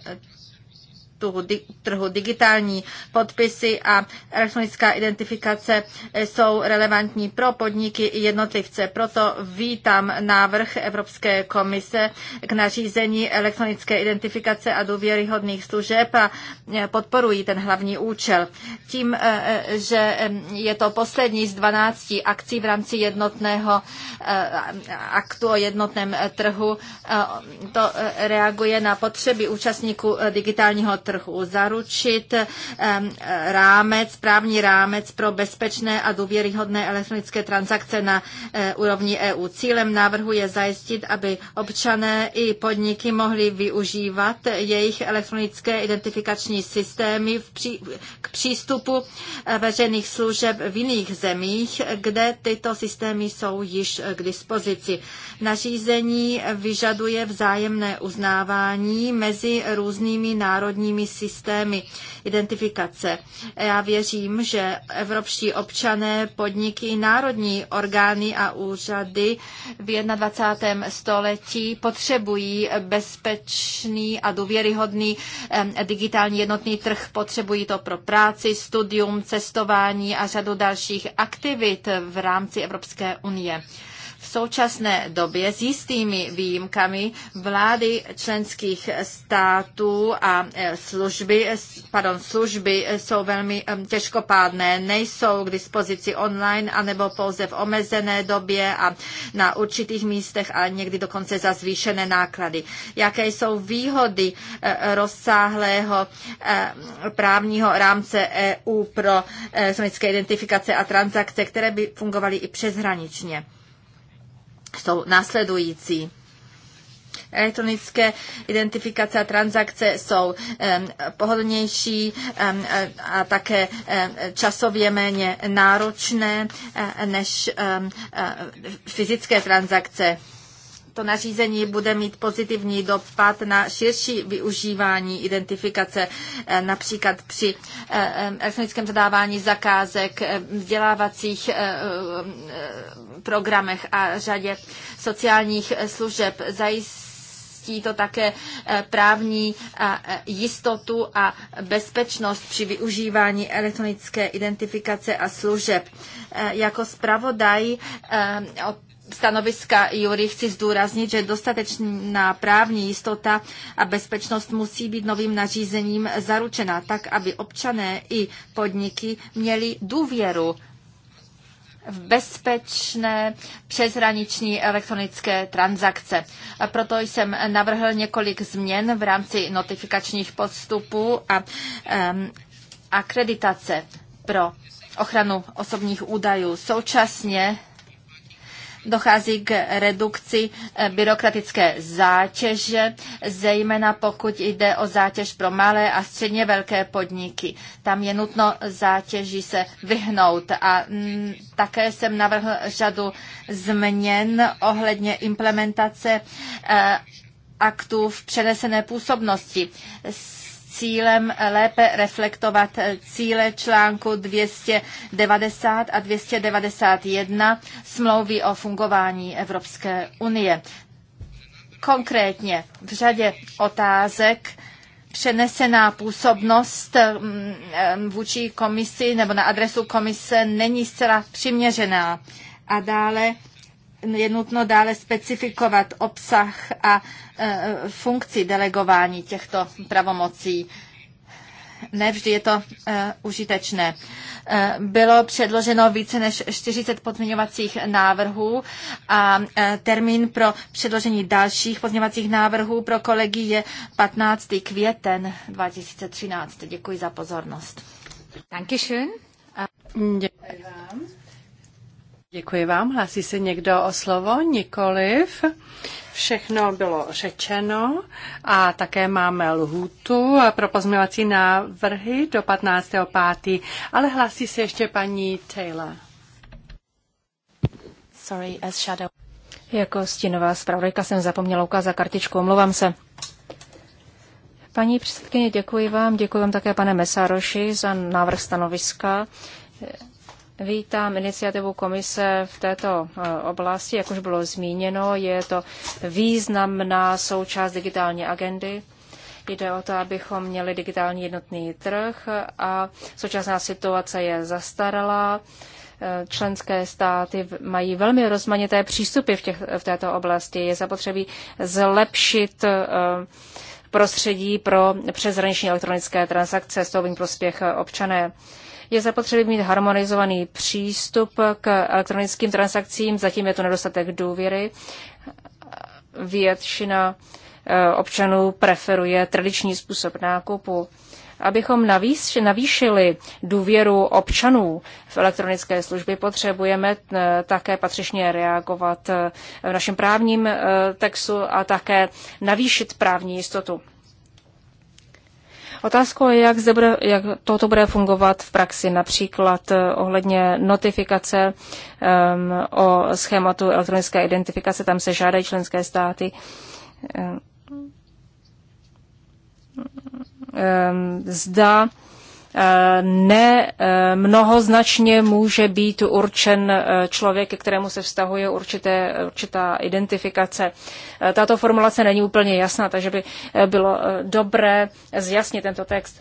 [SPEAKER 3] trhu. Digitální podpisy a elektronická identifikace jsou relevantní pro podniky i jednotlivce. Proto vítám návrh Evropské komise k nařízení elektronické identifikace a důvěryhodných služeb a e, podporují ten hlavní účel. Tím, e, e, že je to poslední z 12 akcí v rámci jednotného aktu o jednotném trhu, to reaguje na potřeby účastníků digitálního trhu trhu, zaručit rámec, právní rámec pro bezpečné a důvěryhodné elektronické transakce na eh, úrovni EU. Cílem návrhu je zajistit, aby občané i podniky mohli využívat jejich elektronické identifikační systémy v pří, k přístupu eh, veřejných služeb v jiných zemích, kde tyto systémy jsou již eh, k dispozici. Nařízení vyžaduje vzájemné uznávání mezi různými národními novými systémy identifikace. Já věřím, že evropští občané, podniky, národní orgány a úřady v 21. století potřebují bezpečný a důvěryhodný digitální jednotný trh. Potřebují to pro práci, studium, cestování a řadu dalších aktivit v rámci Evropské unie současné době s jistými výjimkami vlády členských států a e, služby, pardon, služby e, jsou velmi e, těžkopádné, nejsou k dispozici online anebo pouze v omezené době a na určitých místech a někdy dokonce za zvýšené náklady. Jaké jsou výhody rozsáhlého právního rámce EU pro elektronické identifikace a transakce, které by fungovaly i přeshraničně? jsou následující. Elektronické identifikace a transakce jsou pohodlnější a také časově méně náročné e, než e, fyzické transakce to nařízení bude mít pozitivní dopad na širší využívání identifikace, eh, například při eh, elektronickém zadávání zakázek, eh, vzdělávacích programech a řadě sociálních služeb. Zajistí to také právní jistotu a bezpečnost při využívání elektronické identifikace a služeb. Jako zpravodaj stanoviska Jury chci zdůraznit, že dostatečná právní jistota a bezpečnost musí být novým nařízením zaručena, tak aby občané i podniky měli důvěru v bezpečné přeshraniční elektronické transakce. Proto jsem navrhl několik změn v rámci notifikačních postupů a um, akreditace pro ochranu osobních údajů. Současně dochází k redukci eh, byrokratické zátěže, zejména pokud jde o zátěž pro malé a středně velké podniky. Tam je nutno zátěží se vyhnout a mm, také jsem navrhl řadu změn ohledně implementace eh, aktů v přenesené působnosti. S cílem lépe reflektovat cíle článku 290 a 291 smlouvy o fungování Evropské unie. Konkrétně v řadě otázek přenesená působnost mm, mm, vůči komisi nebo na adresu komise není zcela přiměřená. A dále je nutno dále specifikovat obsah a e, funkci delegování těchto pravomocí nevždy je to e, užitečné. E, bylo předloženo více než 40 pozměňovacích návrhů a e, termín pro předložení dalších pozměňovacích návrhů pro kolegy je 15. květen 2013. Děkuji za pozornost. Děkuji
[SPEAKER 1] vám. Děkuji vám. Hlásí se někdo o slovo? Nikoliv. Všechno bylo řečeno a také máme lhůtu pro pozměňovací návrhy do 15.5. Ale hlásí se ještě paní Taylor. Sorry, as shadow.
[SPEAKER 2] Jako stinová zpravodajka jsem zapomněla ukázat kartičku, omlouvám se. Paní předsedkyně, děkuji vám, děkuji vám také pane Mesároši za návrh stanoviska. Vítám iniciativu komise v této eh, oblasti, jak už bylo zmíněno, je to významná součást digitální agendy. Jde o to, abychom měli digitální jednotný trh a současná situace je zastaralá. Eh, členské státy mají velmi rozmanité přístupy v, těch, v této oblasti. Je zapotřebí zlepšit eh, prostředí pro přeshraniční elektronické transakce, s toho prospěch občané. Je zapotřebí mít harmonizovaný přístup k elektronickým transakcím, zatím je to nedostatek důvěry. Většina eh, občanů preferuje tradiční způsob nákupu. Abychom navýšili důvěru občanů v elektronické služby, potřebujeme eh, také patřičně reagovat eh, v našem právním textu a také navýšit právní jistotu. Otázkou je, jak, zde bude, jak toto bude fungovat v praxi, například eh, ohledně notifikace um, o schématu elektronické identifikace, tam se žádají členské státy. Um, zda ne eh, mnohoznačně může být určen eh, člověk, ke kterému se vztahuje určité, určitá identifikace. Eh, tato formulace není úplně jasná, takže by bylo dobré zjasnit tento text.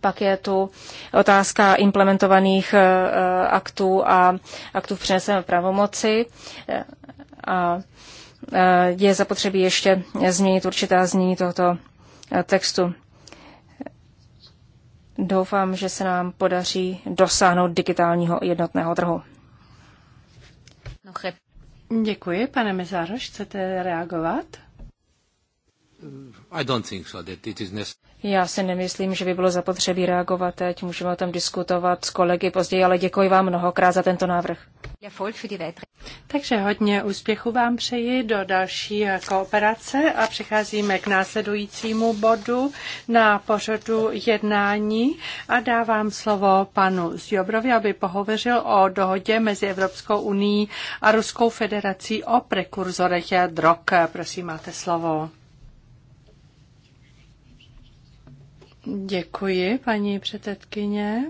[SPEAKER 2] Pak je tu otázka implementovaných aktů a aktů v přeneseném pravomoci. A je zapotřebí ještě změnit určitá znění tohoto textu. Doufám, že se nám podaří dosáhnout digitálního jednotného trhu.
[SPEAKER 1] Děkuji. Pane Mezároš, chcete reagovat?
[SPEAKER 2] Já si nemyslím, že by bylo zapotřebí reagovat teď. Můžeme o tom diskutovat s kolegy později, ale děkuji vám mnohokrát za tento návrh.
[SPEAKER 1] Takže hodně úspěchu vám přeji do další kooperace a přecházíme k následujícímu bodu na pořadu jednání a dávám slovo panu Zjobrovi, aby pohovořil o dohodě mezi Evropskou uní a Ruskou federací o prekurzorech drog. Prosím, máte slovo. Děkuji, paní předsedkyně.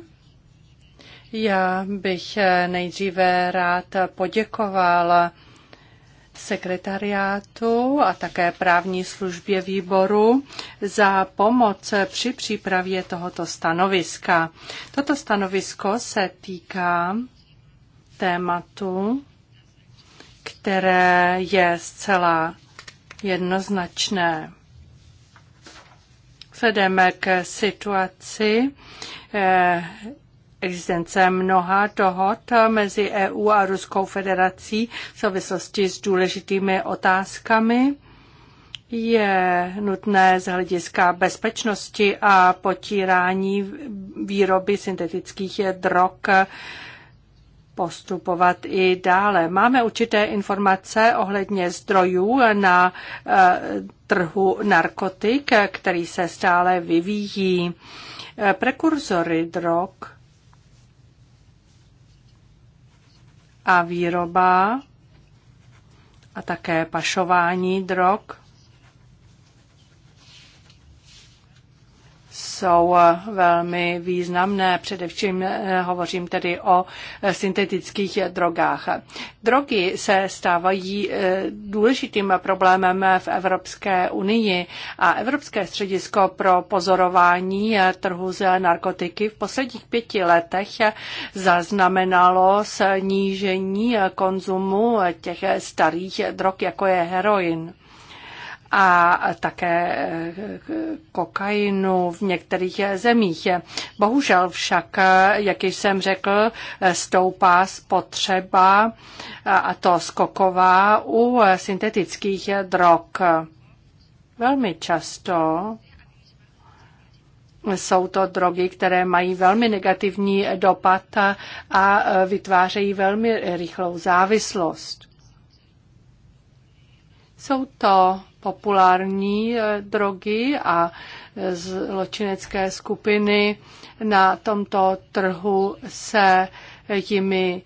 [SPEAKER 1] Já bych eh, nejdříve rád poděkoval sekretariátu a také právní službě výboru za pomoc při přípravě tohoto stanoviska. Toto stanovisko se týká tématu, které je zcela jednoznačné vedeme k situaci eh, existence mnoha dohod mezi EU a Ruskou federací v souvislosti s důležitými otázkami je nutné z hlediska bezpečnosti a potírání výroby syntetických drog postupovat i dále. Máme určité informace ohledně zdrojů na eh, trhu narkotik, který se stále vyvíjí. Eh, prekurzory drog a výroba a také pašování drog jsou eh, velmi významné. Především eh, hovořím tedy o eh, syntetických drogách. Drogy se stávají důležitým problémem v Evropské unii a Evropské středisko pro pozorování trhu z narkotiky v posledních pěti letech zaznamenalo snížení konzumu těch starých drog, jako je heroin a také eh, kokainu v některých zemích. Bohužel však, eh, jak jsem řekl, eh, stoupá spotřeba, a to skoková, u syntetických drog. Velmi často jsou to drogy, které mají velmi negativní dopad a vytvářejí velmi rychlou závislost. Jsou to populární eh, drogy a eh, zločinecké skupiny na tomto trhu se jimi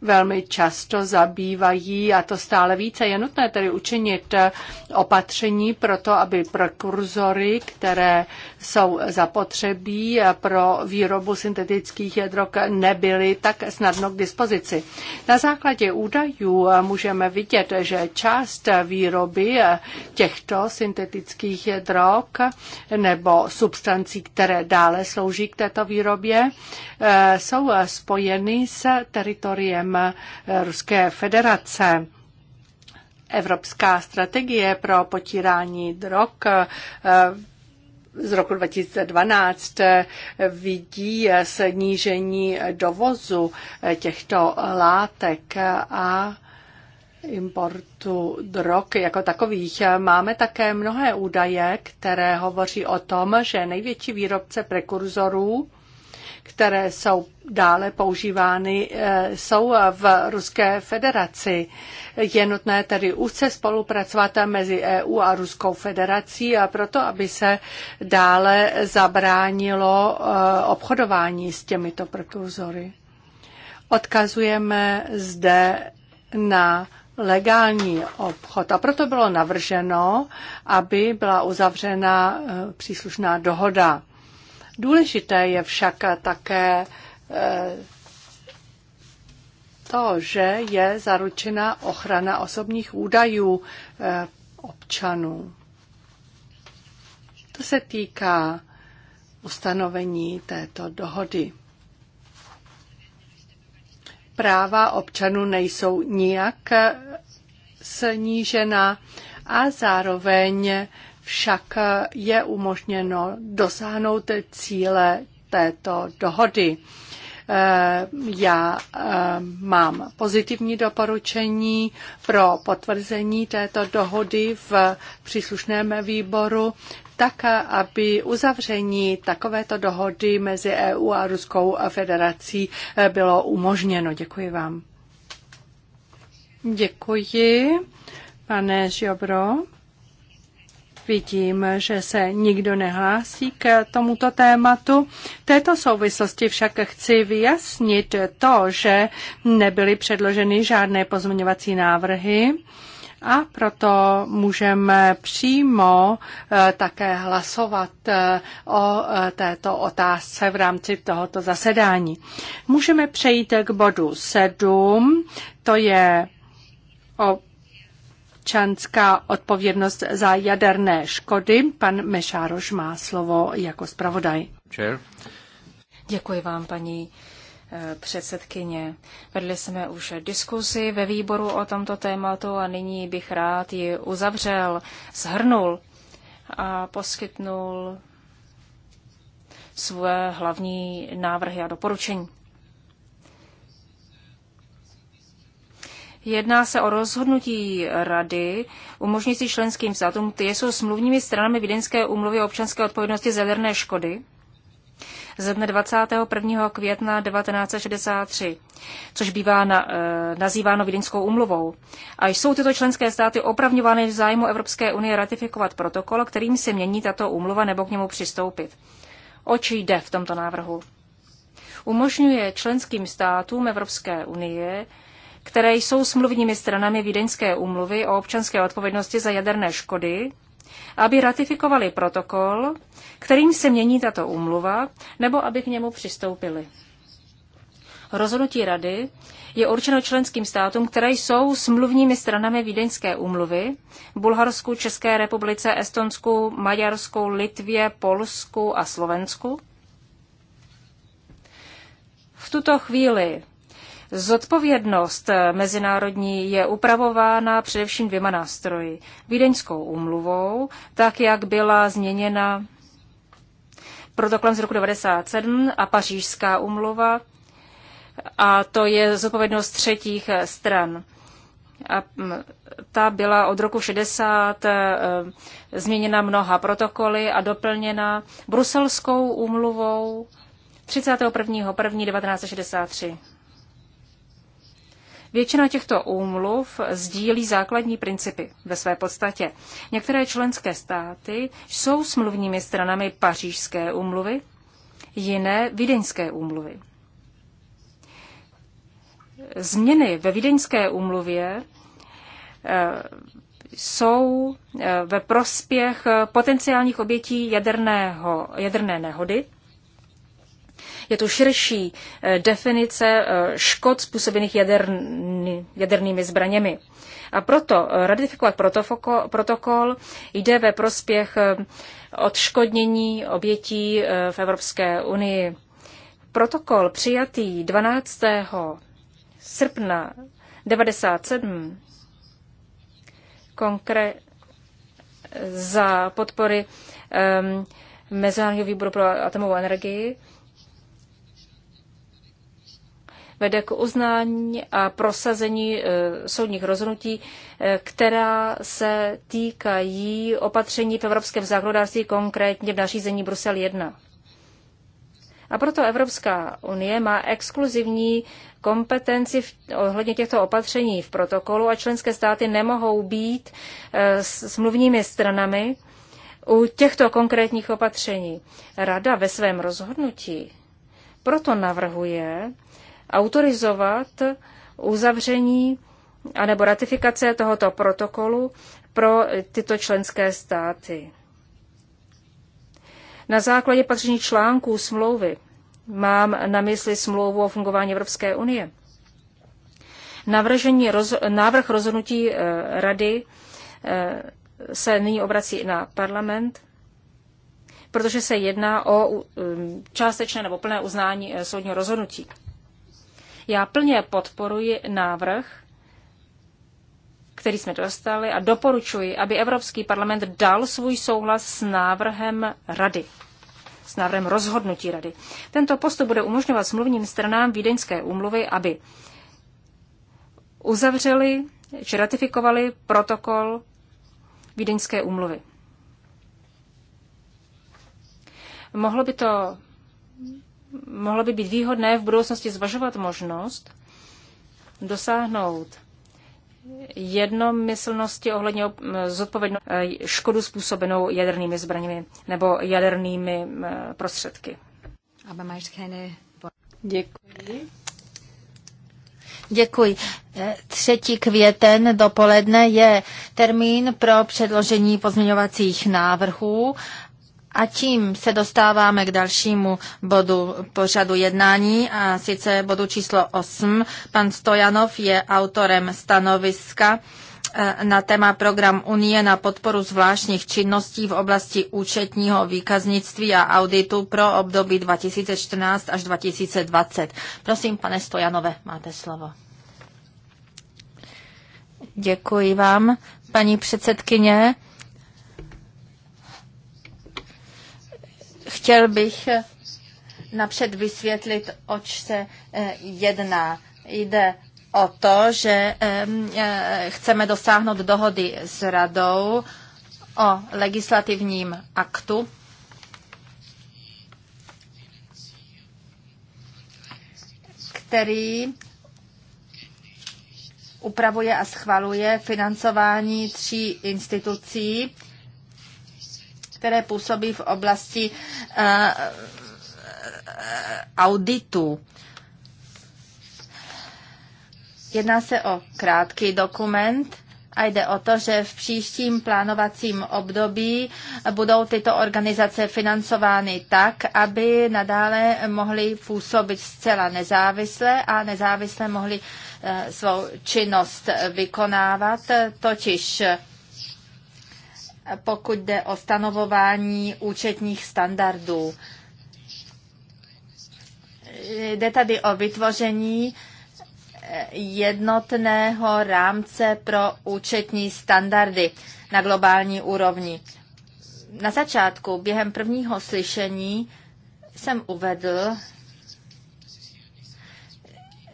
[SPEAKER 1] velmi často zabývají a to stále více. Je nutné tedy učinit eh, opatření pro to, aby prekurzory, které jsou zapotřebí pro výrobu syntetických drog nebyly tak snadno k dispozici. Na základě údajů můžeme vidět, že část výroby těchto syntetických drog nebo substancí, které dále slouží k této výrobě, eh, jsou spojeny s teritoriem Ruské federace. Evropská strategie pro potírání drog eh, z roku 2012 eh, vidí eh, snížení eh, dovozu těchto látek a importu drog jako takových. Máme také mnohé údaje, které hovoří o tom, že největší výrobce prekurzorů které jsou dále používány, eh, jsou v Ruské federaci. Je nutné tedy úzce spolupracovat mezi EU a Ruskou federací a proto, aby se dále zabránilo eh, obchodování s těmito prekurzory. Odkazujeme zde na legální obchod. A proto bylo navrženo, aby byla uzavřena eh, příslušná dohoda. Důležité je však také eh, to, že je zaručena ochrana osobních údajů eh, občanů. To se týká ustanovení této dohody. Práva občanů nejsou nijak eh, snížena a zároveň však je umožněno dosáhnout cíle této dohody. Eh, já eh, mám pozitivní doporučení pro potvrzení této dohody v příslušném výboru, tak aby uzavření takovéto dohody mezi EU a Ruskou federací eh, bylo umožněno. Děkuji vám. Děkuji, pane Žiobro. Vidím, že se nikdo nehlásí k tomuto tématu. V této souvislosti však chci vyjasnit to, že nebyly předloženy žádné pozměňovací návrhy a proto můžeme přímo eh, také hlasovat eh, o eh, této otázce v rámci tohoto zasedání. Můžeme přejít k bodu 7, to je o občanská odpovědnost za jaderné škody. Pan Mešároš má slovo jako zpravodaj. Chair. Děkuji vám, paní
[SPEAKER 2] eh, předsedkyně. Vedli jsme už diskuzi ve výboru o tomto tématu a nyní bych rád ji uzavřel, zhrnul a poskytnul své hlavní návrhy a doporučení. Jedná se o rozhodnutí rady umožňující členským státům, které jsou smluvními stranami Vídeňské úmluvy o občanské odpovědnosti za jaderné škody, ze dne 21. května 1963, což bývá na, e, nazýváno Vídeňskou umluvou. A jsou tyto členské státy opravňovány v zájmu Evropské unie ratifikovat protokol, kterým se mění tato úmluva nebo k němu přistoupit. O čí jde v tomto návrhu? Umožňuje členským státům Evropské unie které jsou smluvními stranami Vídeňské úmluvy o občanské odpovědnosti za jaderné škody, aby ratifikovali protokol, kterým se mění tato úmluva, nebo aby k němu přistoupili. Rozhodnutí Rady je určeno členským státům, které jsou smluvními stranami Vídeňské úmluvy, Bulharsku, České republice, Estonsku, Maďarsku, Litvě, Polsku a Slovensku. V tuto chvíli Zodpovědnost mezinárodní je upravována především dvěma nástroji. Vídeňskou úmluvou, tak jak byla změněna protokolem z roku 1997 a pařížská úmluva, a to je zodpovědnost třetích stran. A mm, ta byla od roku 60 e, změněna mnoha protokoly a doplněna bruselskou úmluvou 31.1.1963. Většina těchto úmluv sdílí základní principy ve své podstatě. Některé členské státy jsou smluvními stranami pařížské úmluvy, jiné vídeňské úmluvy. Změny ve vídeňské úmluvě eh, jsou eh, ve prospěch potenciálních obětí jaderného, jaderné nehody je to širší eh, definice eh, škod způsobených jaderný, jadernými zbraněmi. A proto eh, ratifikovat protokol jde ve prospěch odškodnění obětí v Evropské unii. Protokol přijatý 12. srpna 1997 konkre- za podpory um, Mezinárodního výboru pro atomovou energii vede k uznání a prosazení eh, soudních rozhodnutí, eh, která se týkají opatření v evropském zákonodárství, konkrétně v nařízení Brusel 1. A proto Evropská unie má exkluzivní kompetenci v, ohledně těchto opatření v protokolu a členské státy nemohou být e, eh, smluvními stranami u těchto konkrétních opatření. Rada ve svém rozhodnutí proto navrhuje, autorizovat uzavření anebo ratifikace tohoto protokolu pro tyto členské státy. Na základě patření článků smlouvy mám na mysli smlouvu o fungování Evropské unie. Navržení roz, návrh rozhodnutí e, rady e, se nyní obrací na parlament, protože se jedná o e, částečné nebo plné uznání e, soudního rozhodnutí. Já plně podporuji návrh, který jsme dostali a doporučuji, aby Evropský parlament dal svůj souhlas s návrhem Rady s návrhem rozhodnutí rady. Tento postup bude umožňovat smluvním stranám Vídeňské úmluvy, aby uzavřeli či ratifikovali protokol Vídeňské úmluvy. Mohlo by to mohlo by být výhodné v budoucnosti zvažovat možnost dosáhnout jednomyslnosti ohledně eh, zodpovědnosti eh, škodu způsobenou jadernými zbraněmi nebo jadernými eh, prostředky.
[SPEAKER 1] Děkuji.
[SPEAKER 3] Děkuji. 3. květen dopoledne je termín pro předložení pozměňovacích návrhů a tím se dostáváme k dalšímu bodu pořadu jednání, a sice bodu číslo 8. Pan Stojanov je autorem stanoviska e, na téma program Unie na podporu zvláštních činností v oblasti účetního výkaznictví a auditu pro období 2014 až 2020. Prosím, pane Stojanové, máte slovo. Děkuji vám, paní předsedkyně. chtěl bych napřed vysvětlit, oč se eh, jedná. Jde o to, že eh, eh, chceme dosáhnout dohody s radou o legislativním aktu, který upravuje a schvaluje financování tří institucí, které působí v oblasti eh, eh, auditu. Jedná se o krátký dokument a jde o to, že v příštím plánovacím období budou tyto organizace financovány tak, aby nadále mohly působit zcela nezávisle a nezávisle mohly eh, svou činnost vykonávat, totiž pokud jde o stanovování účetních standardů. Jde tady o vytvoření eh, jednotného rámce pro účetní standardy na globální úrovni. Na začátku, během prvního slyšení, jsem uvedl,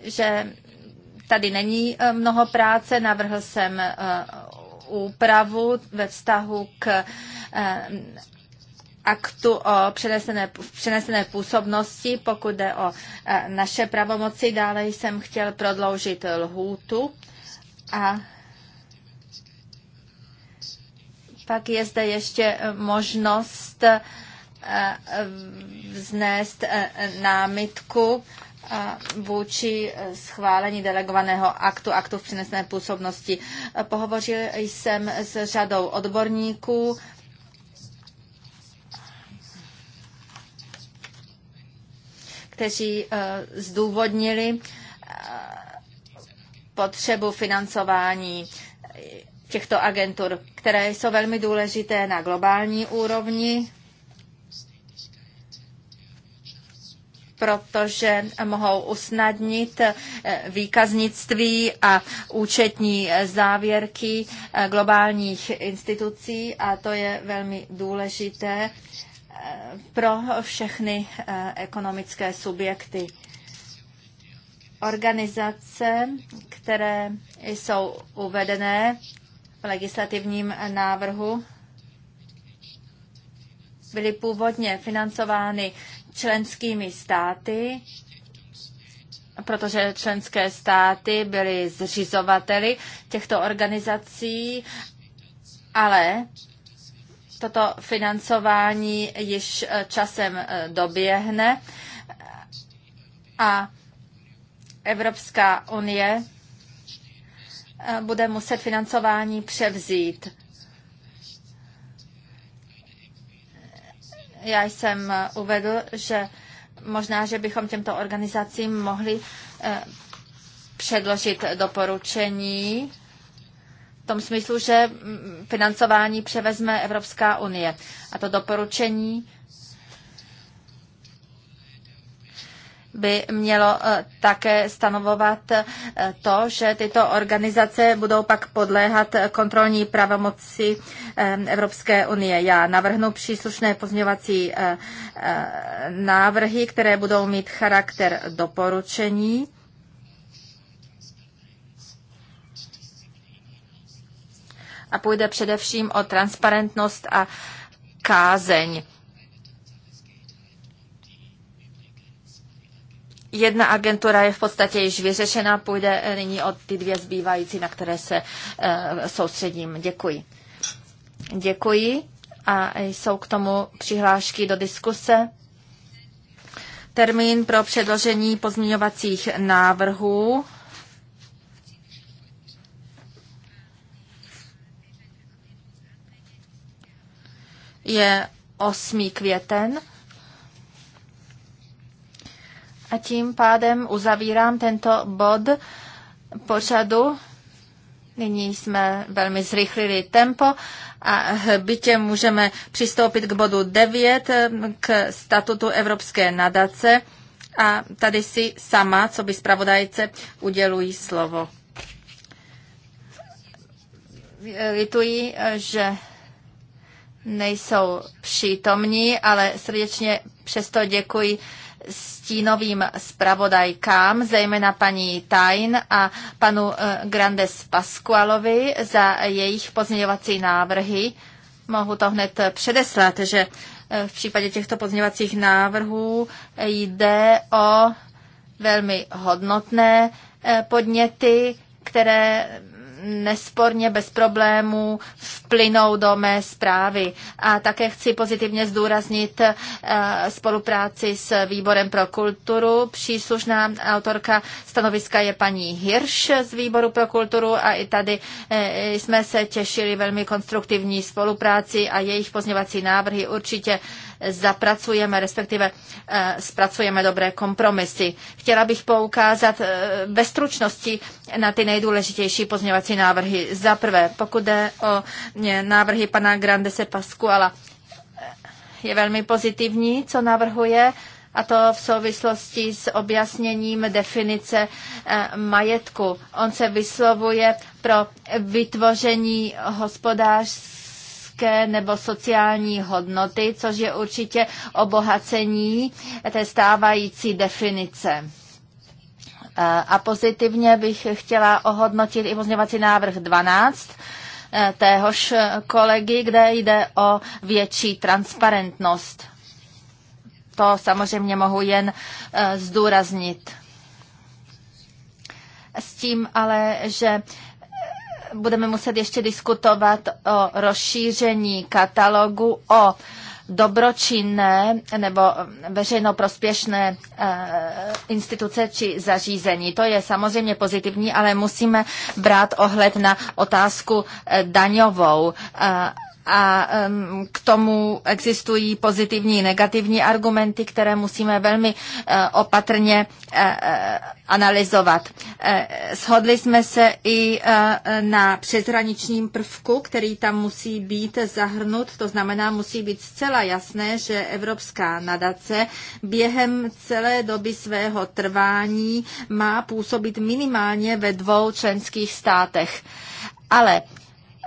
[SPEAKER 3] že tady není eh, mnoho práce, navrhl jsem eh, úpravu ve vztahu k eh, aktu o přenesené, přenesené působnosti, pokud jde o eh, naše pravomoci. Dále jsem chtěl prodloužit lhůtu a pak je zde ještě možnost eh, vznést námitku vůči eh, schválení delegovaného aktu, aktu v přenesné působnosti. Eh, pohovořil jsem s řadou odborníků, kteří eh, zdůvodnili potřebu financování těchto agentur, které jsou velmi důležité na globální úrovni protože mohou usnadnit eh, výkaznictví a účetní eh, závěrky eh, globálních institucí a to je velmi důležité pro všechny ekonomické subjekty. Organizace, které jsou uvedené v legislativním návrhu, byly původně financovány členskými státy, protože členské státy byly zřizovateli těchto organizací, ale toto financování již eh, časem eh, doběhne a Evropská unie eh, bude muset financování převzít. Já jsem eh, uvedl, že možná, že bychom těmto organizacím mohli eh, předložit doporučení v tom smyslu, že mm, financování převezme Evropská unie. A to doporučení by mělo eh, také stanovovat eh, to, že tyto organizace budou pak podléhat eh, kontrolní pravomoci Evropské unie. Já navrhnu příslušné pozměňovací návrhy, které budou mít charakter doporučení. A půjde především o transparentnost a kázeň Jedna agentura je v podstatě již vyřešena, půjde eh, nyní od ty dvě zbývající, na které se eh, soustředím. Děkuji. Děkuji. A jsou k tomu přihlášky do diskuse. Termín pro předložení pozměňovacích návrhů je 8. květen. A tím pádem uzavírám tento bod pořadu. Nyní jsme velmi zrychlili tempo a bytě můžeme přistoupit k bodu 9, k statutu Evropské nadace. A tady si sama, co by zpravodajce, udělují slovo. Lituji, že nejsou přítomní, ale srdečně přesto děkuji stínovým spravodajkám, zejména paní Tajn a panu eh, Grandes Pasqualovi za jejich pozměňovací návrhy. Mohu to hned předeslat, že eh, v případě těchto pozměňovacích návrhů jde o velmi hodnotné eh, podněty, které nesporně bez problémů vplynou do mé zprávy. A také chci pozitivně zdůraznit eh, spolupráci s Výborem pro kulturu. Příslušná autorka stanoviska je paní Hirš z Výboru pro kulturu a i tady eh, jsme se těšili velmi konstruktivní spolupráci a jejich pozněvací návrhy určitě zapracujeme, respektive eh, zpracujeme dobré kompromisy. Chtěla bych poukázat eh, ve stručnosti na ty nejdůležitější pozměňovací návrhy. Za prvé, pokud jde o eh, návrhy pana Grandese Pascuala, je velmi pozitivní, co navrhuje a to v souvislosti s objasněním definice majetku. On se vyslovuje pro vytvoření hospodářství politické nebo sociální hodnoty, což je určitě obohacení té stávající definice. E, a pozitivně bych chtěla ohodnotit i pozměňovací návrh 12 e, téhož kolegy, kde jde o větší transparentnost. To samozřejmě mohu jen e, zdůraznit. S tím ale, že budeme muset ještě diskutovat o rozšíření katalogu o dobročinné nebo veřejnoprospěšné eh, instituce či zařízení. To je samozřejmě pozitivní, ale musíme brát ohled na otázku eh, daňovou eh, a k tomu existují pozitivní i negativní argumenty, které musíme velmi e, opatrně e, e, analyzovat. Shodli jsme se i na přeshraničním prvku, který tam musí být zahrnut, to znamená, musí být zcela jasné, že Evropská nadace během celé doby svého trvání má působit minimálně ve dvou členských státech. Ale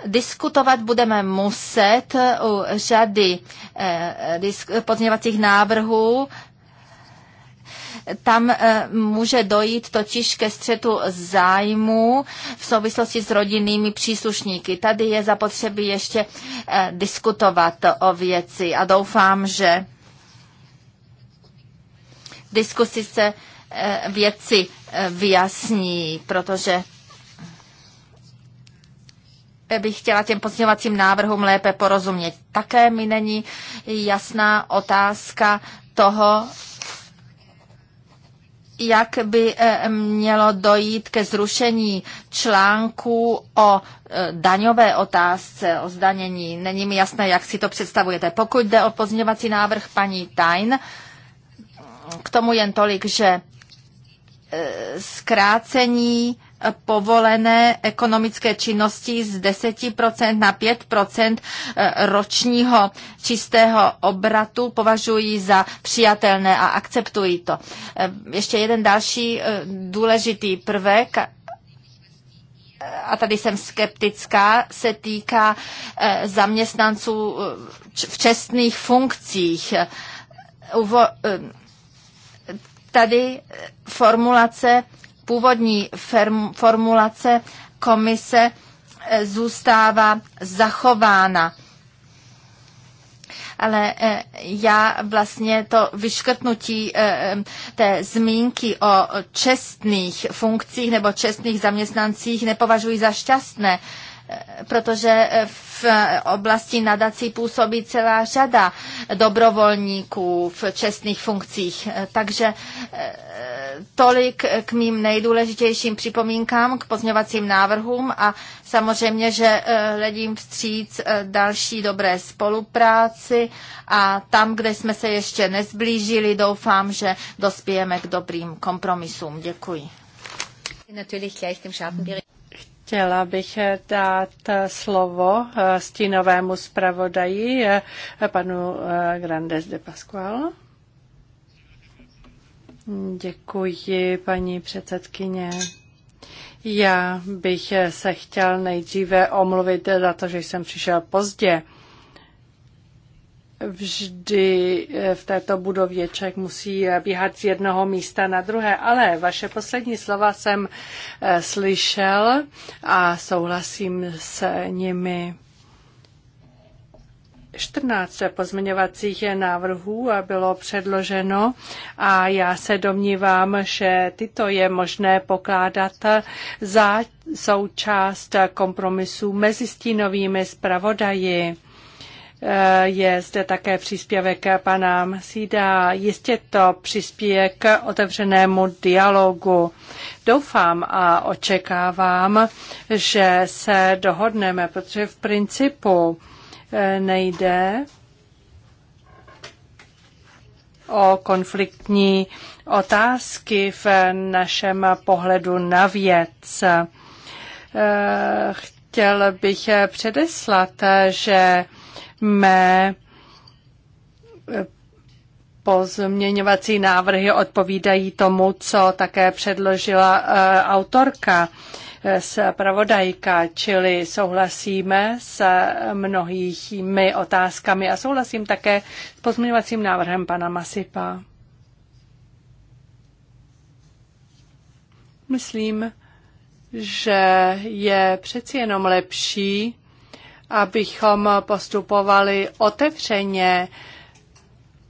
[SPEAKER 3] Diskutovat budeme muset u řady eh, pozměňovacích návrhů, tam eh, může dojít totiž ke střetu zájmu v souvislosti s rodinnými příslušníky. Tady je zapotřebí ještě eh, diskutovat o věci a doufám, že diskusy se věci vyjasní, protože bych chtěla těm pozměňovacím návrhům lépe porozumět. Také mi není jasná otázka toho, jak by eh, mělo dojít ke zrušení článku o eh, daňové otázce, o zdanění. Není mi jasné, jak si to představujete. Pokud jde o pozměňovací návrh paní Tajn, k tomu jen tolik, že eh, zkrácení povolené ekonomické činnosti z 10% na 5% eh, ročního čistého obratu považují za přijatelné a akceptují to. Eh, ještě jeden další eh, důležitý prvek a tady jsem skeptická, se týká zaměstnanců v čestných funkcích. Tady formulace původní firm, formulace komise eh, zůstává zachována. Ale eh, já vlastně to vyškrtnutí eh, té zmínky o čestných funkcích nebo čestných zaměstnancích nepovažuji za šťastné, protože v oblasti nadací působí celá řada dobrovolníků v čestných funkcích. Takže eh, tolik k mým nejdůležitějším připomínkám, k pozměvacím návrhům a samozřejmě, že hledím eh, vstříc eh, další dobré spolupráci a tam, kde jsme se ještě nezblížili, doufám, že dospějeme k dobrým kompromisům. Děkuji.
[SPEAKER 1] Chtěla bych dát slovo eh, stínovému zpravodaji eh, panu eh, Grandes de Pascual. Děkuji, paní předsedkyně. Já bych se chtěl nejdříve omluvit za to, že jsem přišel pozdě vždy eh, v této budově člověk musí běhat z jednoho místa na druhé, ale vaše poslední slova jsem eh, slyšel a souhlasím s nimi. 14 pozměňovacích návrhů bylo předloženo a já se domnívám, že tyto je možné pokládat za součást kompromisu mezi stínovými zpravodaji. Eh, je zde také příspěvek pana Sída. Jistě to přispěje k otevřenému dialogu. Doufám a očekávám, že se dohodneme, protože v principu eh, nejde o konfliktní otázky v našem pohledu na věc. Eh, chtěl bych předeslat, že mé eh, pozměňovací návrhy odpovídají tomu, co také předložila eh, autorka eh, pravodajka, čili souhlasíme s mnohými otázkami a souhlasím také s pozměňovacím návrhem pana Masipa. Myslím, že je přeci jenom lepší abychom postupovali otevřeně.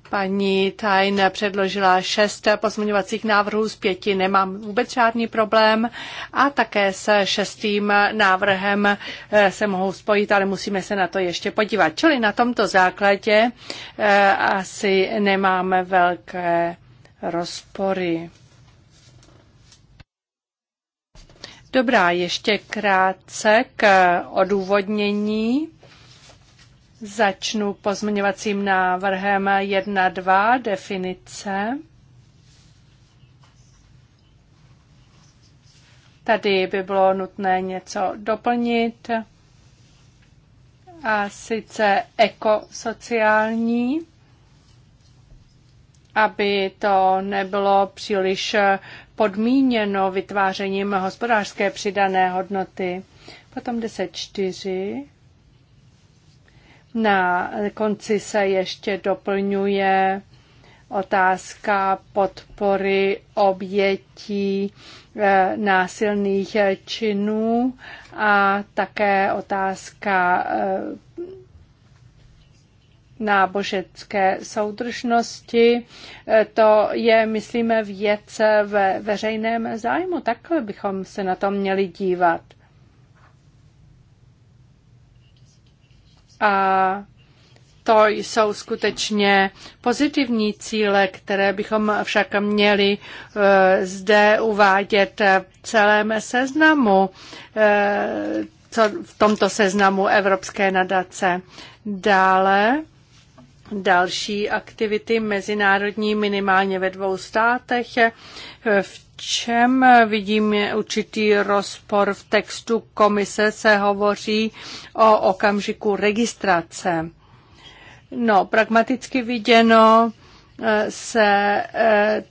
[SPEAKER 1] Paní Tajn předložila šest pozměňovacích návrhů z pěti, nemám vůbec žádný problém a také se šestým návrhem eh, se mohou spojit, ale musíme se na to ještě podívat. Čili na tomto základě eh, asi nemáme velké rozpory. Dobrá, ještě krátce k odůvodnění. Začnu pozměňovacím návrhem 1.2 definice. Tady by bylo nutné něco doplnit a sice ekosociální, aby to nebylo příliš podmíněno vytvářením hospodářské přidané hodnoty. Potom 104. Na konci se ještě doplňuje otázka podpory obětí eh, násilných činů a také otázka eh, náboženské soudržnosti. E, to je, myslíme, věc ve veřejném zájmu. Takhle bychom se na to měli dívat. A to jsou skutečně pozitivní cíle, které bychom však měli e, zde uvádět v celém seznamu, e, co v tomto seznamu Evropské nadace. Dále další aktivity mezinárodní minimálně ve dvou státech. V čem vidím určitý rozpor v textu komise se hovoří o okamžiku registrace. No, pragmaticky viděno eh, se eh,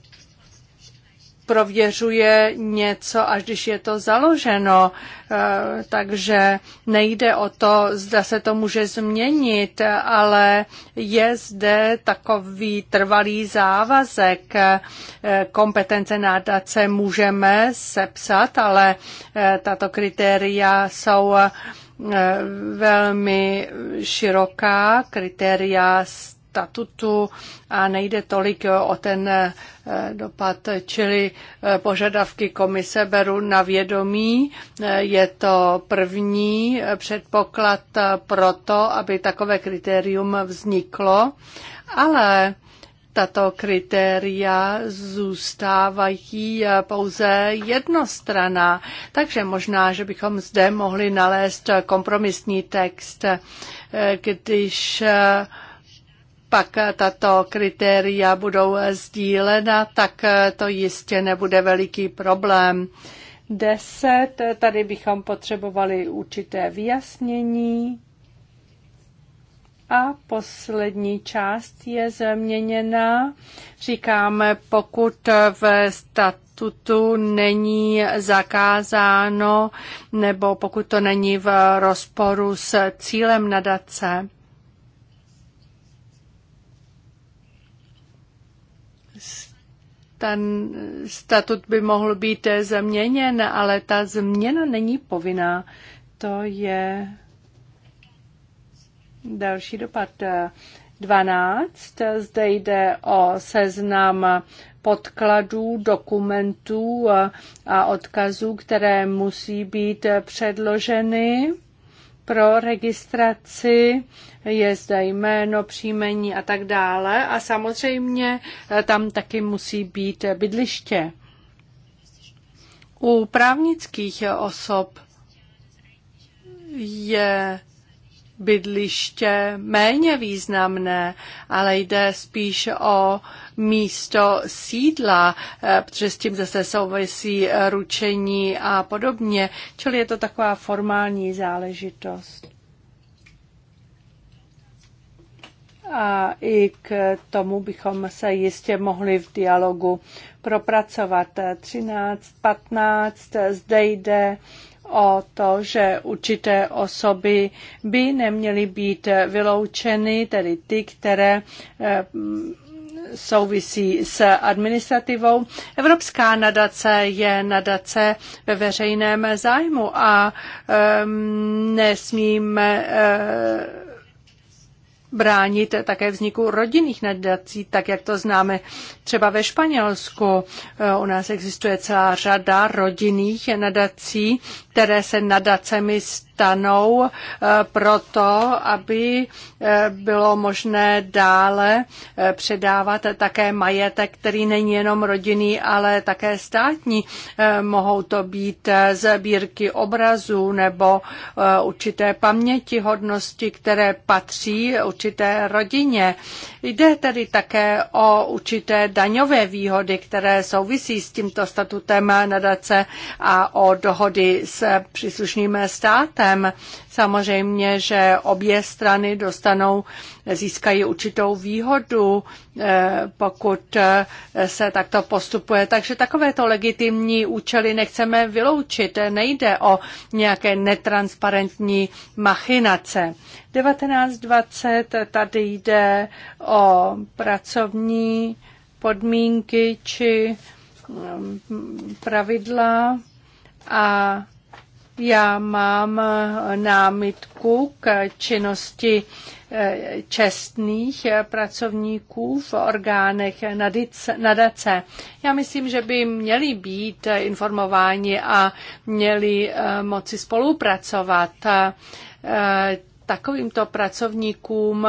[SPEAKER 1] prověřuje něco, až když je to založeno. Eh, takže nejde o to, zda se to může změnit, ale je zde takový trvalý závazek. Eh, kompetence nadace můžeme sepsat, ale eh, tato kritéria jsou velmi široká kritéria statutu a nejde tolik o ten eh, dopad, čili eh, požadavky komise beru na vědomí. Eh, je to první předpoklad pro to, aby takové kritérium vzniklo, ale tato kritéria zůstávají pouze jednostraná, takže možná, že bychom zde mohli nalézt kompromisní text, když pak tato kritéria budou sdílena, tak to jistě nebude veliký problém. Deset, tady bychom potřebovali určité vyjasnění. A poslední část je změněna. Říkáme, pokud v statutu není zakázáno nebo pokud to není v rozporu s cílem nadace. ten statut by mohl být změněn, ale ta změna není povinná. To je další dopad. 12. Zde jde o seznam podkladů, dokumentů a odkazů, které musí být předloženy pro registraci, je zde jméno, příjmení a tak dále. A samozřejmě eh, tam taky musí být bydliště. U právnických osob je bydliště méně významné, ale jde spíš o místo sídla, eh, protože s tím zase souvisí eh, ručení a podobně, čili je to taková formální záležitost. A i k tomu bychom se jistě mohli v dialogu propracovat. 13, 15, zde jde o to, že určité osoby by neměly být vyloučeny, tedy ty, které eh, souvisí s administrativou. Evropská nadace je nadace ve veřejném zájmu a um, nesmíme uh, bránit také vzniku rodinných nadací, tak jak to známe třeba ve Španělsku. Eh, u nás existuje celá řada rodinných nadací, které se nadacemi stanou eh, proto, aby eh, bylo možné dále eh, předávat také majetek, který není jenom rodinný, ale také státní. Mohou to být sbírky obrazů nebo určité paměti hodnosti, které patří určité rodině. Jde tedy také o určité daňové výhody, které souvisí s tímto statutem nadace a o dohody s příslušným státem procesem. Samozřejmě, že obě strany dostanou, získají určitou výhodu, eh, pokud eh, se takto postupuje. Takže takovéto legitimní účely nechceme vyloučit. Nejde o nějaké netransparentní machinace. 1920 tady jde o pracovní podmínky či mm, pravidla a já mám eh, námitku k činnosti eh, čestných eh, pracovníků v orgánech nadace. Já myslím, že by měli být informováni a měli moci spolupracovat takovýmto pracovníkům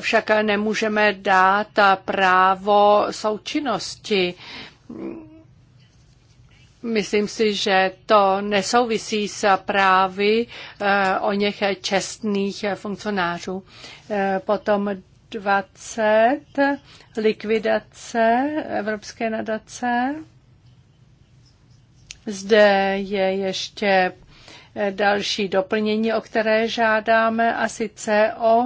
[SPEAKER 1] však nemůžeme dát právo součinnosti. Myslím si, že to nesouvisí s právy eh, o něch čestných funkcionářů. Eh, potom 20 likvidace Evropské nadace. Zde je ještě eh, další doplnění, o které žádáme, a sice o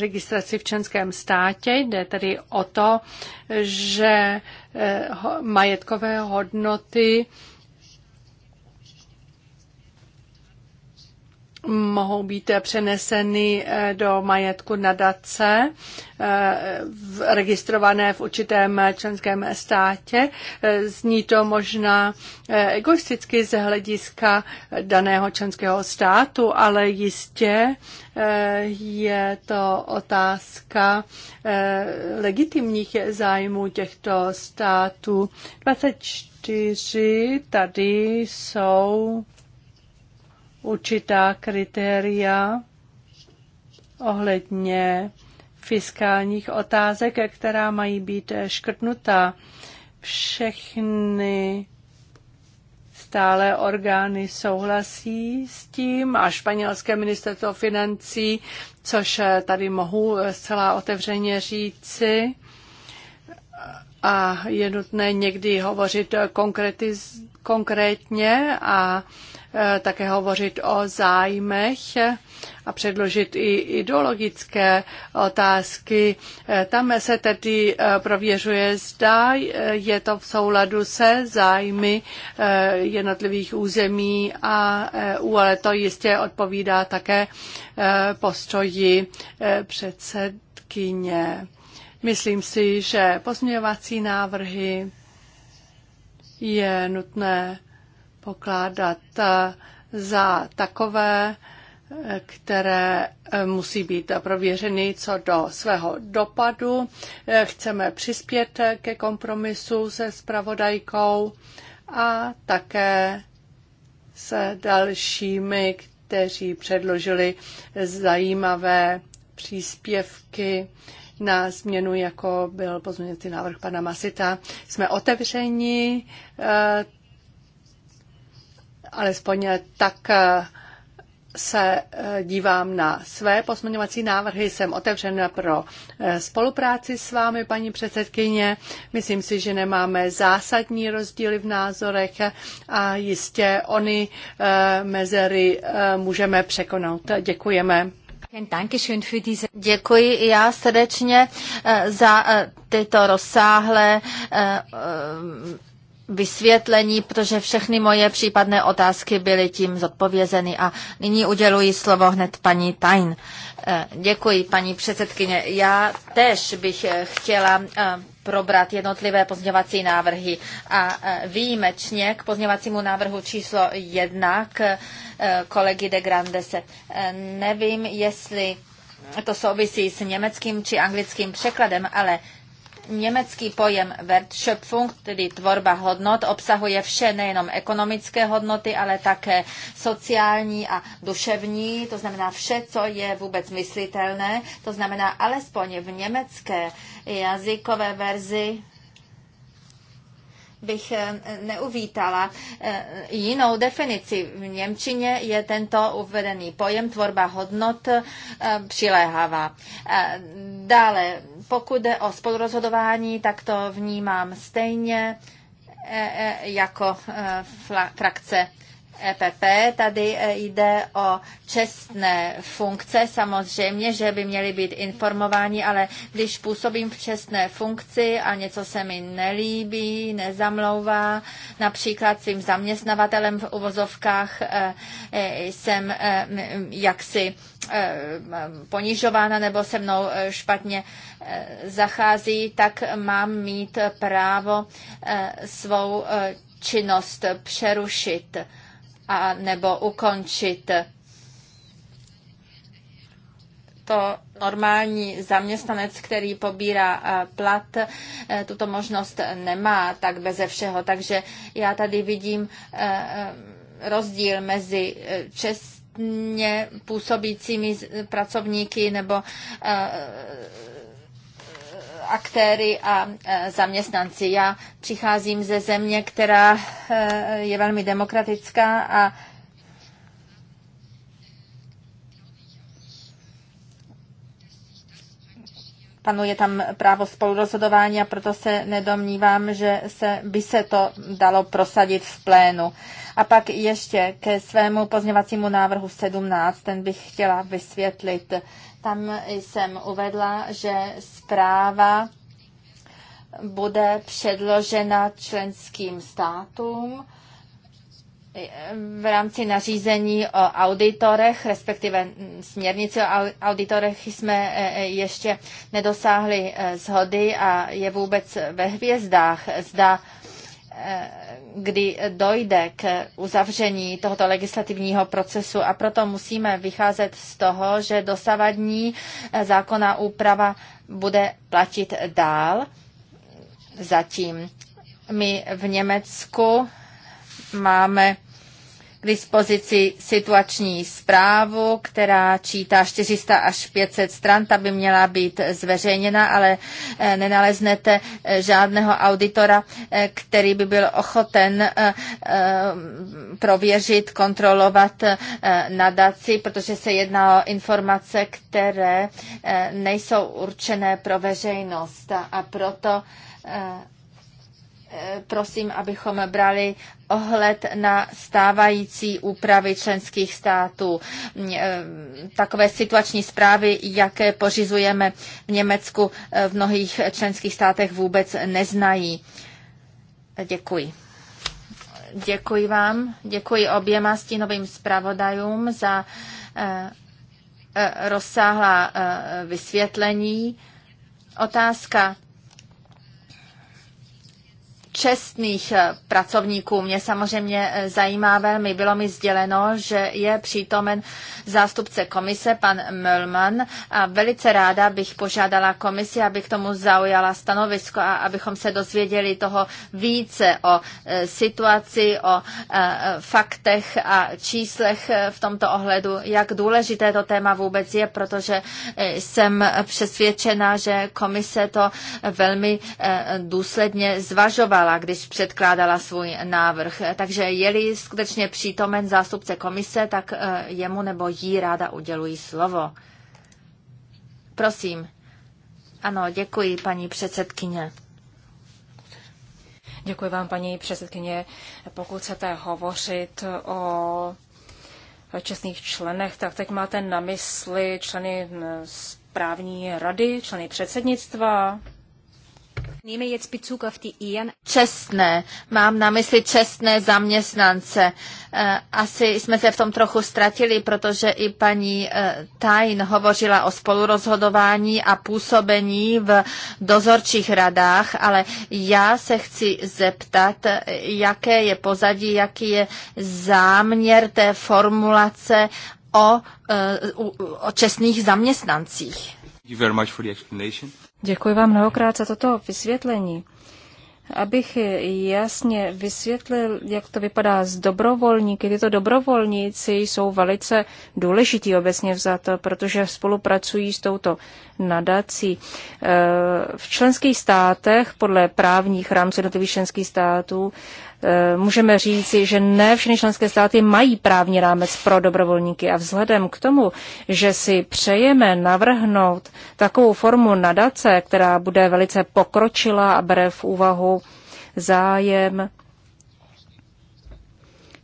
[SPEAKER 1] registraci v členském státě. Jde tedy o to, že Eh, majetkové hodnoty mohou být přeneseny eh, do majetku nadace eh, registrované v určitém členském státě. Eh, zní to možná egoisticky z hlediska daného členského státu, ale jistě je to otázka legitimních zájmů těchto států. 24 tady jsou určitá kritéria ohledně fiskálních otázek, která mají být škrtnutá, Všechny stále orgány souhlasí s tím a španělské ministerstvo financí, což tady mohu zcela otevřeně říci. A je nutné někdy hovořit konkrétně a Eh, také hovořit o zájmech a předložit i ideologické otázky. Eh, tam se tedy eh, prověřuje, zda je to v souladu se zájmy jednotlivých území a EU, ale to jistě odpovídá také postoji předsedkyně. Myslím si, že pozměňovací návrhy je nutné pokládat eh, za takové, eh, které eh, musí být prověřeny co do svého dopadu. Chceme přispět ke kompromisu se spravodajkou a také se dalšími, kteří předložili zajímavé příspěvky na změnu, jako byl pozměněný návrh pana Masita. Jsme otevřeni Alespoň tak eh, se eh, dívám na své pozměňovací návrhy. Jsem otevřen pro eh, spolupráci s vámi, paní předsedkyně. Myslím si, že nemáme zásadní rozdíly v názorech a jistě ony mezery můžeme překonat. Děkujeme. Děkuji já srdečně za
[SPEAKER 3] tyto rozsáhlé vysvětlení, protože všechny moje případné otázky byly tím zodpovězeny a nyní uděluji slovo hned paní Tajn. Eh, děkuji, paní předsedkyně. Já tež bych eh, chtěla eh, probrat jednotlivé pozměvací návrhy a výjimečně k pozměvacímu návrhu číslo jedna k kolegy de Grandese. Nevím, jestli to souvisí s německým či anglickým překladem, ale německý pojem Wertschöpfung, tedy tvorba hodnot, obsahuje vše, nejenom ekonomické hodnoty, ale také sociální a duševní, to znamená vše, co je vůbec myslitelné, to znamená alespoň v německé jazykové verzi bych eh, neuvítala eh, jinou definici. V Němčině je tento uvedený pojem tvorba hodnot eh, přiléhává. Dále pokud jde o spolurozhodování, tak to vnímám stejně e, e, jako e, frakce EPP. Tady e, jde o čestné funkce. Samozřejmě, že by měli být informováni, ale když působím v čestné funkci a něco se mi nelíbí, nezamlouvá, například svým zaměstnavatelem v uvozovkách e, e, jsem jaksi ponižována nebo se mnou špatně zachází, tak mám mít právo svou činnost přerušit a nebo ukončit. To normální zaměstnanec, který pobírá eh, plat, eh, tuto možnost nemá tak beze všeho. Takže já tady vidím eh, rozdíl mezi čestně působícími pracovníky nebo aktéry a e, zaměstnanci. Já přicházím ze země, která e, je velmi demokratická a panuje tam právo spolurozhodování a proto se nedomnívám, že se, by se to dalo prosadit v plénu. A pak ještě ke svému pozněvacímu návrhu 17, ten bych chtěla vysvětlit. Tam jsem uvedla, že zpráva bude předložena členským státům v rámci nařízení o auditorech, respektive směrnici o auditorech jsme e, e, ještě nedosáhli e, shody a je vůbec ve hvězdách, zda kdy dojde k uzavření tohoto legislativního procesu a proto musíme vycházet z toho, že dosavadní zákonná úprava bude platit dál. Zatím my v Německu máme dispozici situační zprávu, která čítá 400 až 500 stran, ta by měla být zveřejněna, ale eh, nenaleznete eh, žádného auditora, eh, který by byl ochoten prověřit, kontrolovat nadaci, protože se jedná o informace, které nejsou určené pro veřejnost a proto Eh, prosím, abychom brali ohled na stávající úpravy členských států. Mm, eh, takové situační zprávy, jaké pořizujeme v Německu, eh, v mnohých členských státech vůbec neznají. Děkuji. Děkuji vám, děkuji oběma stínovým zpravodajům za rozsáhlá vysvětlení. Otázka čestných eh, pracovníků. Mě samozřejmě eh, zajímá velmi. Bylo mi sděleno, že je přítomen zástupce komise, pan Mölman, a velice ráda bych požádala komisi, aby k tomu zaujala stanovisko a abychom se dozvěděli toho více o eh, situaci, o faktech a číslech v tomto ohledu, jak důležité to téma vůbec je, protože jsem přesvědčena, že komise to velmi důsledně zvažovala udělala, když předkládala svůj návrh. Takže je-li skutečně přítomen zástupce komise, tak eh, jemu nebo jí ráda udělují slovo. Prosím. Ano, děkuji, paní předsedkyně.
[SPEAKER 2] Děkuji vám, paní předsedkyně. Pokud chcete hovořit o čestných členech, tak teď máte na mysli členy správní rady, členy předsednictva.
[SPEAKER 3] Čestné, mám na mysli čestné zaměstnance. Eh, asi jsme se v tom trochu ztratili, protože i paní eh, Tajn hovořila o spolurozhodování a působení v dozorčích radách, ale já se chci zeptat, jaké je pozadí, jaký je záměr té formulace o, eh,
[SPEAKER 2] o čestných zaměstnancích.
[SPEAKER 3] Thank you very much for the explanation.
[SPEAKER 2] Děkuji vám mnohokrát za toto vysvětlení. Abych jasně vysvětlil, jak to vypadá s dobrovolníky. Tyto dobrovolníci jsou velice důležití obecně vzato, protože spolupracují s touto nadací. Eh, v členských státech, podle právních rámců jednotlivých členských států, Eh, můžeme říci, že ne všechny členské státy mají právní rámec pro dobrovolníky a vzhledem k tomu, že si přejeme navrhnout takovou formu nadace, která bude velice pokročila a bere v úvahu zájem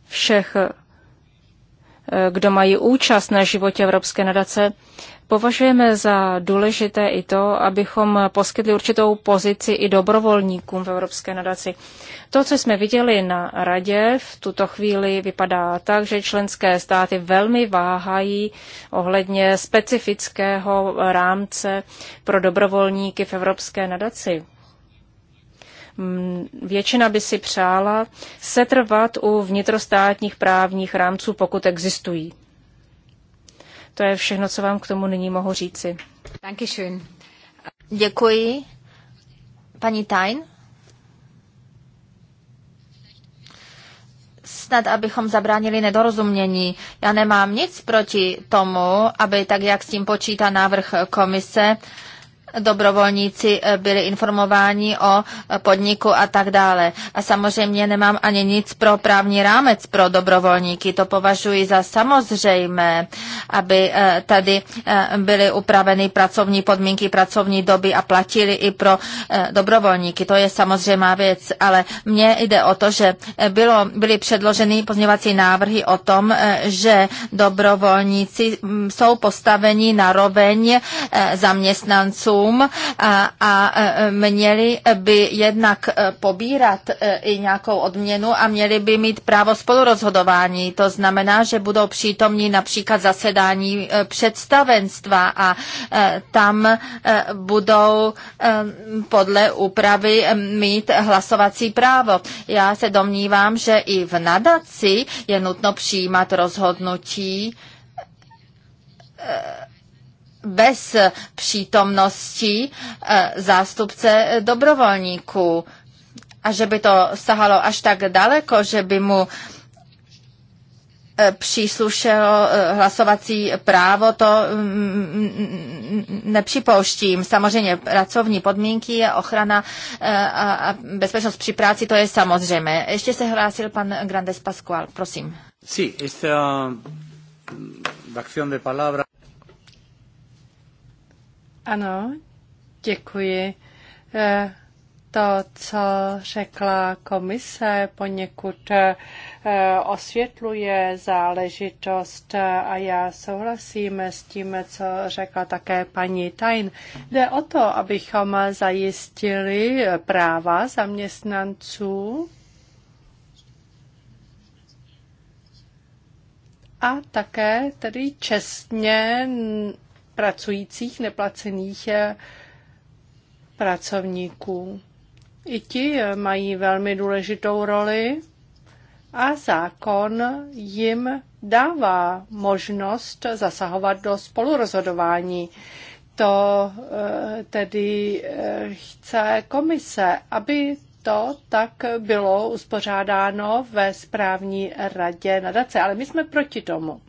[SPEAKER 2] všech, eh, kdo mají účast na životě Evropské nadace, Považujeme za důležité i to, abychom poskytli určitou pozici i dobrovolníkům v Evropské nadaci. To, co jsme viděli na radě, v tuto chvíli vypadá tak, že členské státy velmi váhají ohledně specifického rámce pro dobrovolníky v Evropské nadaci většina by si přála setrvat u vnitrostátních právních rámců, pokud existují. To je všechno, co vám k tomu nyní mohu říci.
[SPEAKER 3] Děkuji. Paní Tajn? snad abychom zabránili nedorozumění. Já nemám nic proti tomu, aby tak, jak s tím počítá návrh komise, dobrovolníci eh, byli informováni o eh, podniku a tak dále. A samozřejmě nemám ani nic pro právní rámec pro dobrovolníky. To považuji za samozřejmé, aby eh, tady byly upraveny pracovní podmínky, pracovní doby a platili i pro dobrovolníky. To je samozřejmá věc, ale mně jde o to, že bylo, byly předloženy pozměvací návrhy o tom, že dobrovolníci mm, jsou postaveni na roveň zaměstnanců podnikům a, a e, měli by jednak e, pobírat e, i nějakou odměnu a měli by mít právo spolurozhodování. To znamená, že budou přítomní například zasedání představenstva a tam budou podle úpravy mít hlasovací právo. Já se domnívám, že i v nadaci je nutno přijímat rozhodnutí, bez přítomnosti eh, zástupce dobrovolníků. A že by to sahalo až tak daleko, že by mu eh, příslušelo eh, hlasovací právo, to mm, mm, mm, nepřipouštím. Samozřejmě pracovní podmínky, ochrana a bezpečnost při práci, to je samozřejmé. Ještě se hlásil pan Grandes
[SPEAKER 1] Pascual, prosím. Sí, esta acción de palabra. Ano, děkuji. Eh, to, co řekla komise, poněkud eh, osvětluje záležitost eh, a já souhlasím s tím, co řekla také paní Tajn. Jde o to, abychom zajistili práva zaměstnanců a také tedy čestně pracujících neplacených eh, pracovníků. I ti eh, mají velmi důležitou roli a zákon jim dává možnost zasahovat do spolurozhodování. To eh, tedy chce komise, aby to tak bylo uspořádáno ve správní radě nadace, ale my jsme proti tomu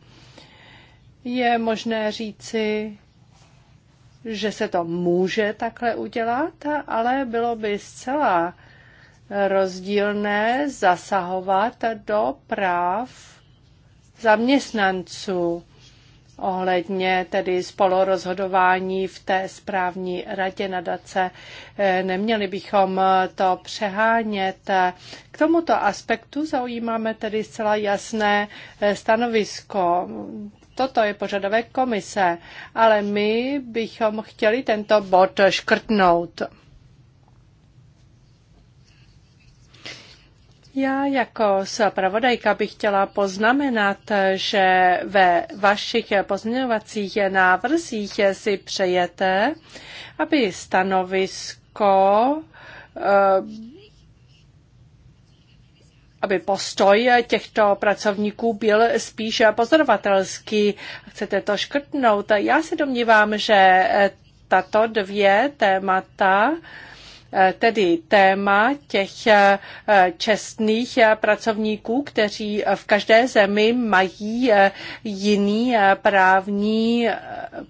[SPEAKER 1] je možné říci, že se to může takhle udělat, ale bylo by zcela rozdílné zasahovat do práv zaměstnanců ohledně tedy spolorozhodování v té správní radě nadace. Eh, neměli bychom to přehánět. K tomuto aspektu zaujímáme tedy zcela jasné eh, stanovisko. Toto je požadavek komise, ale my bychom chtěli tento bod škrtnout. Já jako zpravodajka bych chtěla poznamenat, že ve vašich pozměňovacích návrzích si přejete, aby stanovisko eh, aby postoj těchto pracovníků byl spíš pozorovatelský. Chcete to škrtnout? Já se domnívám, že tato dvě témata Eh, tedy téma těch eh, čestných eh, pracovníků, kteří v každé zemi mají jiný právní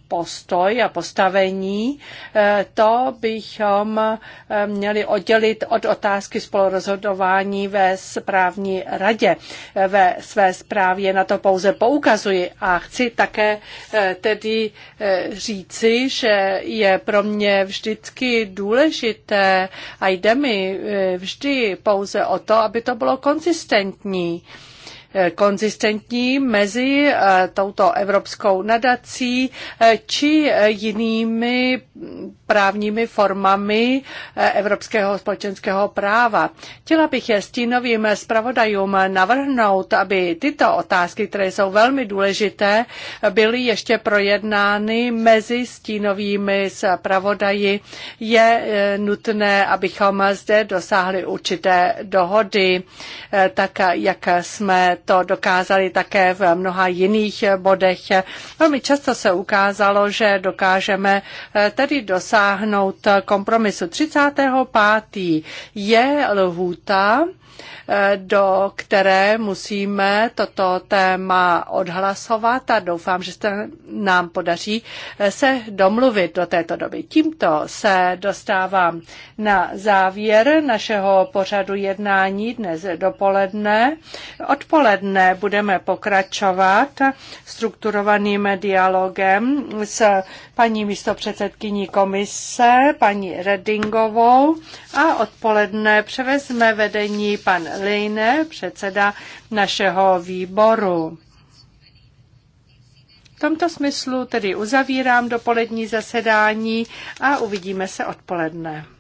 [SPEAKER 1] postoj a postavení. To bychom měli oddělit od otázky spolurozhodování ve správní radě. Ve své zprávě na to pouze poukazuji a chci také tedy říci, že je pro mě vždycky důležité a jde mi eh, vždy pouze o to, aby to bylo konzistentní konzistentní mezi eh, touto evropskou nadací eh, či eh, jinými právními formami evropského společenského práva. Chtěla bych je stínovým zpravodajům navrhnout, aby tyto otázky, které jsou velmi důležité, byly ještě projednány mezi stínovými zpravodaji. Je nutné, abychom zde dosáhli určité dohody, tak jak jsme to dokázali také v mnoha jiných bodech. Velmi často se ukázalo, že dokážeme eh, tedy dosáhnout kompromisu. 35. je lhůta Eh, do které musíme toto téma odhlasovat a doufám, že se nám podaří eh, se domluvit do této doby. Tímto se dostávám na závěr našeho pořadu jednání dnes dopoledne. Odpoledne budeme pokračovat strukturovaným dialogem s paní místopředsedkyní komise, paní Redingovou a odpoledne převezme vedení pan Lejne, předseda našeho výboru. V tomto smyslu tedy uzavírám dopolední zasedání a uvidíme se odpoledne.